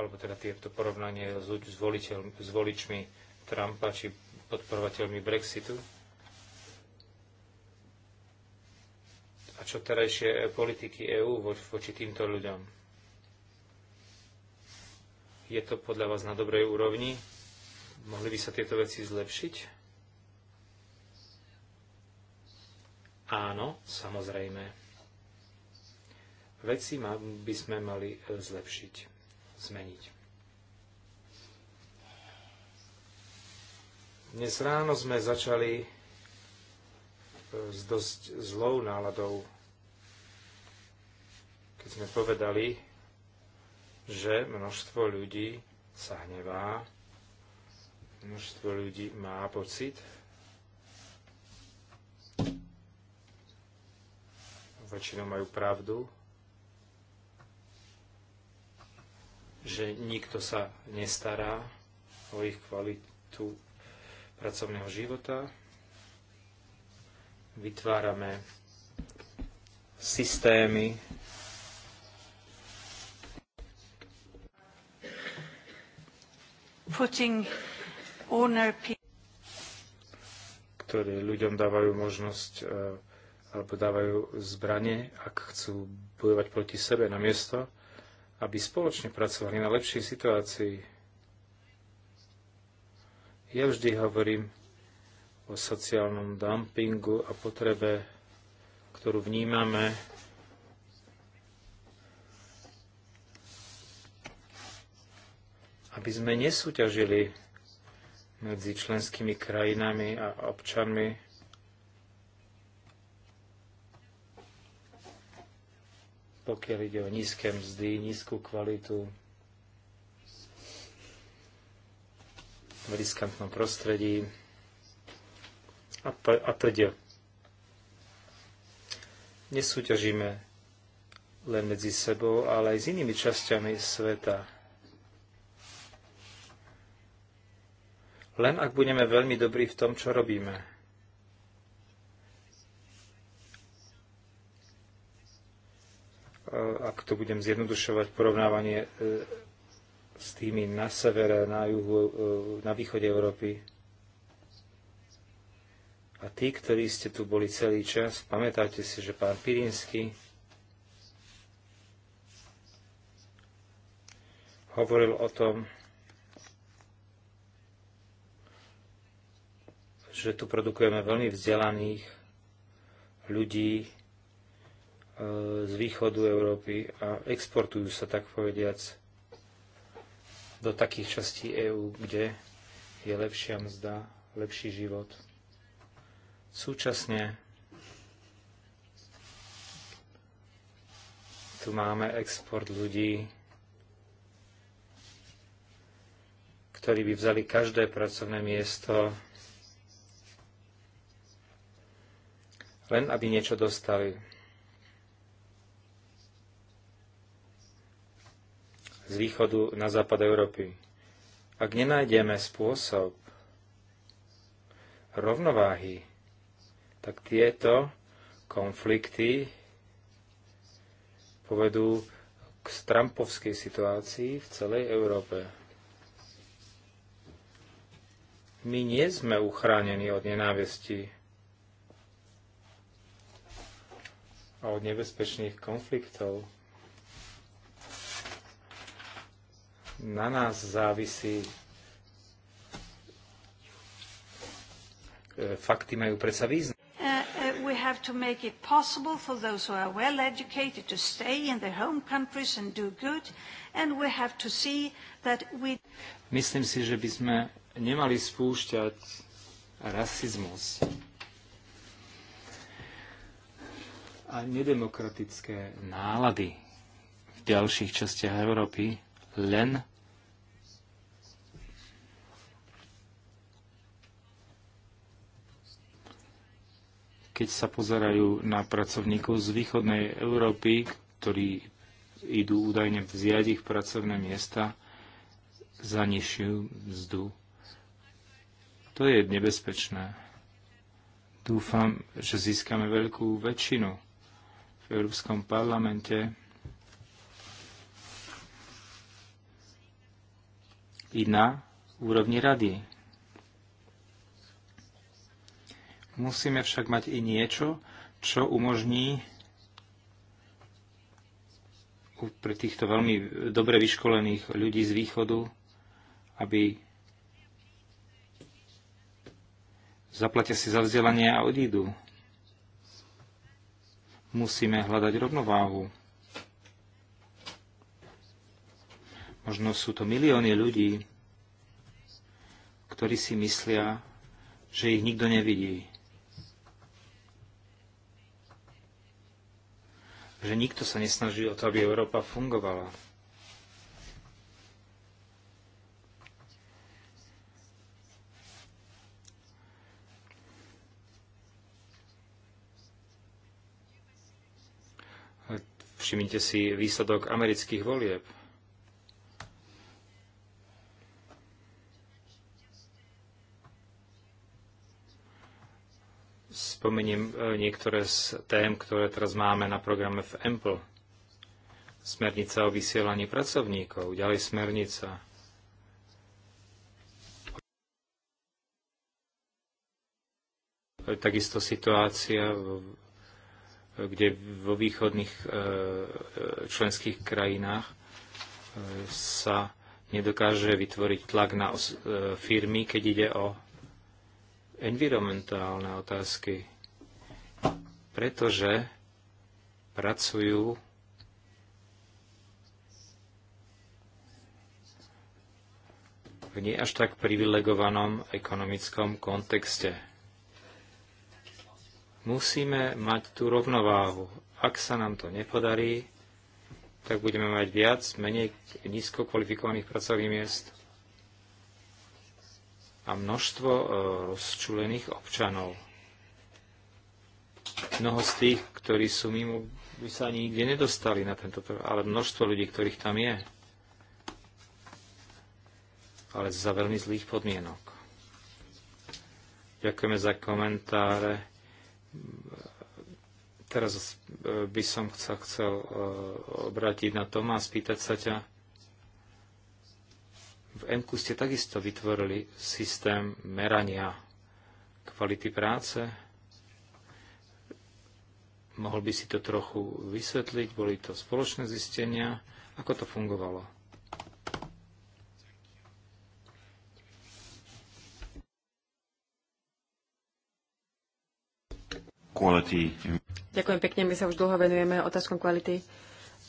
alebo teda tieto porovnanie s, voliteľ, s voličmi Trumpa či podporovateľmi Brexitu. A čo terajšie politiky EÚ vo, voči týmto ľuďom? Je to podľa vás na dobrej úrovni? Mohli by sa tieto veci zlepšiť? Áno, samozrejme veci by sme mali e, zlepšiť, zmeniť. Dnes ráno sme začali e, s dosť zlou náladou, keď sme povedali, že množstvo ľudí sa hnevá, množstvo ľudí má pocit, väčšinou majú pravdu, že nikto sa nestará o ich kvalitu pracovného života. Vytvárame systémy, ktoré ľuďom dávajú možnosť eh, alebo dávajú zbranie, ak chcú bojovať proti sebe na miesto, aby spoločne pracovali na lepšej situácii. Ja vždy hovorím o sociálnom dumpingu a potrebe, ktorú vnímame aby sme nesúťažili medzi členskými krajinami a občanmi pokiaľ ide o nízke mzdy, nízku kvalitu v riskantnom prostredí a, teď Nesúťažíme len medzi sebou, ale aj s inými časťami sveta. Len ak budeme veľmi dobrí v tom, čo robíme. ak to budem zjednodušovať, porovnávanie e, s tými na severe, na juhu, e, na východe Európy. A tí, ktorí ste tu boli celý čas, pamätáte si, že pán Pirinsky hovoril o tom, že tu produkujeme veľmi vzdelaných ľudí, z východu Európy a exportujú sa, tak povediac, do takých častí EÚ, kde je lepšia mzda, lepší život. Súčasne tu máme export ľudí, ktorí by vzali každé pracovné miesto, len aby niečo dostali. z východu na západ Európy. Ak nenájdeme spôsob rovnováhy, tak tieto konflikty povedú k strampovskej situácii v celej Európe. My nie sme uchránení od nenávisti a od nebezpečných konfliktov. na nás závisí. E, fakty majú predsa význam. Uh, uh, we have to make it possible for those who are well educated to stay in their home countries and do good, and we have to see that we... Myslím si, že by sme nemali spúšťať rasizmus a nedemokratické nálady v ďalších častiach Európy len keď sa pozerajú na pracovníkov z východnej Európy, ktorí idú údajne vziať ich pracovné miesta za nižšiu mzdu. To je nebezpečné. Dúfam, že získame veľkú väčšinu v Európskom parlamente. I na úrovni rady Musíme však mať i niečo, čo umožní pre týchto veľmi dobre vyškolených ľudí z východu, aby zaplatia si za vzdelanie a odídu. Musíme hľadať rovnováhu. Možno sú to milióny ľudí, ktorí si myslia, že ich nikto nevidí. že nikto sa nesnaží o to, aby Európa fungovala. Všimnite si výsledok amerických volieb. spomeniem e, niektoré z tém, ktoré teraz máme na programe v EMPL. Smernica o vysielaní pracovníkov, ďalej smernica takisto situácia, kde vo východných e, e, členských krajinách sa nedokáže vytvoriť tlak na firmy, keď ide o environmentálne otázky pretože pracujú v nie až tak privilegovanom ekonomickom kontexte. Musíme mať tú rovnováhu. Ak sa nám to nepodarí, tak budeme mať viac, menej nízko kvalifikovaných pracovných miest a množstvo e, rozčulených občanov mnoho z tých, ktorí sú mimo, by sa ani nikde nedostali na tento trh, ale množstvo ľudí, ktorých tam je. Ale za veľmi zlých podmienok. Ďakujeme za komentáre. Teraz by som sa chcel e, obrátiť na Toma a spýtať sa ťa. V MQ ste takisto vytvorili systém merania kvality práce Mohol by si to trochu vysvetliť? Boli to spoločné zistenia? Ako to fungovalo? Quality. Ďakujem pekne, my sa už dlho venujeme otázkom kvality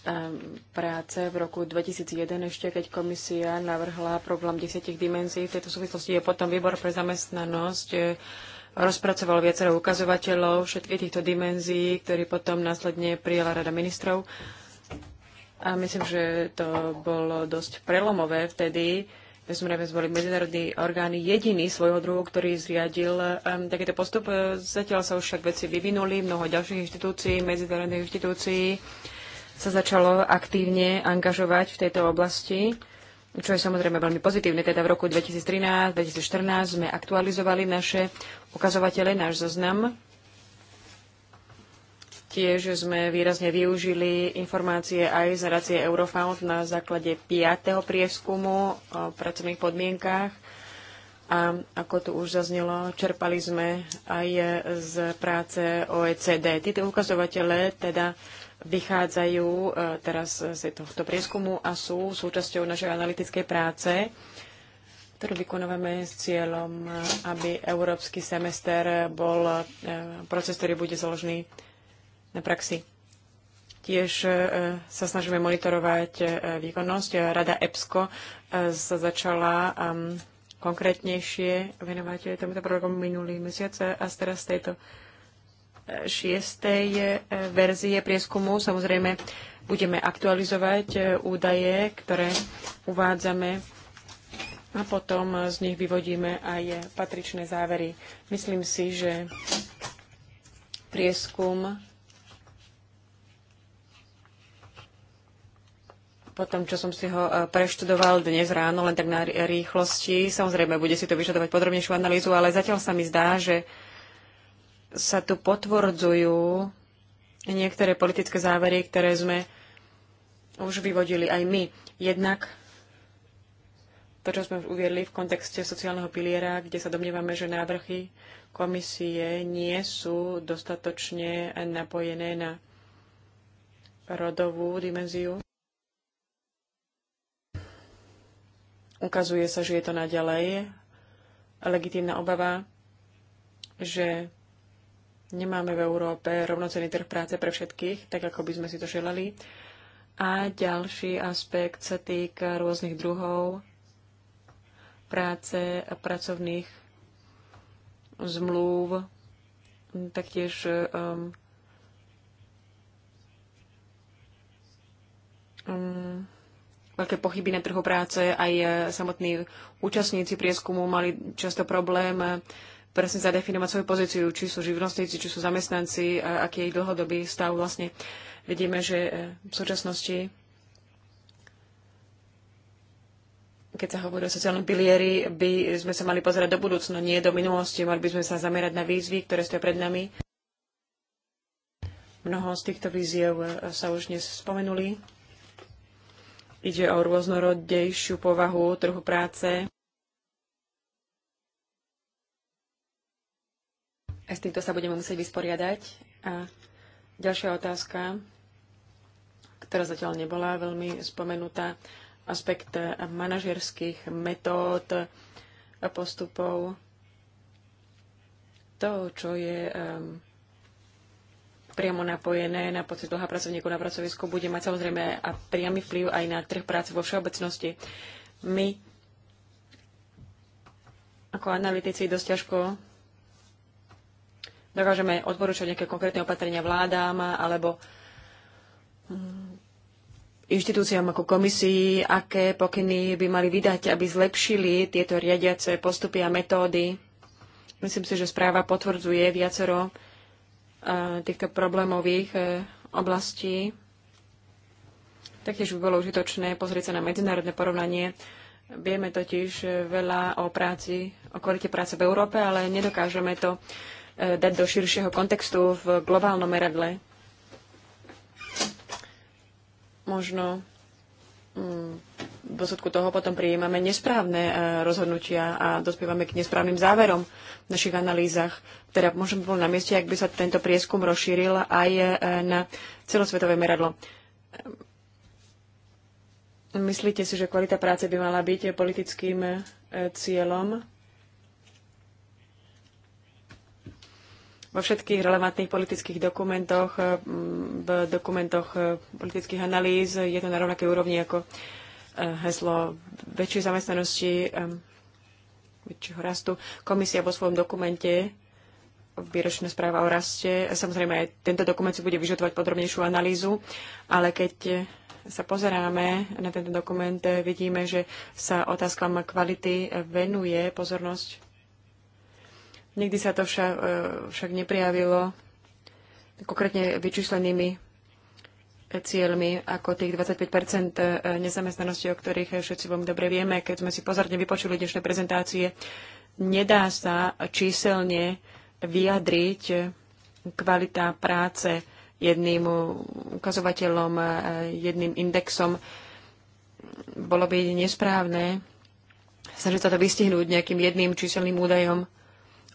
um, práce v roku 2001 ešte, keď komisia navrhla problém desiatich dimenzií. V tejto súvislosti je potom výbor pre zamestnanosť rozpracoval viacero ukazovateľov všetkých týchto dimenzií, ktorý potom následne prijala Rada ministrov. A myslím, že to bolo dosť prelomové vtedy. My sme boli medzinárodný orgán jediný svojho druhu, ktorý zriadil um, takýto postup. Zatiaľ sa už však veci vyvinuli, mnoho ďalších inštitúcií, medzinárodných inštitúcií sa začalo aktívne angažovať v tejto oblasti čo je samozrejme veľmi pozitívne. Teda v roku 2013-2014 sme aktualizovali naše ukazovatele, náš zoznam. Tiež sme výrazne využili informácie aj z narácie Eurofound na základe 5. prieskumu o pracovných podmienkách. A ako tu už zaznelo, čerpali sme aj z práce OECD. Tieto ukazovatele teda vychádzajú e, teraz z tohto prieskumu a sú súčasťou našej analytickej práce, ktorú vykonávame s cieľom, aby európsky semester bol e, proces, ktorý bude založený na praxi. Tiež e, sa snažíme monitorovať výkonnosť. Rada EPSCO sa začala konkrétnejšie venovať tomuto programu minulý mesiac a teraz z tejto 6 eh, verzie prieskumu. Samozrejme, budeme aktualizovať eh, údaje, ktoré uvádzame a potom z nich vyvodíme aj patričné závery. Myslím si, že prieskum po tom, čo som si ho eh, preštudoval dnes ráno, len tak na rýchlosti. Samozrejme, bude si to vyžadovať podrobnejšiu analýzu, ale zatiaľ sa mi zdá, že sa tu potvrdzujú niektoré politické závery, ktoré sme už vyvodili aj my. Jednak to, čo sme už uviedli v kontexte sociálneho piliera, kde sa domnievame, že návrhy komisie nie sú dostatočne napojené na rodovú dimenziu. Ukazuje sa, že je to naďalej legitímna obava, že Nemáme v Európe rovnocený trh práce pre všetkých, tak ako by sme si to želali. A ďalší aspekt sa týka rôznych druhov práce a pracovných zmluv, taktiež um, um, veľké pochyby na trhu práce. Aj eh, samotní účastníci prieskumu mali často problém presne zadefinovať svoju pozíciu, či sú živnostníci, či sú zamestnanci, a aký je ich dlhodobý stav vlastne. Vidíme, že e, v súčasnosti keď sa hovorí o sociálnom pilieri, by sme sa mali pozerať do budúcna, nie do minulosti. Mali by sme sa zamerať na výzvy, ktoré stojí pred nami. Mnoho z týchto víziev e, sa už dnes spomenuli. Ide o rôznorodejšiu povahu trhu práce, A S týmto sa budeme musieť vysporiadať. A ďalšia otázka, ktorá zatiaľ nebola veľmi spomenutá, aspekt manažerských metód, a postupov, to, čo je um, priamo napojené na pocit dlhá pracovníkov na pracovisku, bude mať samozrejme a priamy vplyv aj na trh práce vo všeobecnosti. My ako analytici dosť ťažko dokážeme odporúčať nejaké konkrétne opatrenia vládám alebo mm, inštitúciám ako komisii, aké pokyny by mali vydať, aby zlepšili tieto riadiace postupy a metódy. Myslím si, že správa potvrdzuje viacero e, týchto problémových e, oblastí. Taktiež by bolo užitočné pozrieť sa na medzinárodné porovnanie. Vieme totiž veľa o práci, o kvalite práce v Európe, ale nedokážeme to Eh, dať do širšieho kontextu v globálnom meradle. Možno mm, v dôsledku toho potom prijímame nesprávne eh, rozhodnutia a dospievame k nesprávnym záverom v našich analýzach. Teda možno by bolo na mieste, ak by sa tento prieskum rozšíril aj eh, na celosvetové meradlo. Myslíte si, že kvalita práce by mala byť politickým cieľom? vo všetkých relevantných politických dokumentoch, eh, v dokumentoch eh, politických analýz. Je to na rovnakej úrovni ako eh, heslo väčšej zamestnanosti, väčšieho rastu. Komisia vo svojom dokumente výročná správa o raste. Samozrejme, aj tento dokument si bude vyžadovať podrobnejšiu analýzu, ale keď sa pozeráme na tento dokument, vidíme, že sa otázkam kvality venuje pozornosť Nikdy sa to však, e, však neprijavilo konkrétne vyčíslenými e, cieľmi ako tých 25 e, nezamestnanosti, o ktorých všetci veľmi dobre vieme, keď sme si pozorne vypočuli dnešné prezentácie. Nedá sa číselne vyjadriť kvalita práce jedným ukazovateľom, jedným indexom. Bolo by nesprávne snažiť sa to vystihnúť nejakým jedným číselným údajom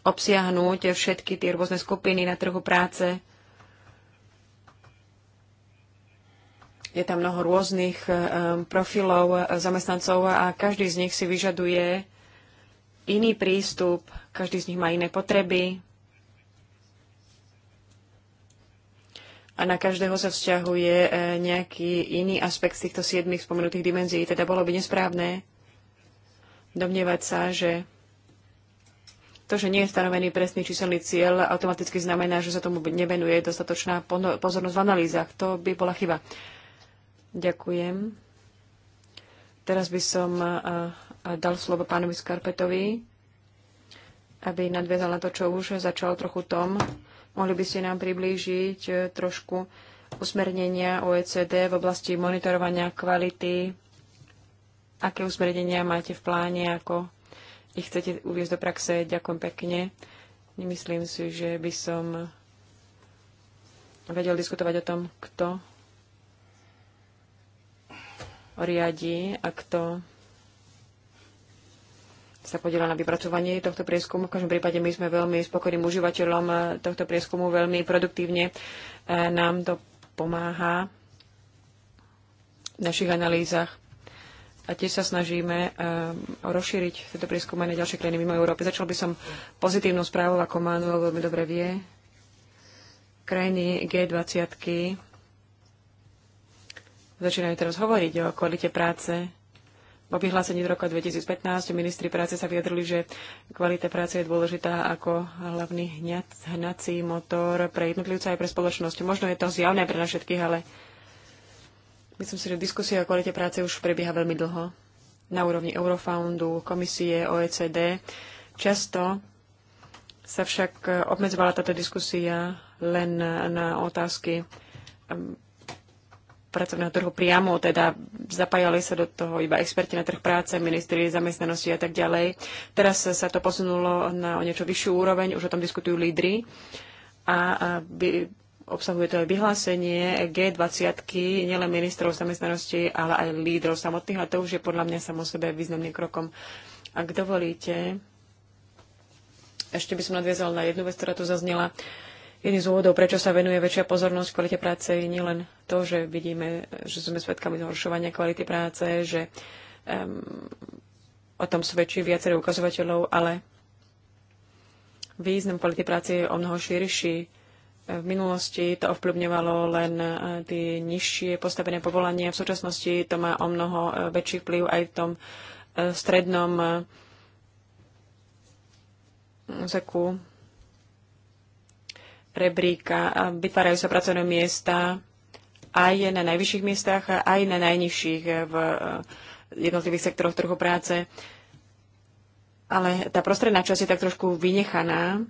obsiahnuť všetky tie rôzne skupiny na trhu práce. Je tam mnoho rôznych eh, profilov eh, zamestnancov a každý z nich si vyžaduje iný prístup, každý z nich má iné potreby a na každého sa vzťahuje eh, nejaký iný aspekt z týchto siedmých spomenutých dimenzií. Teda bolo by nesprávne domnievať sa, že to, že nie je stanovený presný číselný cieľ, automaticky znamená, že sa tomu nevenuje dostatočná pozornosť v analýzach. To by bola chyba. Ďakujem. Teraz by som dal slovo pánovi Skarpetovi, aby nadviazal na to, čo už začal trochu Tom. Mohli by ste nám priblížiť e, trošku usmernenia OECD v oblasti monitorovania kvality? Aké usmernenia máte v pláne, ako ich chcete uviezť do praxe. Ďakujem pekne. Nemyslím si, že by som vedel diskutovať o tom, kto riadi a kto sa podiela na vypracovanie tohto prieskumu. V každom prípade my sme veľmi spokojným užívateľom tohto prieskumu, veľmi produktívne e, nám to pomáha v našich analýzach a tiež sa snažíme ehm, rozšíriť tieto prieskumy na ďalšie krajiny mimo Európy. Začal by som pozitívnou správou, ako Manuel veľmi dobre vie. Krajiny G20 začínajú teraz hovoriť o kvalite práce. Po vyhlásení do roka 2015 ministri práce sa vyjadrili, že kvalita práce je dôležitá ako hlavný hnací motor pre jednotlivca aj pre spoločnosť. Možno je to zjavné pre nás všetkých, ale Myslím si, že diskusia o kvalite práce už prebieha veľmi dlho. Na úrovni Eurofoundu, komisie, OECD. Často sa však obmedzovala táto diskusia len na otázky ehm, pracovného trhu priamo, teda zapájali sa do toho iba experti na trh práce, ministri zamestnanosti a tak ďalej. Teraz sa to posunulo na o niečo vyššiu úroveň, už o tom diskutujú lídry a by, Obsahuje to aj vyhlásenie G20, nielen ministrov zamestnanosti, ale aj lídrov samotných a to už je podľa mňa samo sebe významným krokom. Ak dovolíte, ešte by som nadviazala na jednu vec, ktorá tu zaznela. Jedným z dôvodov, prečo sa venuje väčšia pozornosť kvalite práce, je nielen to, že vidíme, že sme svedkami zhoršovania kvality práce, že um, o tom svedčí viacero ukazovateľov, ale význam kvality práce je o mnoho širší v minulosti to ovplyvňovalo len e, tie nižšie postavené povolania. V súčasnosti to má o mnoho e, väčší vplyv aj v tom e, strednom zeku rebríka. Vytvárajú sa pracovné miesta aj na najvyšších miestach, aj na najnižších v jednotlivých sektoroch trhu práce. Ale tá prostredná časť je tak trošku vynechaná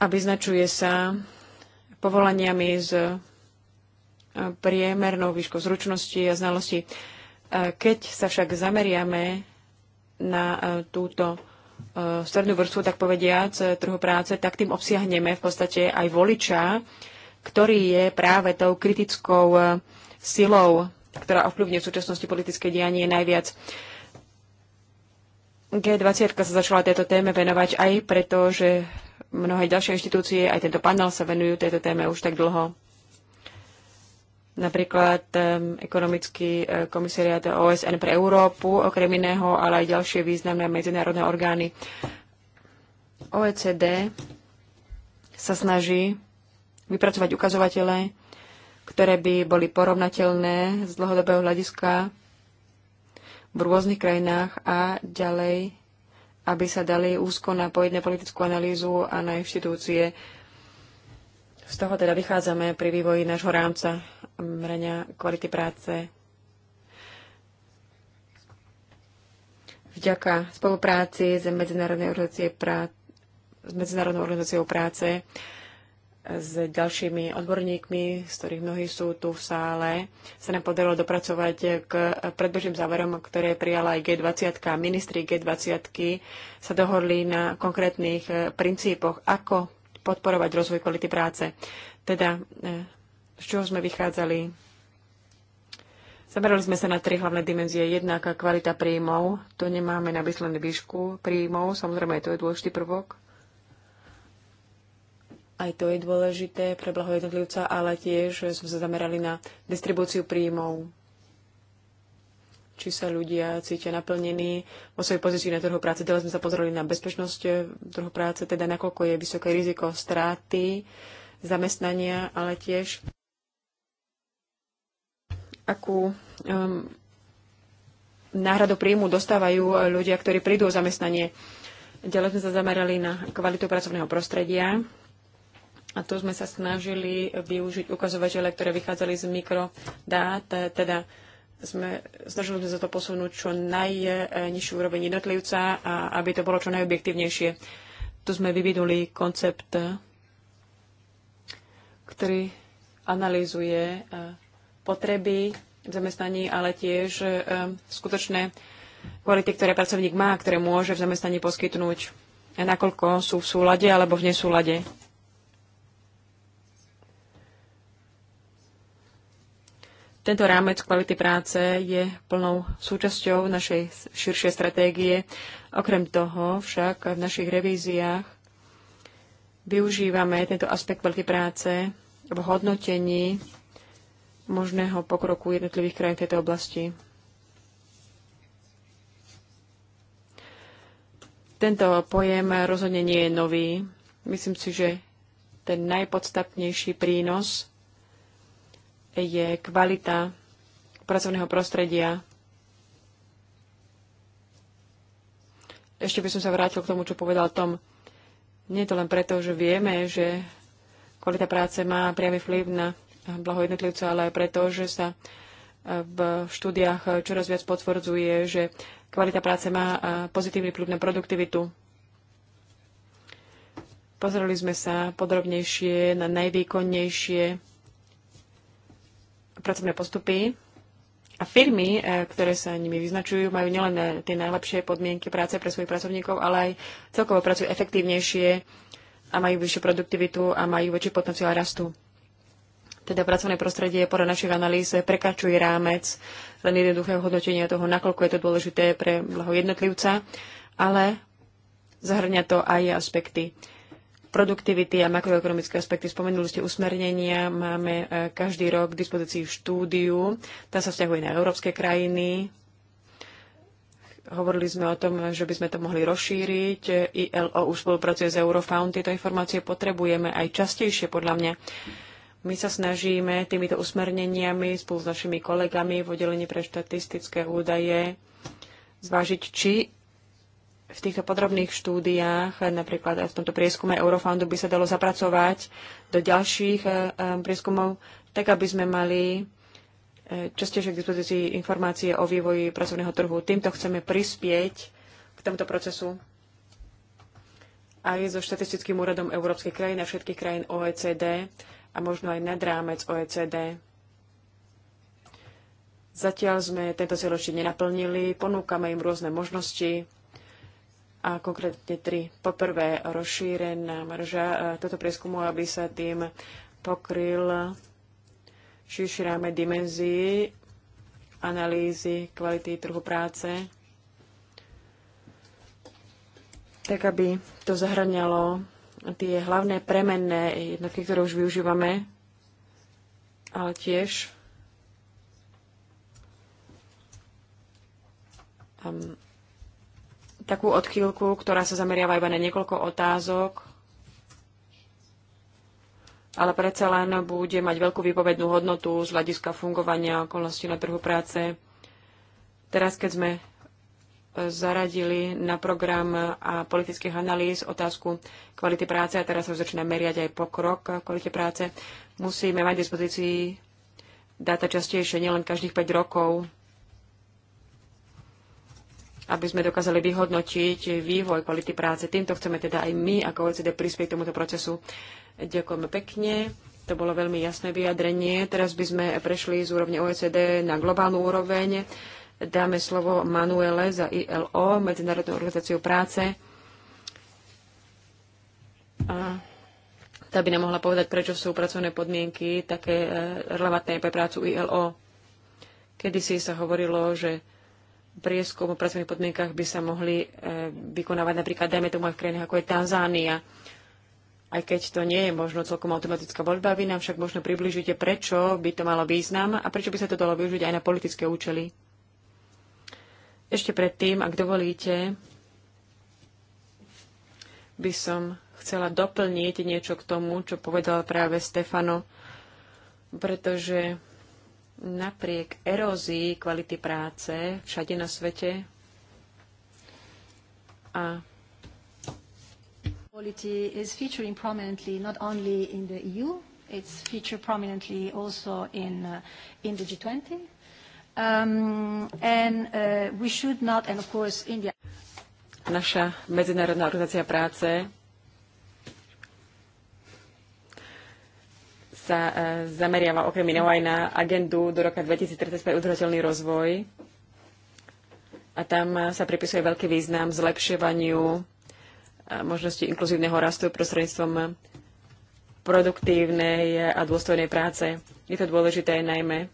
a vyznačuje sa povolaniami s e, priemernou výškou zručnosti a znalosti. E, keď sa však zameriame na e, túto strednú vrstvu, tak povediac, trhu práce, tak tým obsiahneme v podstate aj voliča, ktorý je práve tou kritickou silou, ktorá ovplyvňuje v súčasnosti politické dianie najviac. G20 sa začala tejto téme venovať aj preto, že mnohé ďalšie inštitúcie, aj tento panel sa venujú tejto téme už tak dlho. Napríklad um, ekonomický e, komisariát OSN pre Európu, okrem iného, ale aj ďalšie významné medzinárodné orgány. OECD sa snaží vypracovať ukazovatele, ktoré by boli porovnateľné z dlhodobého hľadiska v rôznych krajinách a ďalej aby sa dali úzko napojiť na politickú analýzu a na inštitúcie. Z toho teda vychádzame pri vývoji nášho rámca merania kvality práce. Vďaka spolupráci s Medzinárodnou organizáciou práce, s Medzinárodnou organizáciou práce s ďalšími odborníkmi, z ktorých mnohí sú tu v sále, sa nám podarilo dopracovať k predbežným záverom, ktoré prijala aj G20. Ministri G20 sa dohodli na konkrétnych eh, princípoch, ako podporovať rozvoj kvality práce. Teda, eh, z čoho sme vychádzali? Zamerali sme sa na tri hlavné dimenzie. Jednak kvalita príjmov, to nemáme na vyslenú výšku príjmov, samozrejme to je dôležitý prvok aj to je dôležité pre blaho jednotlivca, ale tiež sme sa zamerali na distribúciu príjmov. Či sa ľudia cítia naplnení vo svojej pozícii na trhu práce. Teraz sme sa pozreli na bezpečnosť eh, trhu práce, teda nakoľko je vysoké riziko straty zamestnania, ale tiež akú um, náhradu príjmu dostávajú ľudia, ktorí prídu o zamestnanie. Ďalej sme sa zamerali na kvalitu pracovného prostredia a tu sme sa snažili využiť ukazovatele, ktoré vychádzali z mikrodát, teda sme, snažili sme sa to posunúť čo najnižšiu úroveň jednotlivca, a aby to bolo čo najobjektívnejšie. Tu sme vyvinuli koncept, ktorý analýzuje e, potreby v zamestnaní, ale tiež e, skutočné kvality, ktoré pracovník má, ktoré môže v zamestnaní poskytnúť, nakoľko sú v súlade alebo v nesúlade Tento rámec kvality práce je plnou súčasťou našej širšej stratégie. Okrem toho však v našich revíziách využívame tento aspekt kvality práce v hodnotení možného pokroku jednotlivých krajín v tejto oblasti. Tento pojem rozhodne nie je nový. Myslím si, že ten najpodstatnejší prínos je kvalita pracovného prostredia. Ešte by som sa vrátil k tomu, čo povedal Tom. Nie je to len preto, že vieme, že kvalita práce má priamy vplyv na blaho jednotlivca, ale aj preto, že sa e, v štúdiách čoraz viac potvrdzuje, že kvalita práce má e, pozitívny vplyv na produktivitu. Pozreli sme sa podrobnejšie na najvýkonnejšie pracovné postupy a firmy, e, ktoré sa nimi vyznačujú, majú nielen e, tie najlepšie podmienky práce pre svojich pracovníkov, ale aj celkovo pracujú efektívnejšie a majú vyššiu produktivitu a majú väčší potenciál rastu. Teda pracovné prostredie podľa našich analýz prekračuje rámec len jednoduchého hodnotenia toho, nakoľko je to dôležité pre blaho jednotlivca, ale zahrňa to aj aspekty produktivity a makroekonomické aspekty. Spomenuli ste usmernenia, máme e, každý rok k dispozícii štúdiu, tá sa vzťahuje na európske krajiny. Hovorili sme o tom, že by sme to mohli rozšíriť. ILO už spolupracuje s Eurofound, tieto informácie potrebujeme aj častejšie, podľa mňa. My sa snažíme týmito usmerneniami spolu s našimi kolegami v oddelení pre štatistické údaje zvážiť, či v týchto podrobných štúdiách, napríklad v tomto prieskume Eurofoundu by sa dalo zapracovať do ďalších eh, eh, prieskumov, tak aby sme mali eh, častejšie k dispozícii informácie o vývoji pracovného trhu. Týmto chceme prispieť k tomuto procesu aj so štatistickým úradom Európskej krajín a všetkých krajín OECD a možno aj nad rámec OECD. Zatiaľ sme tento cieľ ešte nenaplnili, ponúkame im rôzne možnosti, a konkrétne tri. Poprvé, rozšírená marža e, toto prieskumu, aby sa tým pokryl širší ráme dimenzii analýzy kvality trhu práce, tak aby to zahrňalo tie hlavné premenné jednotky, ktoré už využívame, ale tiež um, takú odchýlku, ktorá sa zameriava iba na niekoľko otázok, ale predsa len bude mať veľkú výpovednú hodnotu z hľadiska fungovania okolností na trhu práce. Teraz, keď sme e, zaradili na program a politických analýz otázku kvality práce a teraz už začína meriať aj pokrok kvality práce, musíme mať v dispozícii dáta častejšie, nielen každých 5 rokov aby sme dokázali vyhodnotiť vývoj kvality práce. Týmto chceme teda aj my ako OECD prispieť tomuto procesu. Ďakujeme pekne. To bolo veľmi jasné vyjadrenie. Teraz by sme prešli z úrovne OECD na globálnu úroveň. Dáme slovo Manuele za ILO, Medzinárodnú organizáciu práce. A tá by nám mohla povedať, prečo sú pracovné podmienky také eh, relevantné pre prácu ILO. Kedy si sa hovorilo, že prieskum o pracovných podmienkach by sa mohli e, vykonávať napríklad, dajme tomu aj v krajinách ako je Tanzánia. Aj keď to nie je možno celkom automatická voľba, vy nám však možno približíte, prečo by to malo význam a prečo by sa to dalo využiť aj na politické účely. Ešte predtým, ak dovolíte, by som chcela doplniť niečo k tomu, čo povedal práve Stefano, pretože napriek erózii kvality práce všade na svete a Quality is featuring prominently not only in the EU, it's featured prominently also in, uh, in the G20. Um, and uh, we should not, and of course India. Naša medzinárodná organizácia práce sa e, zameriava okrem iného aj na agendu do roka 2030 pre udržateľný rozvoj. A tam e, sa pripisuje veľký význam zlepšovaniu e, možnosti inkluzívneho rastu prostredníctvom produktívnej a dôstojnej práce. Je to dôležité najmä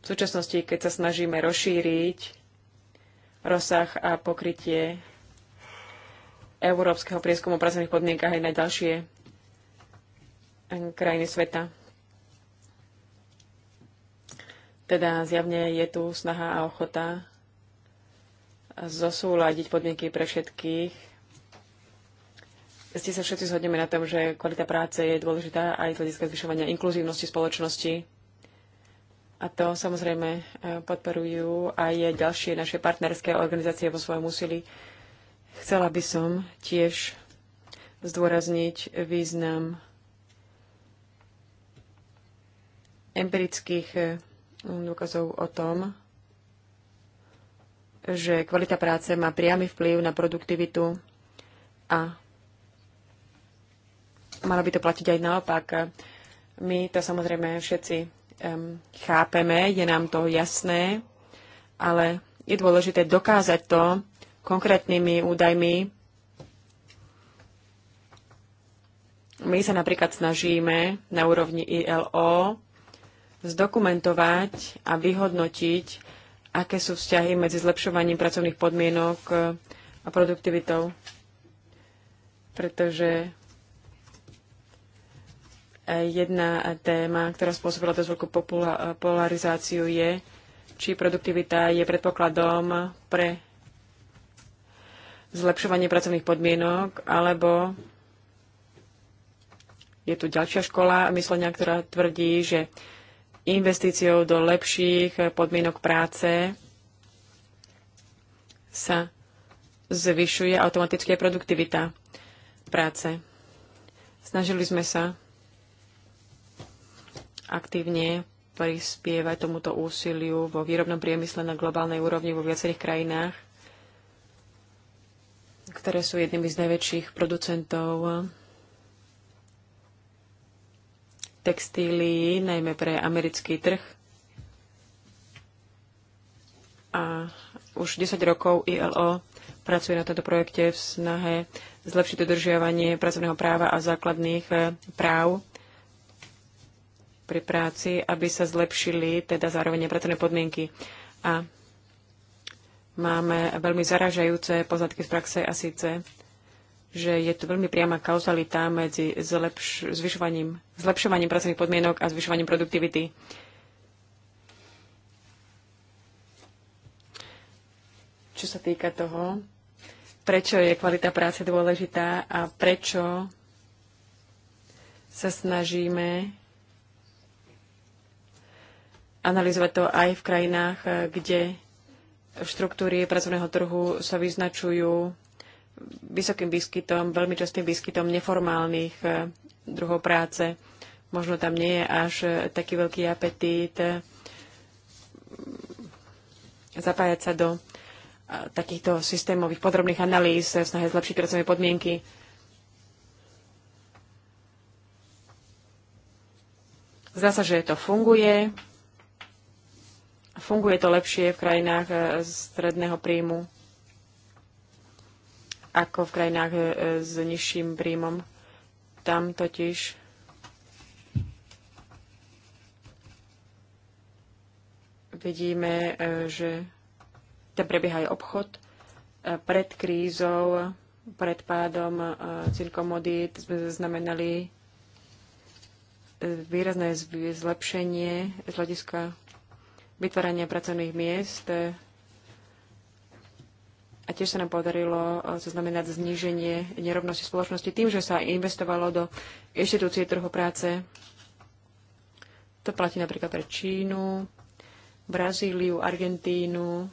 v súčasnosti, keď sa snažíme rozšíriť rozsah a pokrytie európskeho prieskumu pracovných podmienkách aj na ďalšie krajiny sveta. Teda zjavne je tu snaha a ochota zosúľadiť podmienky pre všetkých. Ste sa všetci zhodneme na tom, že kvalita práce je dôležitá aj z hľadiska zvyšovania inkluzívnosti spoločnosti. A to samozrejme e, podporujú aj ďalšie naše partnerské organizácie vo svojom úsilí. Chcela by som tiež zdôrazniť význam empirických e, um, dôkazov o tom, že kvalita práce má priamy vplyv na produktivitu a malo by to platiť aj naopak. My to samozrejme všetci um, chápeme, je nám to jasné, ale je dôležité dokázať to konkrétnymi údajmi. My sa napríklad snažíme na úrovni ILO zdokumentovať a vyhodnotiť, aké sú vzťahy medzi zlepšovaním pracovných podmienok e, a produktivitou. Pretože e, jedna téma, ktorá spôsobila dosť veľkú e, polarizáciu, je, či produktivita je predpokladom pre zlepšovanie pracovných podmienok, alebo je tu ďalšia škola myslenia, ktorá tvrdí, že investíciou do lepších podmienok práce sa zvyšuje automaticky produktivita práce. Snažili sme sa aktívne prispievať tomuto úsiliu vo výrobnom priemysle na globálnej úrovni vo viacerých krajinách, ktoré sú jednými z najväčších producentov textílií, najmä pre americký trh. A už 10 rokov ILO pracuje na tomto projekte v snahe zlepšiť dodržiavanie pracovného práva a základných e, práv pri práci, aby sa zlepšili teda zároveň pracovné podmienky. A máme veľmi zaražajúce poznatky z praxe a síce že je tu veľmi priama kauzalita medzi zlepš- zvyšovaním, zlepšovaním pracovných podmienok a zvyšovaním produktivity. Čo sa týka toho, prečo je kvalita práce dôležitá a prečo sa snažíme analyzovať to aj v krajinách, kde štruktúry pracovného trhu sa vyznačujú vysokým výskytom, veľmi častým výskytom neformálnych e, druhov práce. Možno tam nie je až e, taký veľký apetít e, zapájať sa do takýchto systémových podrobných analýz v snahe zlepšiť pracovné podmienky. Zdá sa, že to funguje. Funguje to lepšie v krajinách stredného príjmu ako v krajinách e, e, s nižším príjmom. Tam totiž vidíme, e, že tam prebieha aj obchod pred krízou, pred pádom cirkomodít sme zaznamenali výrazné zlepšenie z hľadiska vytvárania pracovných miest a tiež sa nám podarilo e, zaznamenať zníženie nerovnosti spoločnosti tým, že sa investovalo do inštitúcie trhu práce. To platí napríklad pre Čínu, Brazíliu, Argentínu.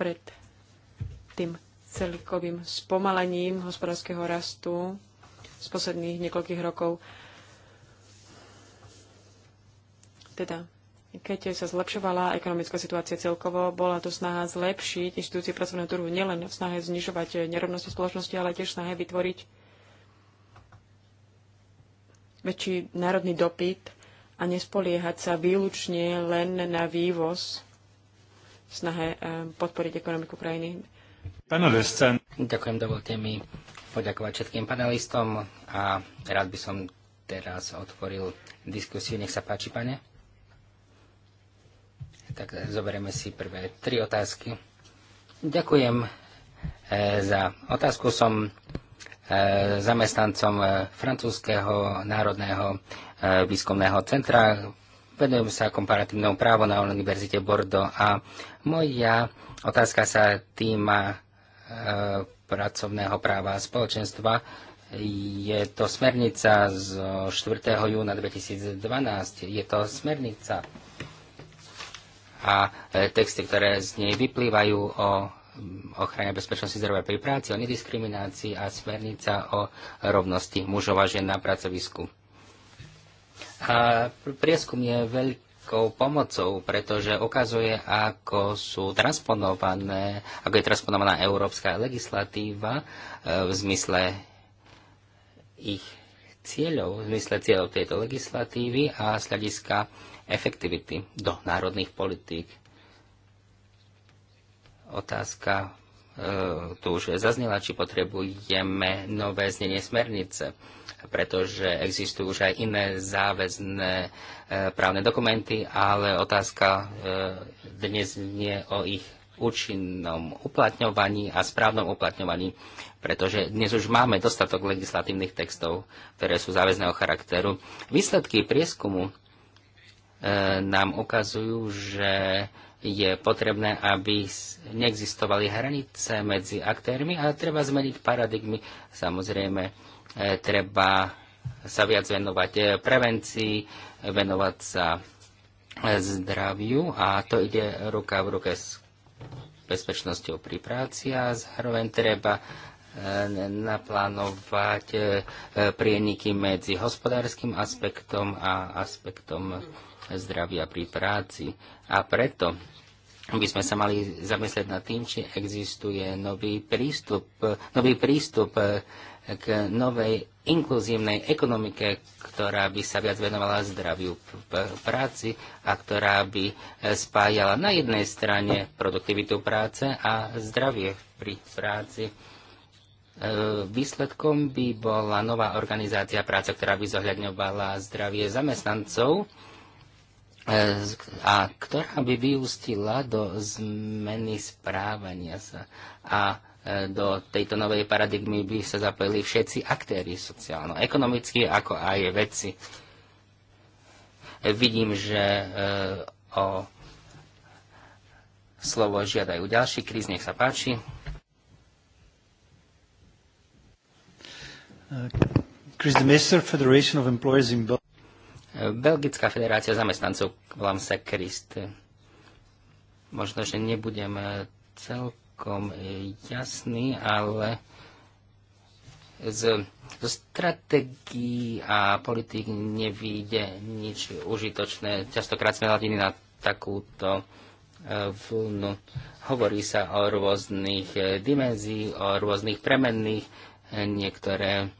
Pred tým celkovým spomalením hospodárskeho rastu z posledných niekoľkých rokov. Teda keď sa zlepšovala ekonomická situácia celkovo, bola to snaha zlepšiť inštitúcie pracovného trhu nielen v snahe znižovať nerovnosti spoločnosti, ale tiež snahe vytvoriť väčší národný dopyt a nespoliehať sa výlučne len na vývoz v snahe eh, podporiť ekonomiku krajiny. Ďakujem, dovolte mi poďakovať všetkým panelistom a rád by som teraz otvoril diskusiu. Nech sa páči, pane. Tak zoberieme si prvé tri otázky. Ďakujem eh, za otázku. Som eh, zamestnancom eh, francúzského národného výskumného centra. Venujem sa komparatívnom právo na Univerzite Bordeaux a moja otázka sa týma pracovného práva a spoločenstva. Je to smernica z 4. júna 2012. Je to smernica a e, texty, ktoré z nej vyplývajú o mm, ochrane bezpečnosti zdravia pri práci, o nediskriminácii a smernica o rovnosti mužov a žien na pracovisku. A prieskum je veľkou pomocou, pretože ukazuje, ako sú transponované, ako je transponovaná európska legislatíva e, v zmysle ich cieľov, v zmysle cieľov tejto legislatívy a z hľadiska efektivity do národných politík. Otázka e, tu už zaznela, či potrebujeme nové znenie smernice, pretože existujú už aj iné záväzné e, právne dokumenty, ale otázka e, dnes nie o ich účinnom uplatňovaní a správnom uplatňovaní, pretože dnes už máme dostatok legislatívnych textov, ktoré sú záväzného charakteru. Výsledky prieskumu E, nám ukazujú, že je potrebné, aby neexistovali hranice medzi aktérmi a treba zmeniť paradigmy. Samozrejme, e, treba sa viac venovať e, prevencii, venovať sa zdraviu a to ide ruka v ruke s bezpečnosťou pri práci a zároveň treba naplánovať prieniky medzi hospodárskym aspektom a aspektom zdravia pri práci. A preto by sme sa mali zamyslieť nad tým, či existuje nový prístup, nový prístup eh, k novej inkluzívnej ekonomike, ktorá by sa viac venovala zdraviu práci a ktorá by eh, spájala na jednej strane produktivitu práce a zdravie pri práci. Eh, výsledkom by bola nová organizácia práce, ktorá by zohľadňovala zdravie zamestnancov a ktorá by vyústila do zmeny správania sa a e, do tejto novej paradigmy by sa zapojili všetci aktéry sociálno-ekonomicky, ako aj vedci. Vidím, že e, o slovo žiadajú ďalší. Kríz, nech sa páči. Chris Demester, Federation of Employers in Belgium. Belgická federácia zamestnancov volám sa Krist. Možno, že nebudem eh, celkom eh, jasný, ale z, z strategií a politik nevíde nič užitočné. Častokrát sme hladili na takúto eh, vlnu. Hovorí sa o rôznych dimenzií, o rôznych premenných. Niektoré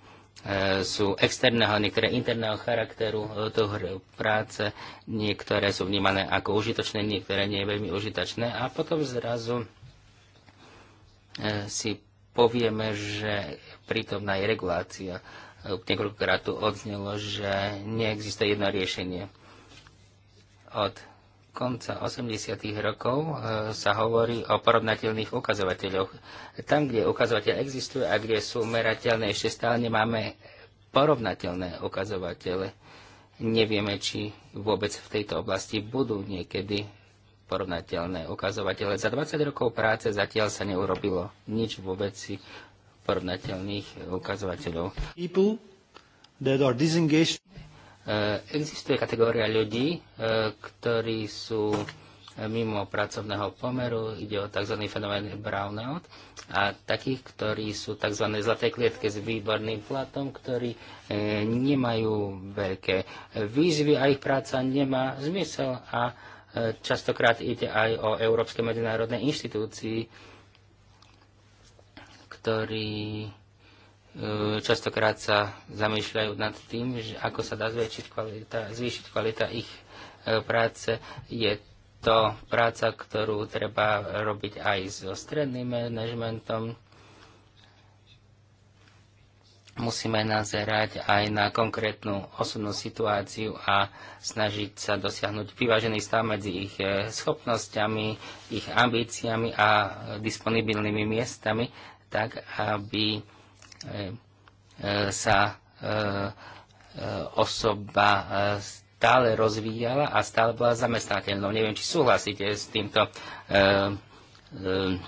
E, sú externého, niektoré interného charakteru e, toho práce, niektoré sú vnímané ako užitočné, niektoré nie je veľmi užitočné a potom zrazu e, si povieme, že prítomná je regulácia. Niekoľkokrát tu odznelo, že neexistuje jedno riešenie od konca 80. rokov e, sa hovorí o porovnateľných ukazovateľoch. Tam, kde ukazovateľ existuje a kde sú merateľné, ešte stále nemáme porovnateľné ukazovatele. Nevieme, či vôbec v tejto oblasti budú niekedy porovnateľné ukazovatele. Za 20 rokov práce zatiaľ sa neurobilo nič vo veci porovnateľných ukazovateľov. People that are disengaged Eh, existuje kategória ľudí, eh, ktorí sú eh, mimo pracovného pomeru, ide o tzv. fenomén brownout a takých, ktorí sú tzv. zlaté klietke s výborným platom, ktorí nemajú veľké výzvy a ich práca nemá zmysel a častokrát ide aj o európske medzinárodné inštitúcii, ktorí E, častokrát sa zamýšľajú nad tým, že ako sa dá zvýšiť kvalita, zvýšiť kvalita ich e, práce. Je to práca, ktorú treba robiť aj so stredným manažmentom. Musíme nazerať aj na konkrétnu osobnú situáciu a snažiť sa dosiahnuť vyvážený stav medzi ich e, schopnosťami, ich ambíciami a disponibilnými miestami, tak aby E, e, sa e, osoba stále rozvíjala a stále bola zamestnateľnou. Neviem, či súhlasíte s týmto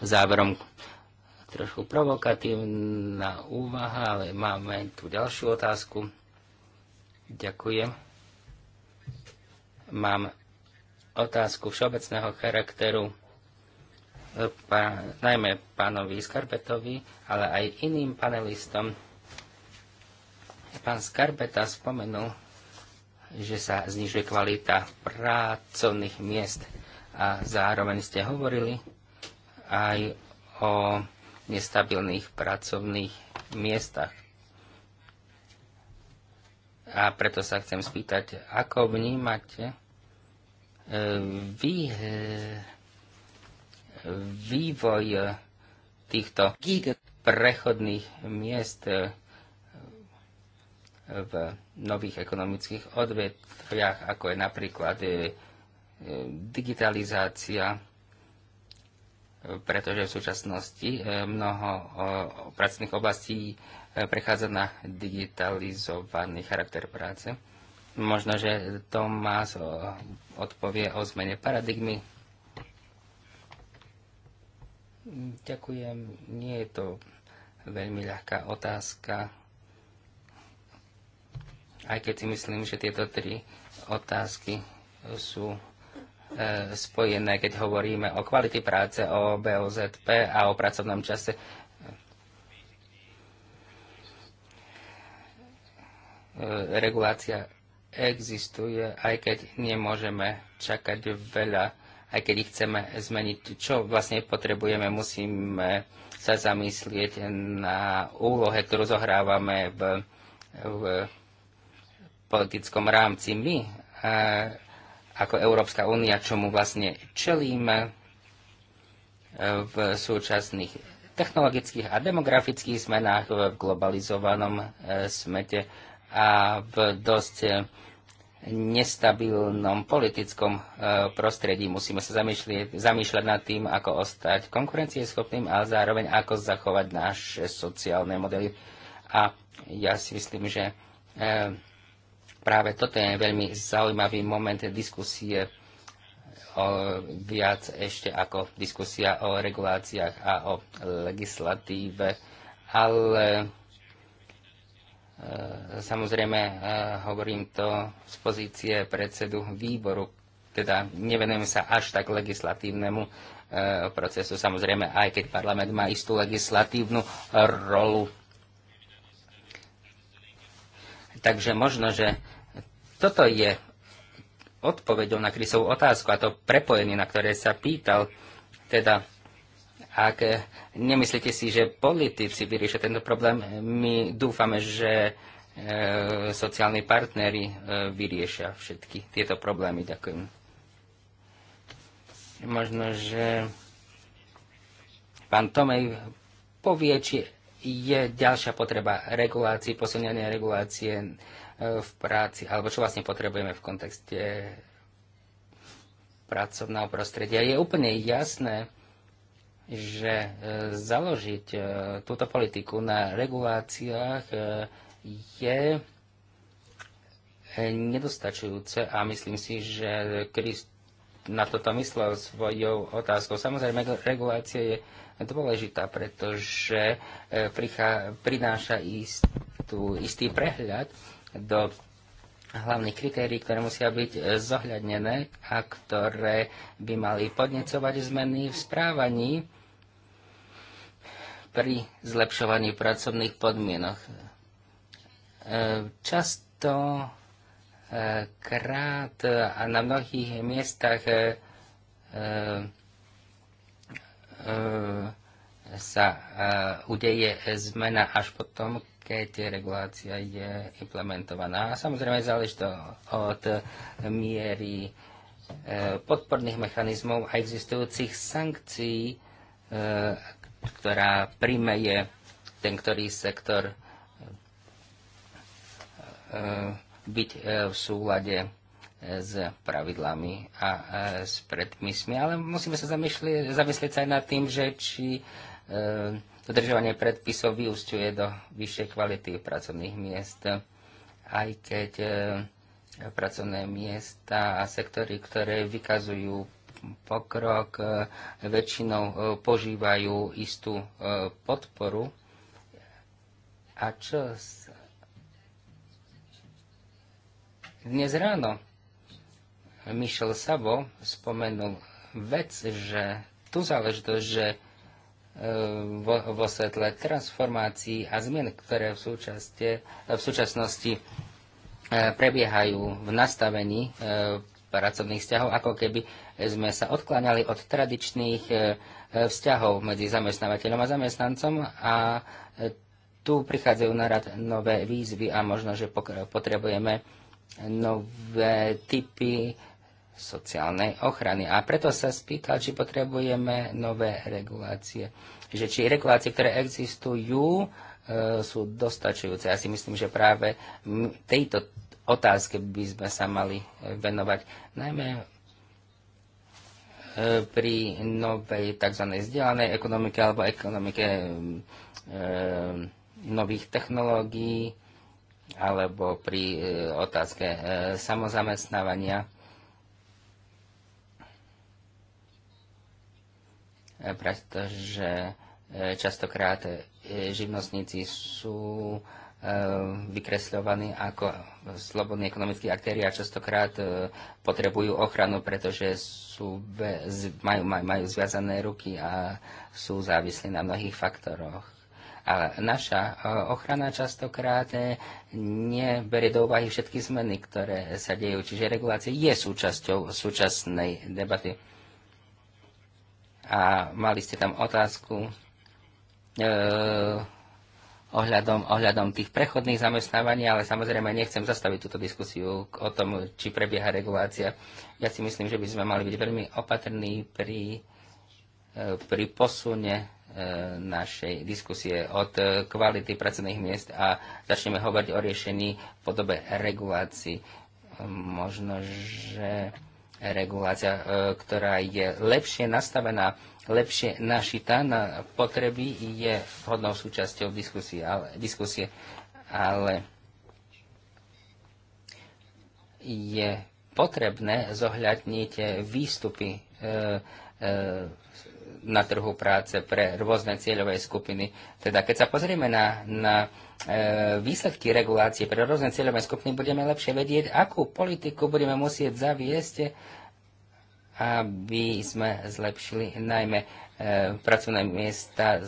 záverom. Trošku provokatívna úvaha, ale máme tu ďalšiu otázku. Ďakujem. Mám otázku všeobecného charakteru pá, najmä pánovi skarpetovi, ale aj iným panelistom. Pán Skarbeta spomenul, že sa znižuje kvalita pracovných miest a zároveň ste hovorili aj o nestabilných pracovných miestach. A preto sa chcem spýtať, ako vnímate e, výhľad vývoj eh, týchto prechodných miest eh, v nových ekonomických odvetviach, ako je napríklad eh, digitalizácia, pretože v súčasnosti mnoho pracovných oblastí prechádza na digitalizovaný charakter práce. Možno, že Tomás odpovie o zmene paradigmy Ďakujem. Nie je to veľmi ľahká otázka. Aj keď si myslím, že tieto tri otázky sú e, spojené, keď hovoríme o kvalite práce, o BOZP a o pracovnom čase. E, regulácia existuje, aj keď nemôžeme čakať veľa aj keď ich chceme zmeniť. Čo vlastne potrebujeme, musíme sa zamyslieť na úlohe, ktorú zohrávame v, v politickom rámci my e, ako Európska únia, čomu vlastne čelíme e, v súčasných technologických a demografických zmenách v globalizovanom e, smete a v dosť nestabilnom politickom e, prostredí. Musíme sa zamýšľať, zamýšľať nad tým, ako ostať konkurencieschopným, ale zároveň ako zachovať naše sociálne modely. A ja si myslím, že e, práve toto je veľmi zaujímavý moment diskusie o viac ešte ako diskusia o reguláciách a o legislatíve, ale E, samozrejme, e, hovorím to z pozície predsedu výboru, teda nevenujem sa až tak legislatívnemu e, procesu. Samozrejme, aj keď parlament má istú legislatívnu rolu. Takže možno, že toto je odpovedou na krysovú otázku, a to prepojenie, na ktoré sa pýtal, teda ak nemyslíte si, že politici vyriešia tento problém, my dúfame, že e, sociálni partnery e, vyriešia všetky tieto problémy. Ďakujem. Možno, že pán Tomej povie, či je ďalšia potreba regulácií, posilnenia regulácie e, v práci, alebo čo vlastne potrebujeme v kontexte pracovného prostredia. Je úplne jasné, že e, založiť e, túto politiku na reguláciách e, je nedostačujúce a myslím si, že Krist na toto myslel svojou otázkou. Samozrejme, regulácia je dôležitá, pretože prichá, prináša istú, istý prehľad do hlavných kritérií, ktoré musia byť zohľadnené a ktoré by mali podnecovať zmeny v správaní pri zlepšovaní pracovných podmienok. E, často e, krát e, a na mnohých miestach sa udeje zmena až potom, keď regulácia je implementovaná. A samozrejme záleží to od miery podporných mechanizmov a existujúcich sankcií, ktorá primeje ten ktorý sektor e, e, byť e, v súlade s pravidlami a s predpismi. Ale musíme sa zamyslieť, zamyslieť sa aj nad tým, že či dodržovanie predpisov vyústiuje do vyššej kvality pracovných miest, aj keď pracovné miesta a sektory, ktoré vykazujú pokrok, e, väčšinou e, požívajú istú e, podporu. A čo dnes ráno Michel Sabo spomenul vec, že tú záležitosť, že vo, vo svetle transformácií a zmien, ktoré v, súčaste, v súčasnosti prebiehajú v nastavení pracovných vzťahov, ako keby sme sa odkláňali od tradičných e, e, vzťahov medzi zamestnávateľom a zamestnancom a e, tu prichádzajú na rad nové výzvy a možno, že potrebujeme nové typy sociálnej ochrany. A preto sa spýtal, či potrebujeme nové regulácie. Že či regulácie, ktoré existujú, sú dostačujúce. Ja si myslím, že práve tejto otázke by sme sa mali eh, venovať. Najmä eh, pri novej tzv. vzdelanej ekonomike alebo ekonomike e, nových technológií alebo pri e, otázke e, samozamestnávania. pretože častokrát živnostníci sú Eh, vykresľovaní ako slobodní ekonomickí aktéri a častokrát eh, potrebujú ochranu, pretože sú, majú, majú zviazané ruky a sú závislí na mnohých faktoroch. Ale naša eh, ochrana častokrát neberie do úvahy všetky zmeny, ktoré sa dejú. Čiže regulácia je súčasťou súčasnej debaty. A mali ste tam otázku ohľadom, ohľadom tých prechodných zamestnávaní, ale samozrejme nechcem zastaviť túto diskusiu o tom, či prebieha regulácia. Ja si myslím, že by sme mali byť veľmi opatrní pri, e, pri posune e, našej diskusie od e, kvality pracovných miest a začneme hovoriť o riešení v podobe regulácií. Možno, že regulácia, ktorá je lepšie nastavená lepšie našita na potreby, je vhodnou súčasťou diskusie, ale, diskusie, ale je potrebné zohľadniť výstupy e, e, na trhu práce pre rôzne cieľové skupiny. Teda keď sa pozrieme na, na e, výsledky regulácie pre rôzne cieľové skupiny, budeme lepšie vedieť, akú politiku budeme musieť zaviesť aby sme zlepšili najmä e, pracovné miesta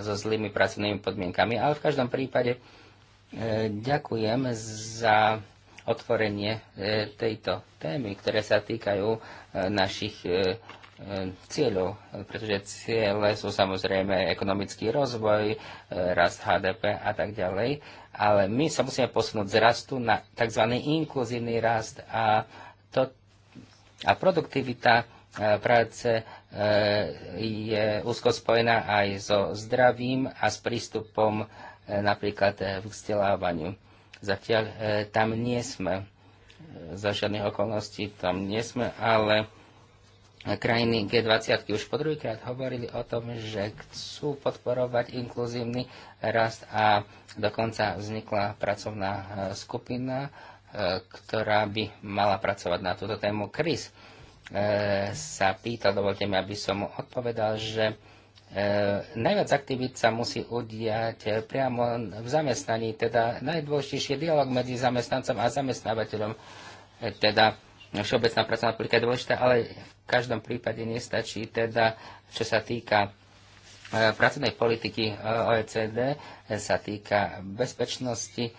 so zlými pracovnými podmienkami. Ale v každom prípade e, ďakujem za otvorenie e, tejto témy, ktoré sa týkajú našich cieľov, pretože cieľe sú samozrejme ekonomický rozvoj, rast HDP a tak ďalej, ale my sa musíme posunúť z rastu na tzv. inkluzívny rast a to a produktivita e, práce e, je úzko spojená aj so zdravím a s prístupom e, napríklad k vzdelávaniu. Zatiaľ tam nie sme, za žiadnych okolností tam nie sme, ale krajiny G20 už po druhýkrát hovorili o tom, že chcú podporovať inkluzívny rast a dokonca vznikla pracovná skupina E, ktorá by mala pracovať na túto tému. Chris e, sa pýtal, dovolte mi, aby som mu odpovedal, že e, najviac aktivít sa musí udiať priamo v zamestnaní, teda najdôležitejší je dialog medzi zamestnancom a zamestnávateľom, teda všeobecná pracovná politika je dôležitá, ale v každom prípade nestačí, teda čo sa týka pracovnej politiky OECD, sa týka bezpečnosti,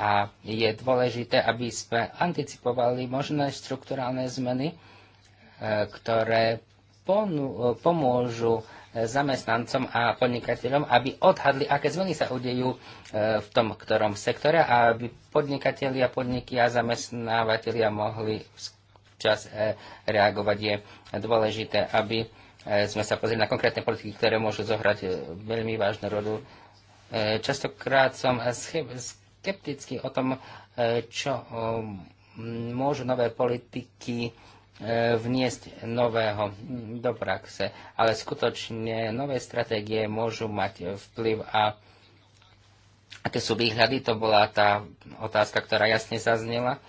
a je dôležité, aby sme anticipovali možné štruktúrálne zmeny, e, ktoré pomôžu zamestnancom a podnikateľom, aby odhadli, aké zmeny sa udejú e, v tom ktorom sektore a aby podnikatelia, podniky a zamestnávateľia mohli včas e, reagovať. Je dôležité, aby sme sa pozreli na konkrétne politiky, ktoré môžu zohrať veľmi vážnu rodu. Častokrát som skeptickí o tom, e, čo e, môžu nové politiky e, vniesť nového do praxe, ale skutočne nové stratégie môžu mať vplyv a aké sú výhľady, to bola tá otázka, ktorá jasne zaznela.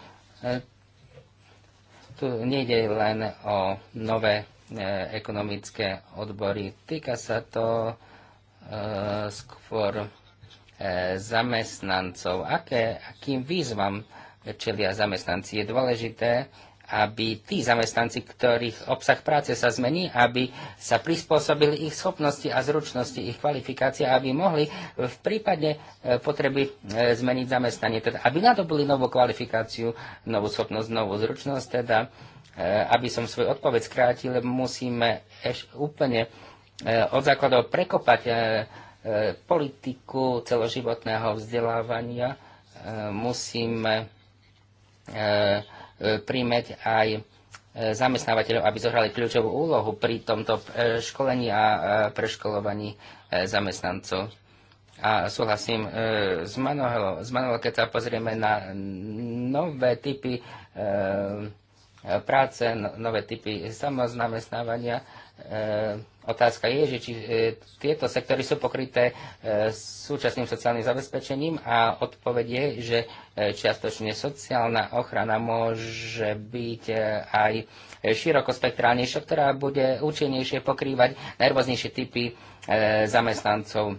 Tu nejde len o nové ekonomické odbory. Týka sa to skôr E, zamestnancov. Aké, akým výzvam čelia zamestnanci? Je dôležité, aby tí zamestnanci, ktorých obsah práce sa zmení, aby sa prispôsobili ich schopnosti a zručnosti, ich kvalifikácie, aby mohli v prípade e, potreby e, zmeniť zamestnanie, teda aby nadobili novú kvalifikáciu, novú schopnosť, novú zručnosť, teda aby som svoj odpoveď skrátil, musíme ešte úplne od základov prekopať E, politiku celoživotného vzdelávania e, musíme e, príjmeť aj zamestnávateľov, aby zohrali kľúčovú úlohu pri tomto školení a preškolovaní zamestnancov. A súhlasím s Manoelom, s Manoelom keď sa pozrieme na nové typy práce, no, nové typy samozamestnávania, Otázka je, že či e, tieto sektory sú pokryté e, súčasným sociálnym zabezpečením a odpoveď je, že e, čiastočne sociálna ochrana môže byť e, aj širokospektrálnejšia, ktorá bude účinnejšie pokrývať najrôznejšie typy e, zamestnancov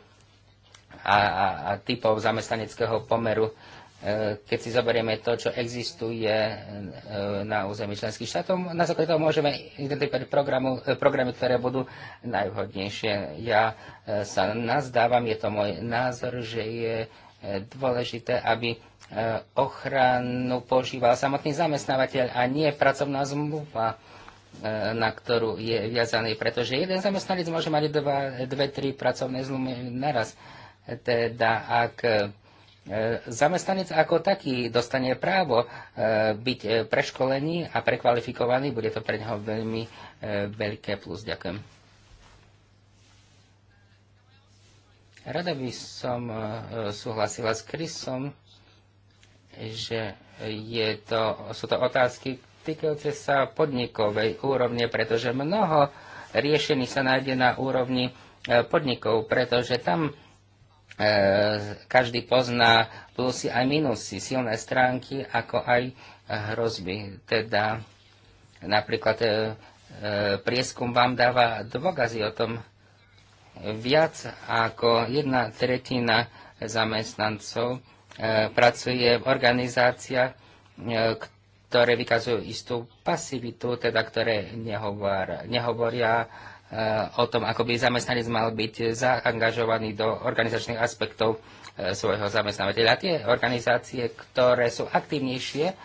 a, a, a typov zamestnaneckého pomeru. E, Eh, keď si zoberieme to, čo existuje eh, na území členských štátov, na základe toho môžeme identifikovať eh, programy, ktoré budú najvhodnejšie. Ja sa nazdávam, je to môj názor, že je dôležité, aby ochranu požíval samotný zamestnávateľ a nie pracovná zmluva na ktorú je viazaný, pretože jeden zamestnanec môže mať dva, dve, tri pracovné zmluvy naraz. Teda ak E, zamestnanec ako taký dostane právo e, byť e, preškolený a prekvalifikovaný. Bude to pre neho veľmi veľké plus. Ďakujem. Rada by som súhlasila s Chrisom, že je to, sú to otázky týkajúce sa podnikovej úrovne, pretože mnoho riešení sa nájde na úrovni podnikov, pretože tam E, každý pozná plusy aj minusy, silné stránky, ako aj hrozby. Teda napríklad e, e, prieskum vám dáva dôkazy o tom viac ako jedna tretina zamestnancov pracuje v organizáciách, ktoré vykazujú istú pasivitu, teda ktoré nehovoria, nehovoria Eh, o tom, ako by zamestnanec mal byť zaangažovaný do organizačných aspektov eh, svojho zamestnávateľa. Tie organizácie, ktoré sú aktívnejšie, eh,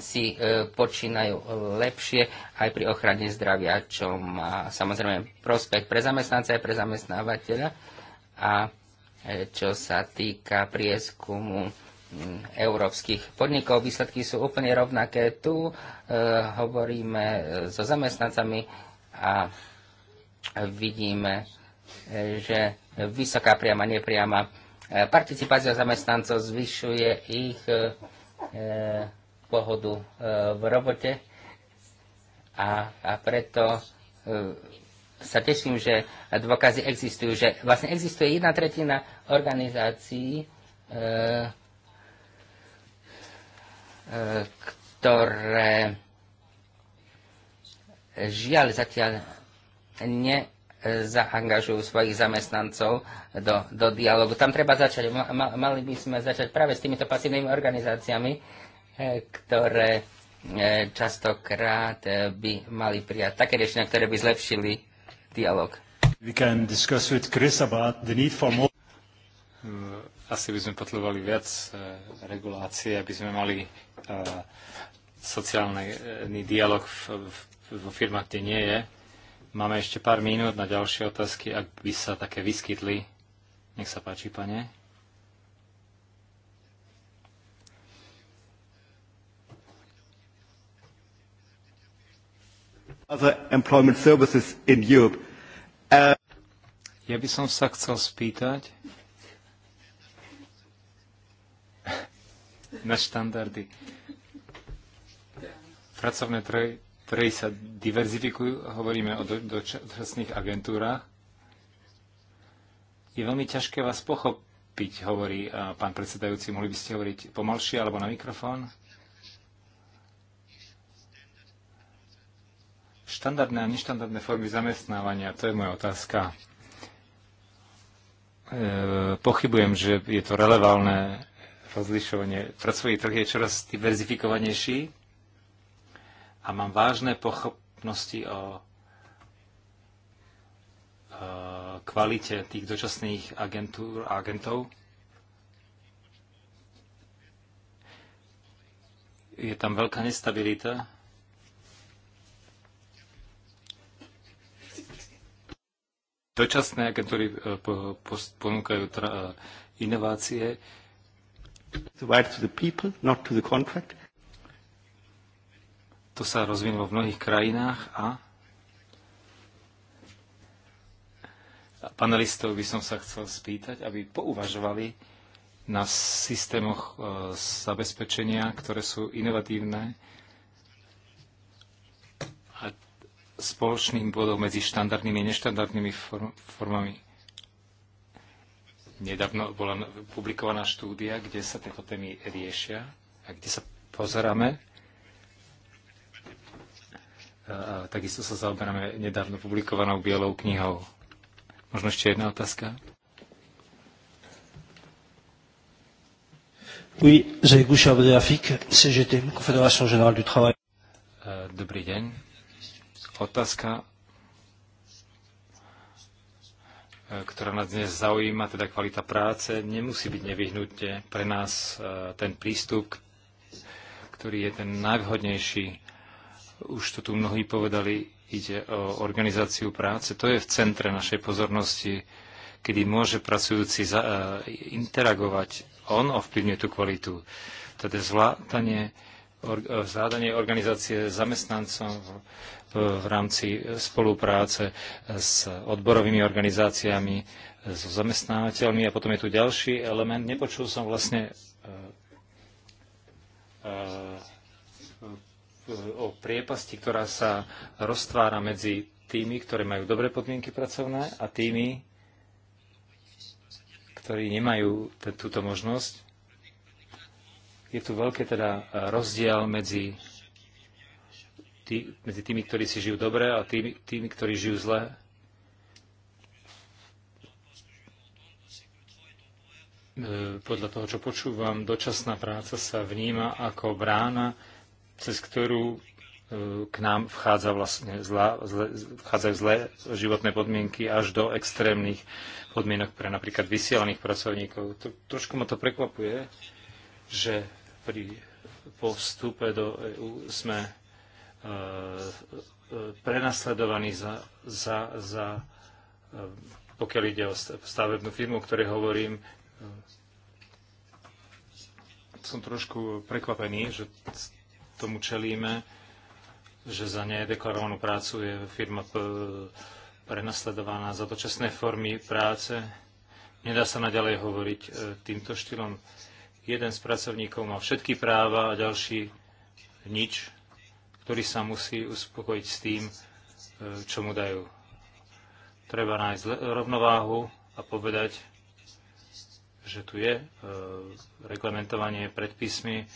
si počínajú lepšie aj pri ochrane zdravia, čo má samozrejme prospekt pre zamestnanca aj pre zamestnávateľa. A čo sa týka prieskumu mm, európskych podnikov, výsledky sú úplne rovnaké. Tu hovoríme so zamestnancami a vidíme, že vysoká priama, nepriama participácia zamestnancov zvyšuje ich e, pohodu e, v robote a, a preto e, sa teším, že dôkazy existujú, že vlastne existuje jedna tretina organizácií, ktoré žiaľ zatiaľ ne zaangažujú svojich zamestnancov do, do dialogu. Tam treba začať. Mali by sme začať práve s týmito pasívnymi organizáciami, eh, ktoré eh, častokrát eh, by mali prijať také riešenia, ktoré by zlepšili dialog. Asi by sme potrebovali viac regulácie, aby sme mali sociálny dialog v, v vo firmách, kde nie je. Máme ešte pár minút na ďalšie otázky, ak by sa také vyskytli. Nech sa páči, pane. Other employment services in Europe. Uh, ja by som sa chcel spýtať na štandardy. Pracovné trhy ktorej sa diverzifikujú, hovoríme o dočasných agentúrach. Je veľmi ťažké vás pochopiť, hovorí pán predsedajúci. Mohli by ste hovoriť pomalšie alebo na mikrofón? Štandardné a neštandardné formy zamestnávania, to je moja otázka. E, pochybujem, že je to releválne rozlišovanie. Pracovný trh je čoraz diverzifikovanejší a mám vážne pochopnosti o kvalite tých dočasných agentúr a agentov. Je tam veľká nestabilita. Dočasné agentúry e, ponúkajú e, inovácie. The right to the people, not to the contract to sa rozvinulo v mnohých krajinách a panelistov by som sa chcel spýtať, aby pouvažovali na systémoch e, zabezpečenia, ktoré sú inovatívne a spoločným bodom medzi štandardnými a neštandardnými form formami. Nedávno bola publikovaná štúdia, kde sa tieto témy riešia a kde sa pozeráme a takisto sa zaoberáme nedávno publikovanou bielou knihou. Možno ešte jedna otázka? Oui, Zaïgou Chabdéafik, CGT, Confédération Générale du Travail. E, dobrý deň. Otázka, e, ktorá nás dnes zaujíma, teda kvalita práce, nemusí byť nevyhnutne pre nás e, ten prístup, ktorý je ten najvhodnejší už to tu mnohí povedali, ide o organizáciu práce. To je v centre našej pozornosti, kedy môže pracujúci za, uh, interagovať. On ovplyvňuje tú kvalitu. Teda zvládanie, or, e, zvládanie organizácie zamestnancom v, v, e, v rámci spolupráce s odborovými organizáciami, so zamestnávateľmi a potom je tu ďalší element. Nepočul som vlastne uh, uh, Eh, o priepasti, ktorá sa roztvára medzi tými, ktorí majú dobré podmienky pracovné a tými, ktorí nemajú túto možnosť. Je tu veľký teda eh, rozdiel medzi, tý, medzi tými, ktorí si žijú dobre a tými, tými ktorí žijú zle. Eh, podľa toho, čo počúvam, dočasná práca sa vníma ako brána cez ktorú e, k nám vchádza vlastne zlá, zle, vchádzajú zlé životné podmienky až do extrémnych podmienok pre napríklad vysielaných pracovníkov. To, trošku ma to prekvapuje, že pri postupe do EÚ sme e, e, prenasledovaní za, za, za e, pokiaľ ide o stavebnú firmu, o ktorej hovorím, e, som trošku prekvapený, že tomu čelíme, že za nedeklarovanú prácu je firma prenasledovaná za dočasné formy práce. Nedá sa naďalej hovoriť e, týmto štýlom. Jeden z pracovníkov má všetky práva a ďalší nič, ktorý sa musí uspokojiť s tým, e, čo mu dajú. Treba nájsť rovnováhu a povedať, že tu je e, reglementovanie predpismy,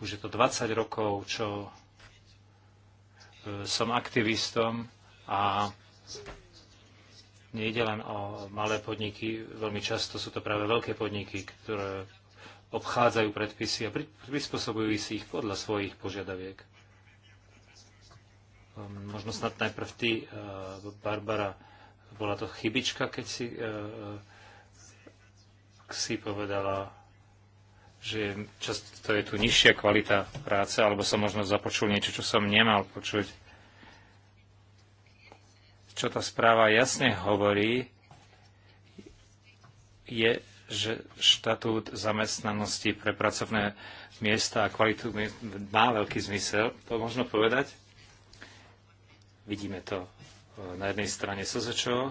už je to 20 rokov, čo e, som aktivistom a nejde len o malé podniky, veľmi často sú to práve veľké podniky, ktoré obchádzajú predpisy a prispôsobujú si ich podľa svojich požiadaviek. Ehm, možno snad najprv ty, e, Barbara, bola to chybička, keď si, e, si povedala, že často je tu nižšia kvalita práce, alebo som možno započul niečo, čo som nemal počuť. Čo tá správa jasne hovorí, je, že štatút zamestnanosti pre pracovné miesta a kvalitu má veľký zmysel. To možno povedať. Vidíme to e, na jednej strane SZČO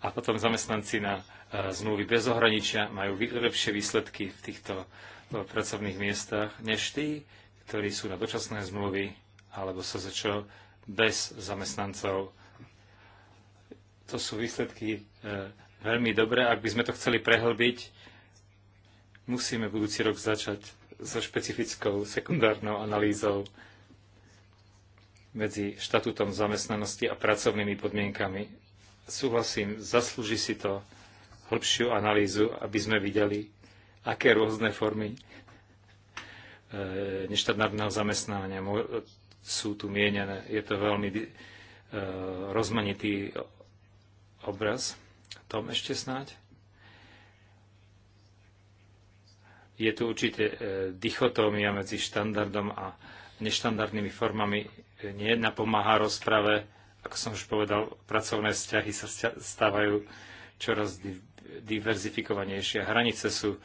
a potom zamestnanci na E, zmluvy bez ohraničia, majú lepšie výsledky v týchto e, pracovných miestach než tí, ktorí sú na dočasné zmluvy alebo sa SZČ bez zamestnancov. To sú výsledky e, veľmi dobré. Ak by sme to chceli prehlbiť, musíme budúci rok začať so špecifickou sekundárnou analýzou medzi štatútom zamestnanosti a pracovnými podmienkami. Súhlasím, zaslúži si to hĺbšiu analýzu, aby sme videli, aké rôzne formy e, neštandardného zamestnávania sú tu mienené. Je to veľmi e, rozmanitý obraz. Tom ešte snáď? Je tu určite e, dichotómia medzi štandardom a neštandardnými formami. Nie napomáha rozprave, ako som už povedal, pracovné vzťahy sa stávajú čoraz diverzifikovanejšie. Hranice sú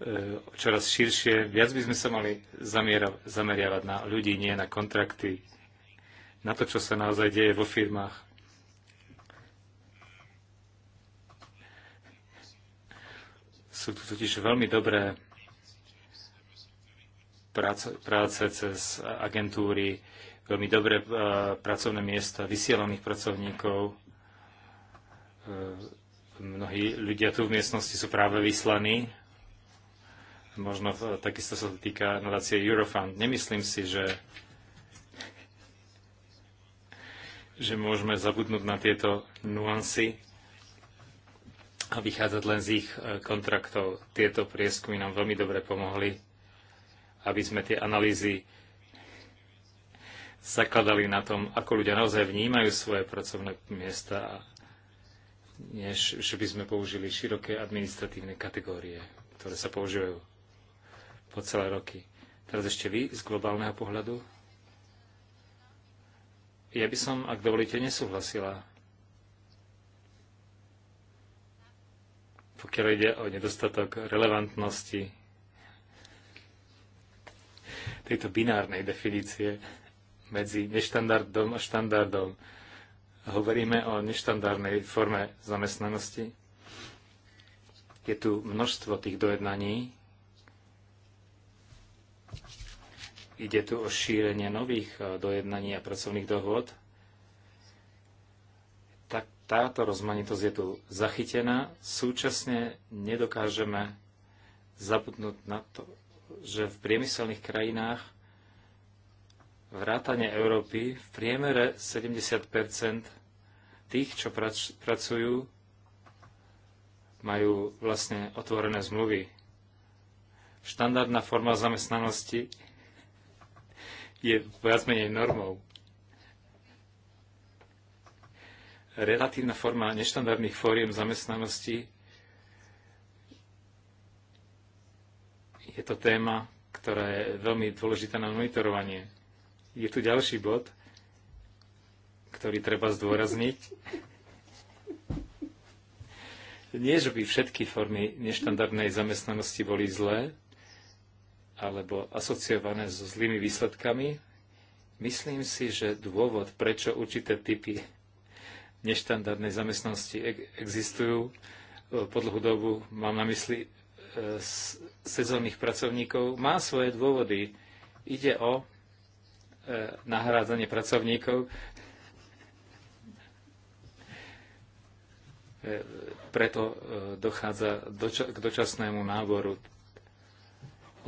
e, čoraz širšie. Viac by sme sa mali zameriavať na ľudí, nie na kontrakty, na to, čo sa naozaj deje vo firmách. Sú tu totiž veľmi dobré práce, práce cez agentúry, veľmi dobré uh, pracovné miesta, vysielaných pracovníkov, E, mnohí ľudia tu v miestnosti sú práve vyslaní. Možno takisto sa to týka nadácie Eurofund. Nemyslím si, že, že môžeme zabudnúť na tieto nuancy a vychádzať len z ich e, kontraktov. Tieto prieskumy nám veľmi dobre pomohli, aby sme tie analýzy zakladali na tom, ako ľudia naozaj vnímajú svoje pracovné miesta a než že by sme použili široké administratívne kategórie, ktoré sa používajú po celé roky. Teraz ešte vy z globálneho pohľadu. Ja by som, ak dovolíte, nesúhlasila. Pokiaľ ide o nedostatok relevantnosti tejto binárnej definície medzi neštandardom a štandardom, hovoríme o neštandardnej forme zamestnanosti. Je tu množstvo tých dojednaní. Ide tu o šírenie nových eh, dojednaní a pracovných dohôd. Tak táto rozmanitosť je tu zachytená. Súčasne nedokážeme zabudnúť na to, že v priemyselných krajinách vrátane Európy v priemere 70 tých, čo prac, pracujú, majú vlastne otvorené zmluvy. Štandardná forma zamestnanosti je viac menej normou. Relatívna forma neštandardných fóriem zamestnanosti je to téma, ktorá je veľmi dôležitá na monitorovanie je tu ďalší bod, ktorý treba zdôrazniť. Nie, že by všetky formy neštandardnej zamestnanosti boli zlé alebo asociované so zlými výsledkami. Myslím si, že dôvod, prečo určité typy neštandardnej zamestnanosti e- existujú, e, po dlhú dobu, mám na mysli e, sezónnych pracovníkov, má svoje dôvody. Ide o E, nahrádzanie pracovníkov. E, preto e, dochádza k dočasnému náboru.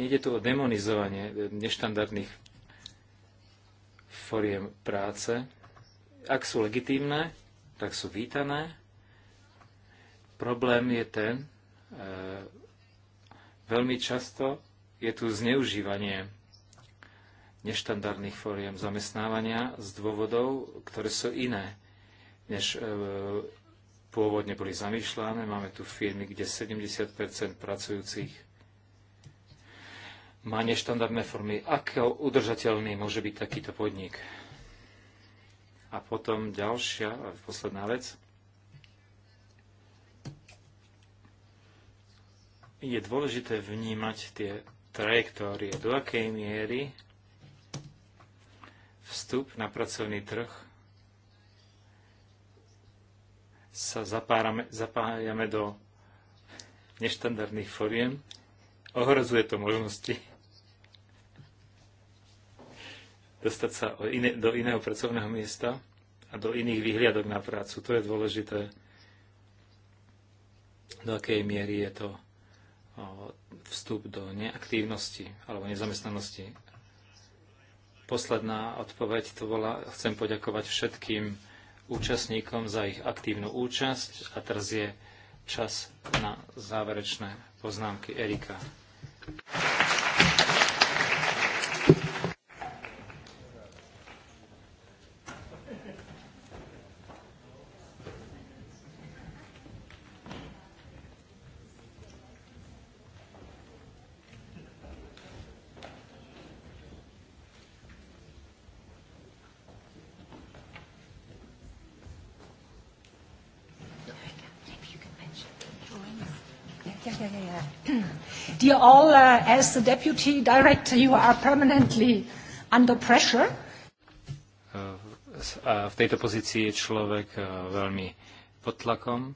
Nejde tu o demonizovanie neštandardných foriem práce. Ak sú legitímne, tak sú vítané. Problém je ten, veľmi často je tu zneužívanie neštandardných fóriem zamestnávania z dôvodov, ktoré sú iné, než e, pôvodne boli zamýšľané. Máme tu firmy, kde 70 pracujúcich má neštandardné formy. Ako udržateľný môže byť takýto podnik? A potom ďalšia, posledná vec. Je dôležité vnímať tie trajektórie, do akej miery Vstup na pracovný trh sa zapárame, zapájame do neštandardných foriem. Ohrozuje to možnosti dostať sa iné, do iného pracovného miesta a do iných vyhliadok na prácu. To je dôležité, do akej miery je to vstup do neaktívnosti alebo nezamestnanosti. Posledná odpoveď to bola, chcem poďakovať všetkým účastníkom za ich aktívnu účasť a teraz je čas na záverečné poznámky Erika. all, uh, as the deputy director, you are permanently under pressure. Uh, a v tejto pozícii je človek uh, veľmi pod tlakom,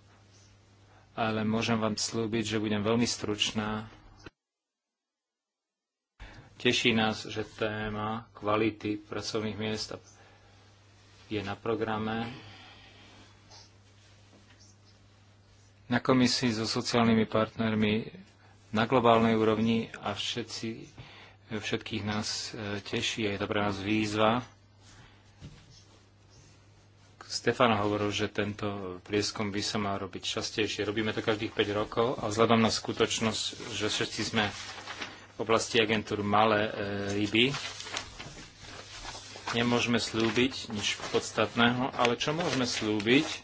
ale môžem vám slúbiť, že budem veľmi stručná. Teší nás, že téma kvality pracovných miest je na programe. Na komisii so sociálnymi partnermi na globálnej úrovni a všetci, všetkých nás e, teší a je to pre nás výzva. Stefan hovoril, že tento prieskum by sa mal robiť častejšie. Robíme to každých 5 rokov a vzhľadom na skutočnosť, že všetci sme v oblasti agentúr malé e, ryby, nemôžeme slúbiť nič podstatného, ale čo môžeme slúbiť, e,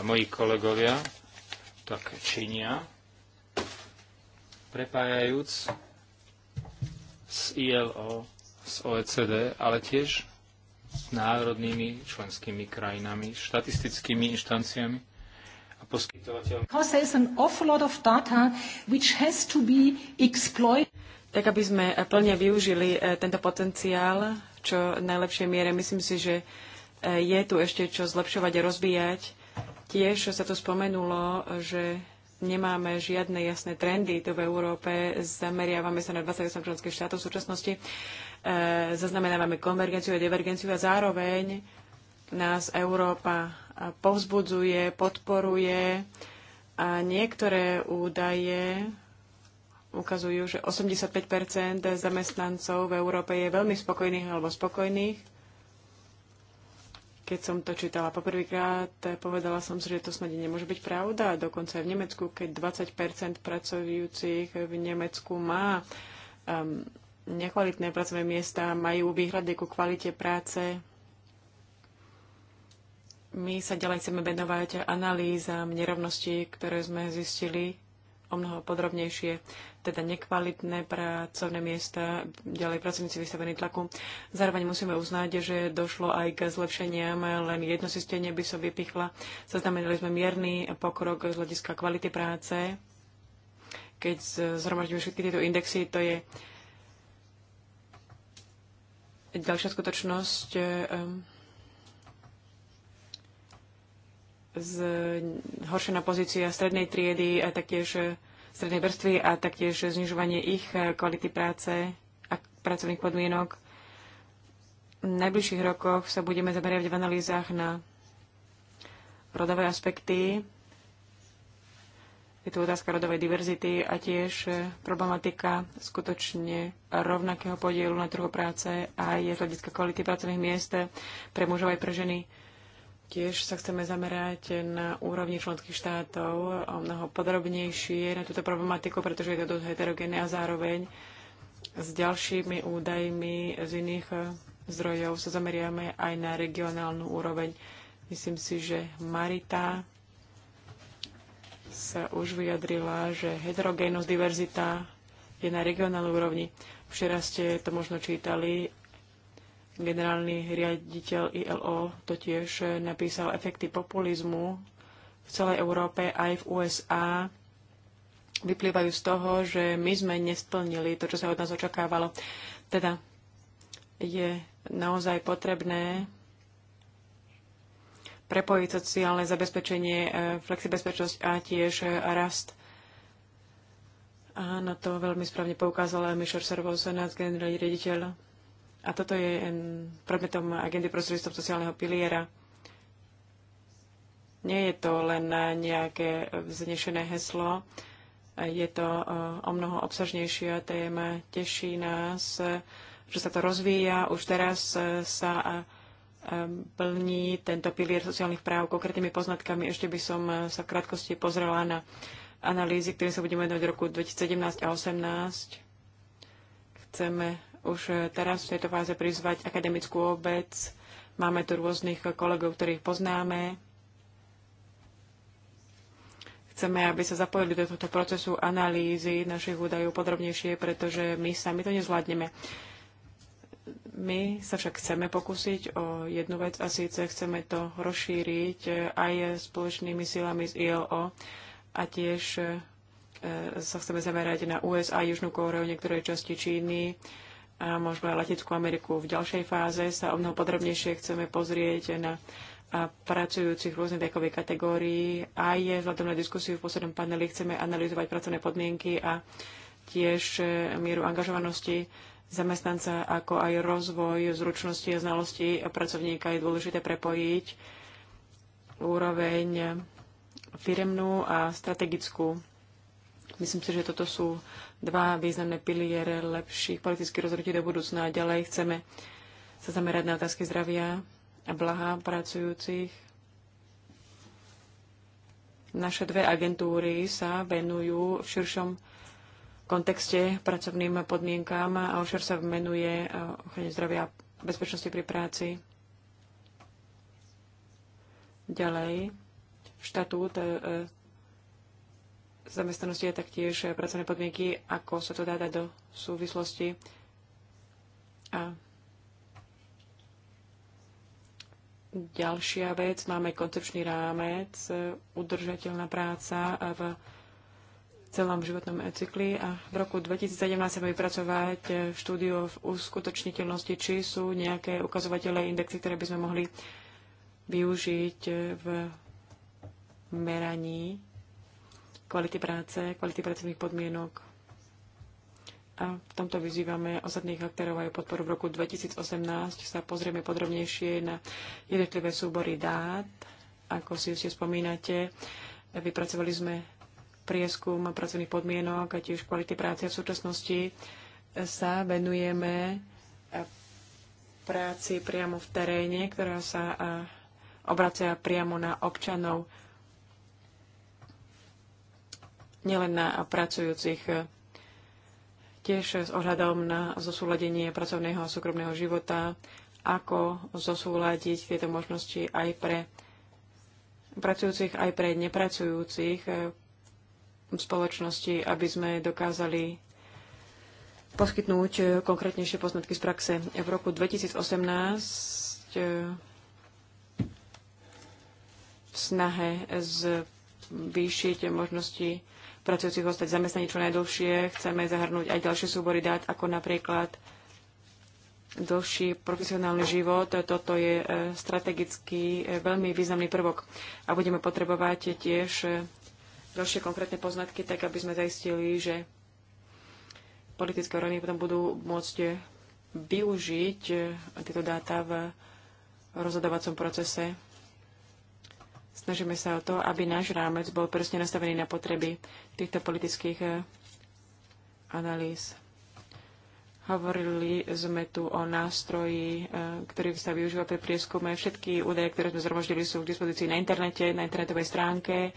a moji kolegovia tak činia, prepájajúc s ILO, s OECD, ale tiež s národnými členskými krajinami, štatistickými inštanciami a poskytovateľmi. Tak, aby sme plne využili e, tento potenciál, čo najlepšej miere, myslím si, že e, je tu ešte čo zlepšovať a rozvíjať. Tiež sa tu spomenulo, že nemáme žiadne jasné trendy tu v Európe. Zameriavame sa na 28 členských štátov v súčasnosti. E, zaznamenávame konvergenciu a divergenciu a zároveň nás Európa povzbudzuje, podporuje a niektoré údaje ukazujú, že 85 zamestnancov v Európe je veľmi spokojných alebo spokojných keď som to čítala poprvýkrát, povedala som si, že to snad nemôže byť pravda. Dokonca aj v Nemecku, keď 20 pracujúcich v Nemecku má um, nekvalitné pracovné miesta, majú výhrady ku kvalite práce. My sa ďalej chceme venovať analýzam nerovností, ktoré sme zistili o mnoho podrobnejšie teda nekvalitné pracovné miesta, ďalej pracovníci vystavení tlaku. Zároveň musíme uznať, že došlo aj k zlepšeniam, len jedno zistenie by som vypichla. Zaznamenali sme mierny pokrok z hľadiska kvality práce. Keď zhromažďujú všetky tieto indexy, to je ďalšia skutočnosť ehm, zhoršená pozícia strednej triedy a taktiež strednej vrstvy a taktiež znižovanie ich eh, kvality práce a pracovných podmienok. V najbližších rokoch sa budeme zameriavať v analýzach na rodové aspekty. Je tu otázka rodovej diverzity a tiež eh, problematika skutočne rovnakého podielu na trhu práce a je z hľadiska kvality pracovných miest pre mužov aj pre ženy. Tiež sa chceme zamerať na úrovni členských štátov o mnoho podrobnejšie na túto problematiku, pretože je to dosť heterogénne a zároveň s ďalšími údajmi z iných zdrojov sa zameriame aj na regionálnu úroveň. Myslím si, že Marita sa už vyjadrila, že heterogénnosť, diverzita je na regionálnej úrovni. Včera ste to možno čítali Generálny riaditeľ ILO totiež napísal efekty populizmu v celej Európe aj v USA vyplývajú z toho, že my sme nesplnili to, čo sa od nás očakávalo. Teda je naozaj potrebné prepojiť sociálne zabezpečenie, e, flexibezpečnosť a tiež e, rast. A na to veľmi správne poukázala Mišor Servosenác, generálny riaditeľ a toto je predmetom agendy prostredníctvom sociálneho piliera. Nie je to len nejaké vznešené heslo, je to o mnoho obsažnejšia téma. Teší nás, že sa to rozvíja. Už teraz e, sa e, e, plní tento pilier sociálnych práv konkrétnymi poznatkami. Ešte by som sa v krátkosti pozrela na analýzy, ktoré sa budeme venovať v roku 2017 a 2018. Chceme už eh, teraz v tejto fáze prizvať akademickú obec. Máme tu rôznych kolegov, ktorých poznáme. Chceme, aby sa zapojili do tohto procesu analýzy našich údajov podrobnejšie, pretože my sami to nezvládneme. My sa však chceme pokúsiť o jednu vec a síce chceme to rozšíriť eh, aj spoločnými silami z ILO a tiež eh, sa chceme zamerať na USA, Južnú Kóreu, niektoré časti Číny, a možno aj Latinskú Ameriku. V ďalšej fáze sa o mnoho podrobnejšie chceme pozrieť na pracujúcich v rôznej vekovej kategórii. Aj vzhľadom na diskusiu v poslednom paneli chceme analyzovať pracovné podmienky a tiež e, mieru angažovanosti zamestnanca, ako aj rozvoj zručnosti a znalosti pracovníka je dôležité prepojiť úroveň firemnú a strategickú. Myslím si, že toto sú dva významné piliere lepších politických rozhodnutí do budúcna a ďalej chceme sa zamerať na otázky zdravia a blaha pracujúcich. Naše dve agentúry sa venujú v širšom kontexte pracovným podmienkám a ošer sa venuje eh, ochrane zdravia a bezpečnosti pri práci. Ďalej, štatút eh, zamestnanosti a taktiež pracovné podmienky, ako sa to dá dať do súvislosti. A ďalšia vec, máme koncepčný rámec, udržateľná práca v celom životnom cykli a v roku 2017 sa bude pracovať štúdiu v uskutočniteľnosti, či sú nejaké ukazovatele indexy, ktoré by sme mohli využiť v meraní kvality práce, kvality pracovných podmienok. A v tomto vyzývame ostatných aktérov aj podporu. V roku 2018 sa pozrieme podrobnejšie na jednotlivé súbory dát. Ako si ešte spomínate, vypracovali sme prieskum pracovných podmienok a tiež kvality práce. V súčasnosti sa venujeme práci priamo v teréne, ktorá sa obracia priamo na občanov nielen na pracujúcich, tiež s ohľadom na zosúladenie pracovného a súkromného života, ako zosúladiť tieto možnosti aj pre pracujúcich, aj pre nepracujúcich v eh, spoločnosti, aby sme dokázali poskytnúť eh, konkrétnejšie poznatky z praxe. V roku 2018 eh, v snahe zvýšiť možnosti pracujúcich ostať zamestnaní čo najdlhšie. Chceme zahrnúť aj ďalšie súbory dát, ako napríklad dlhší profesionálny život. Toto je e, strategicky e, veľmi významný prvok a budeme potrebovať tiež e, ďalšie konkrétne poznatky, tak aby sme zaistili, že politické orgány potom budú môcť využiť tieto dáta v rozhodovacom procese Snažíme sa o to, aby náš rámec bol presne nastavený na potreby týchto politických eh, analýz. Hovorili sme tu o nástroji, eh, ktorý sa využíva pri prieskume. Všetky údaje, ktoré sme zhromaždili, sú k dispozícii na internete, na internetovej stránke.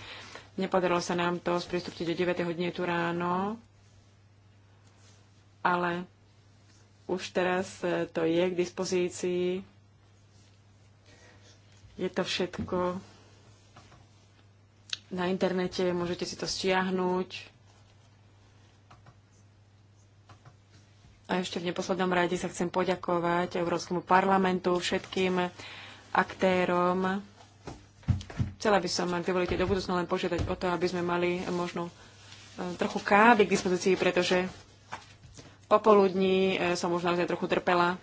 Nepodarilo sa nám to sprístupniť do 9. hodine tu ráno, ale už teraz eh, to je k dispozícii. Je to všetko na internete, môžete si to stiahnuť. A ešte v neposlednom rade sa chcem poďakovať Európskemu parlamentu, všetkým aktérom. Chcela by som, ak dovolíte, do budúcna len požiadať o to, aby sme mali možno e, trochu kávy k dispozícii, pretože popoludní e, som už naozaj trochu trpela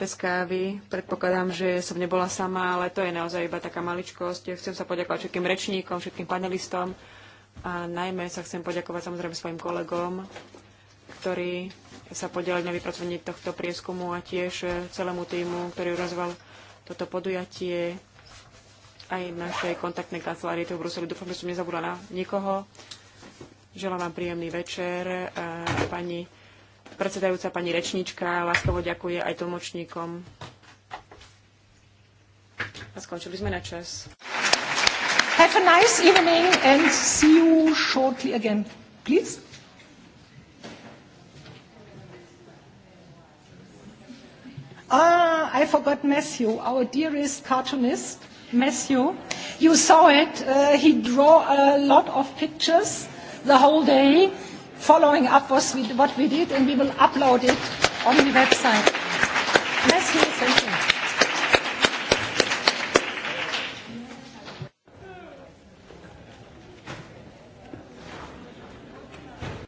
bez kávy. Predpokladám, že som nebola sama, ale to je naozaj iba taká maličkosť. Chcem sa poďakovať všetkým rečníkom, všetkým panelistom a najmä sa chcem poďakovať samozrejme svojim kolegom, ktorí sa podielali na vypracovaní tohto prieskumu a tiež e, celému týmu, ktorý urazoval toto podujatie aj našej kontaktnej kancelárie tu v Bruseli. Dúfam, že som nezabudla na nikoho. Želám vám príjemný večer. E, pani Predsedajúca pani rečníčka láskovo ďakuje aj tlmočníkom. A skončili sme na čas. Have a nice evening and see you shortly again, please. Ah, I forgot Matthew, our dearest cartoonist, Matthew. You saw it. Uh, he drew a lot of pictures the whole day following up was what we did, and we will upload it on the website. thank you.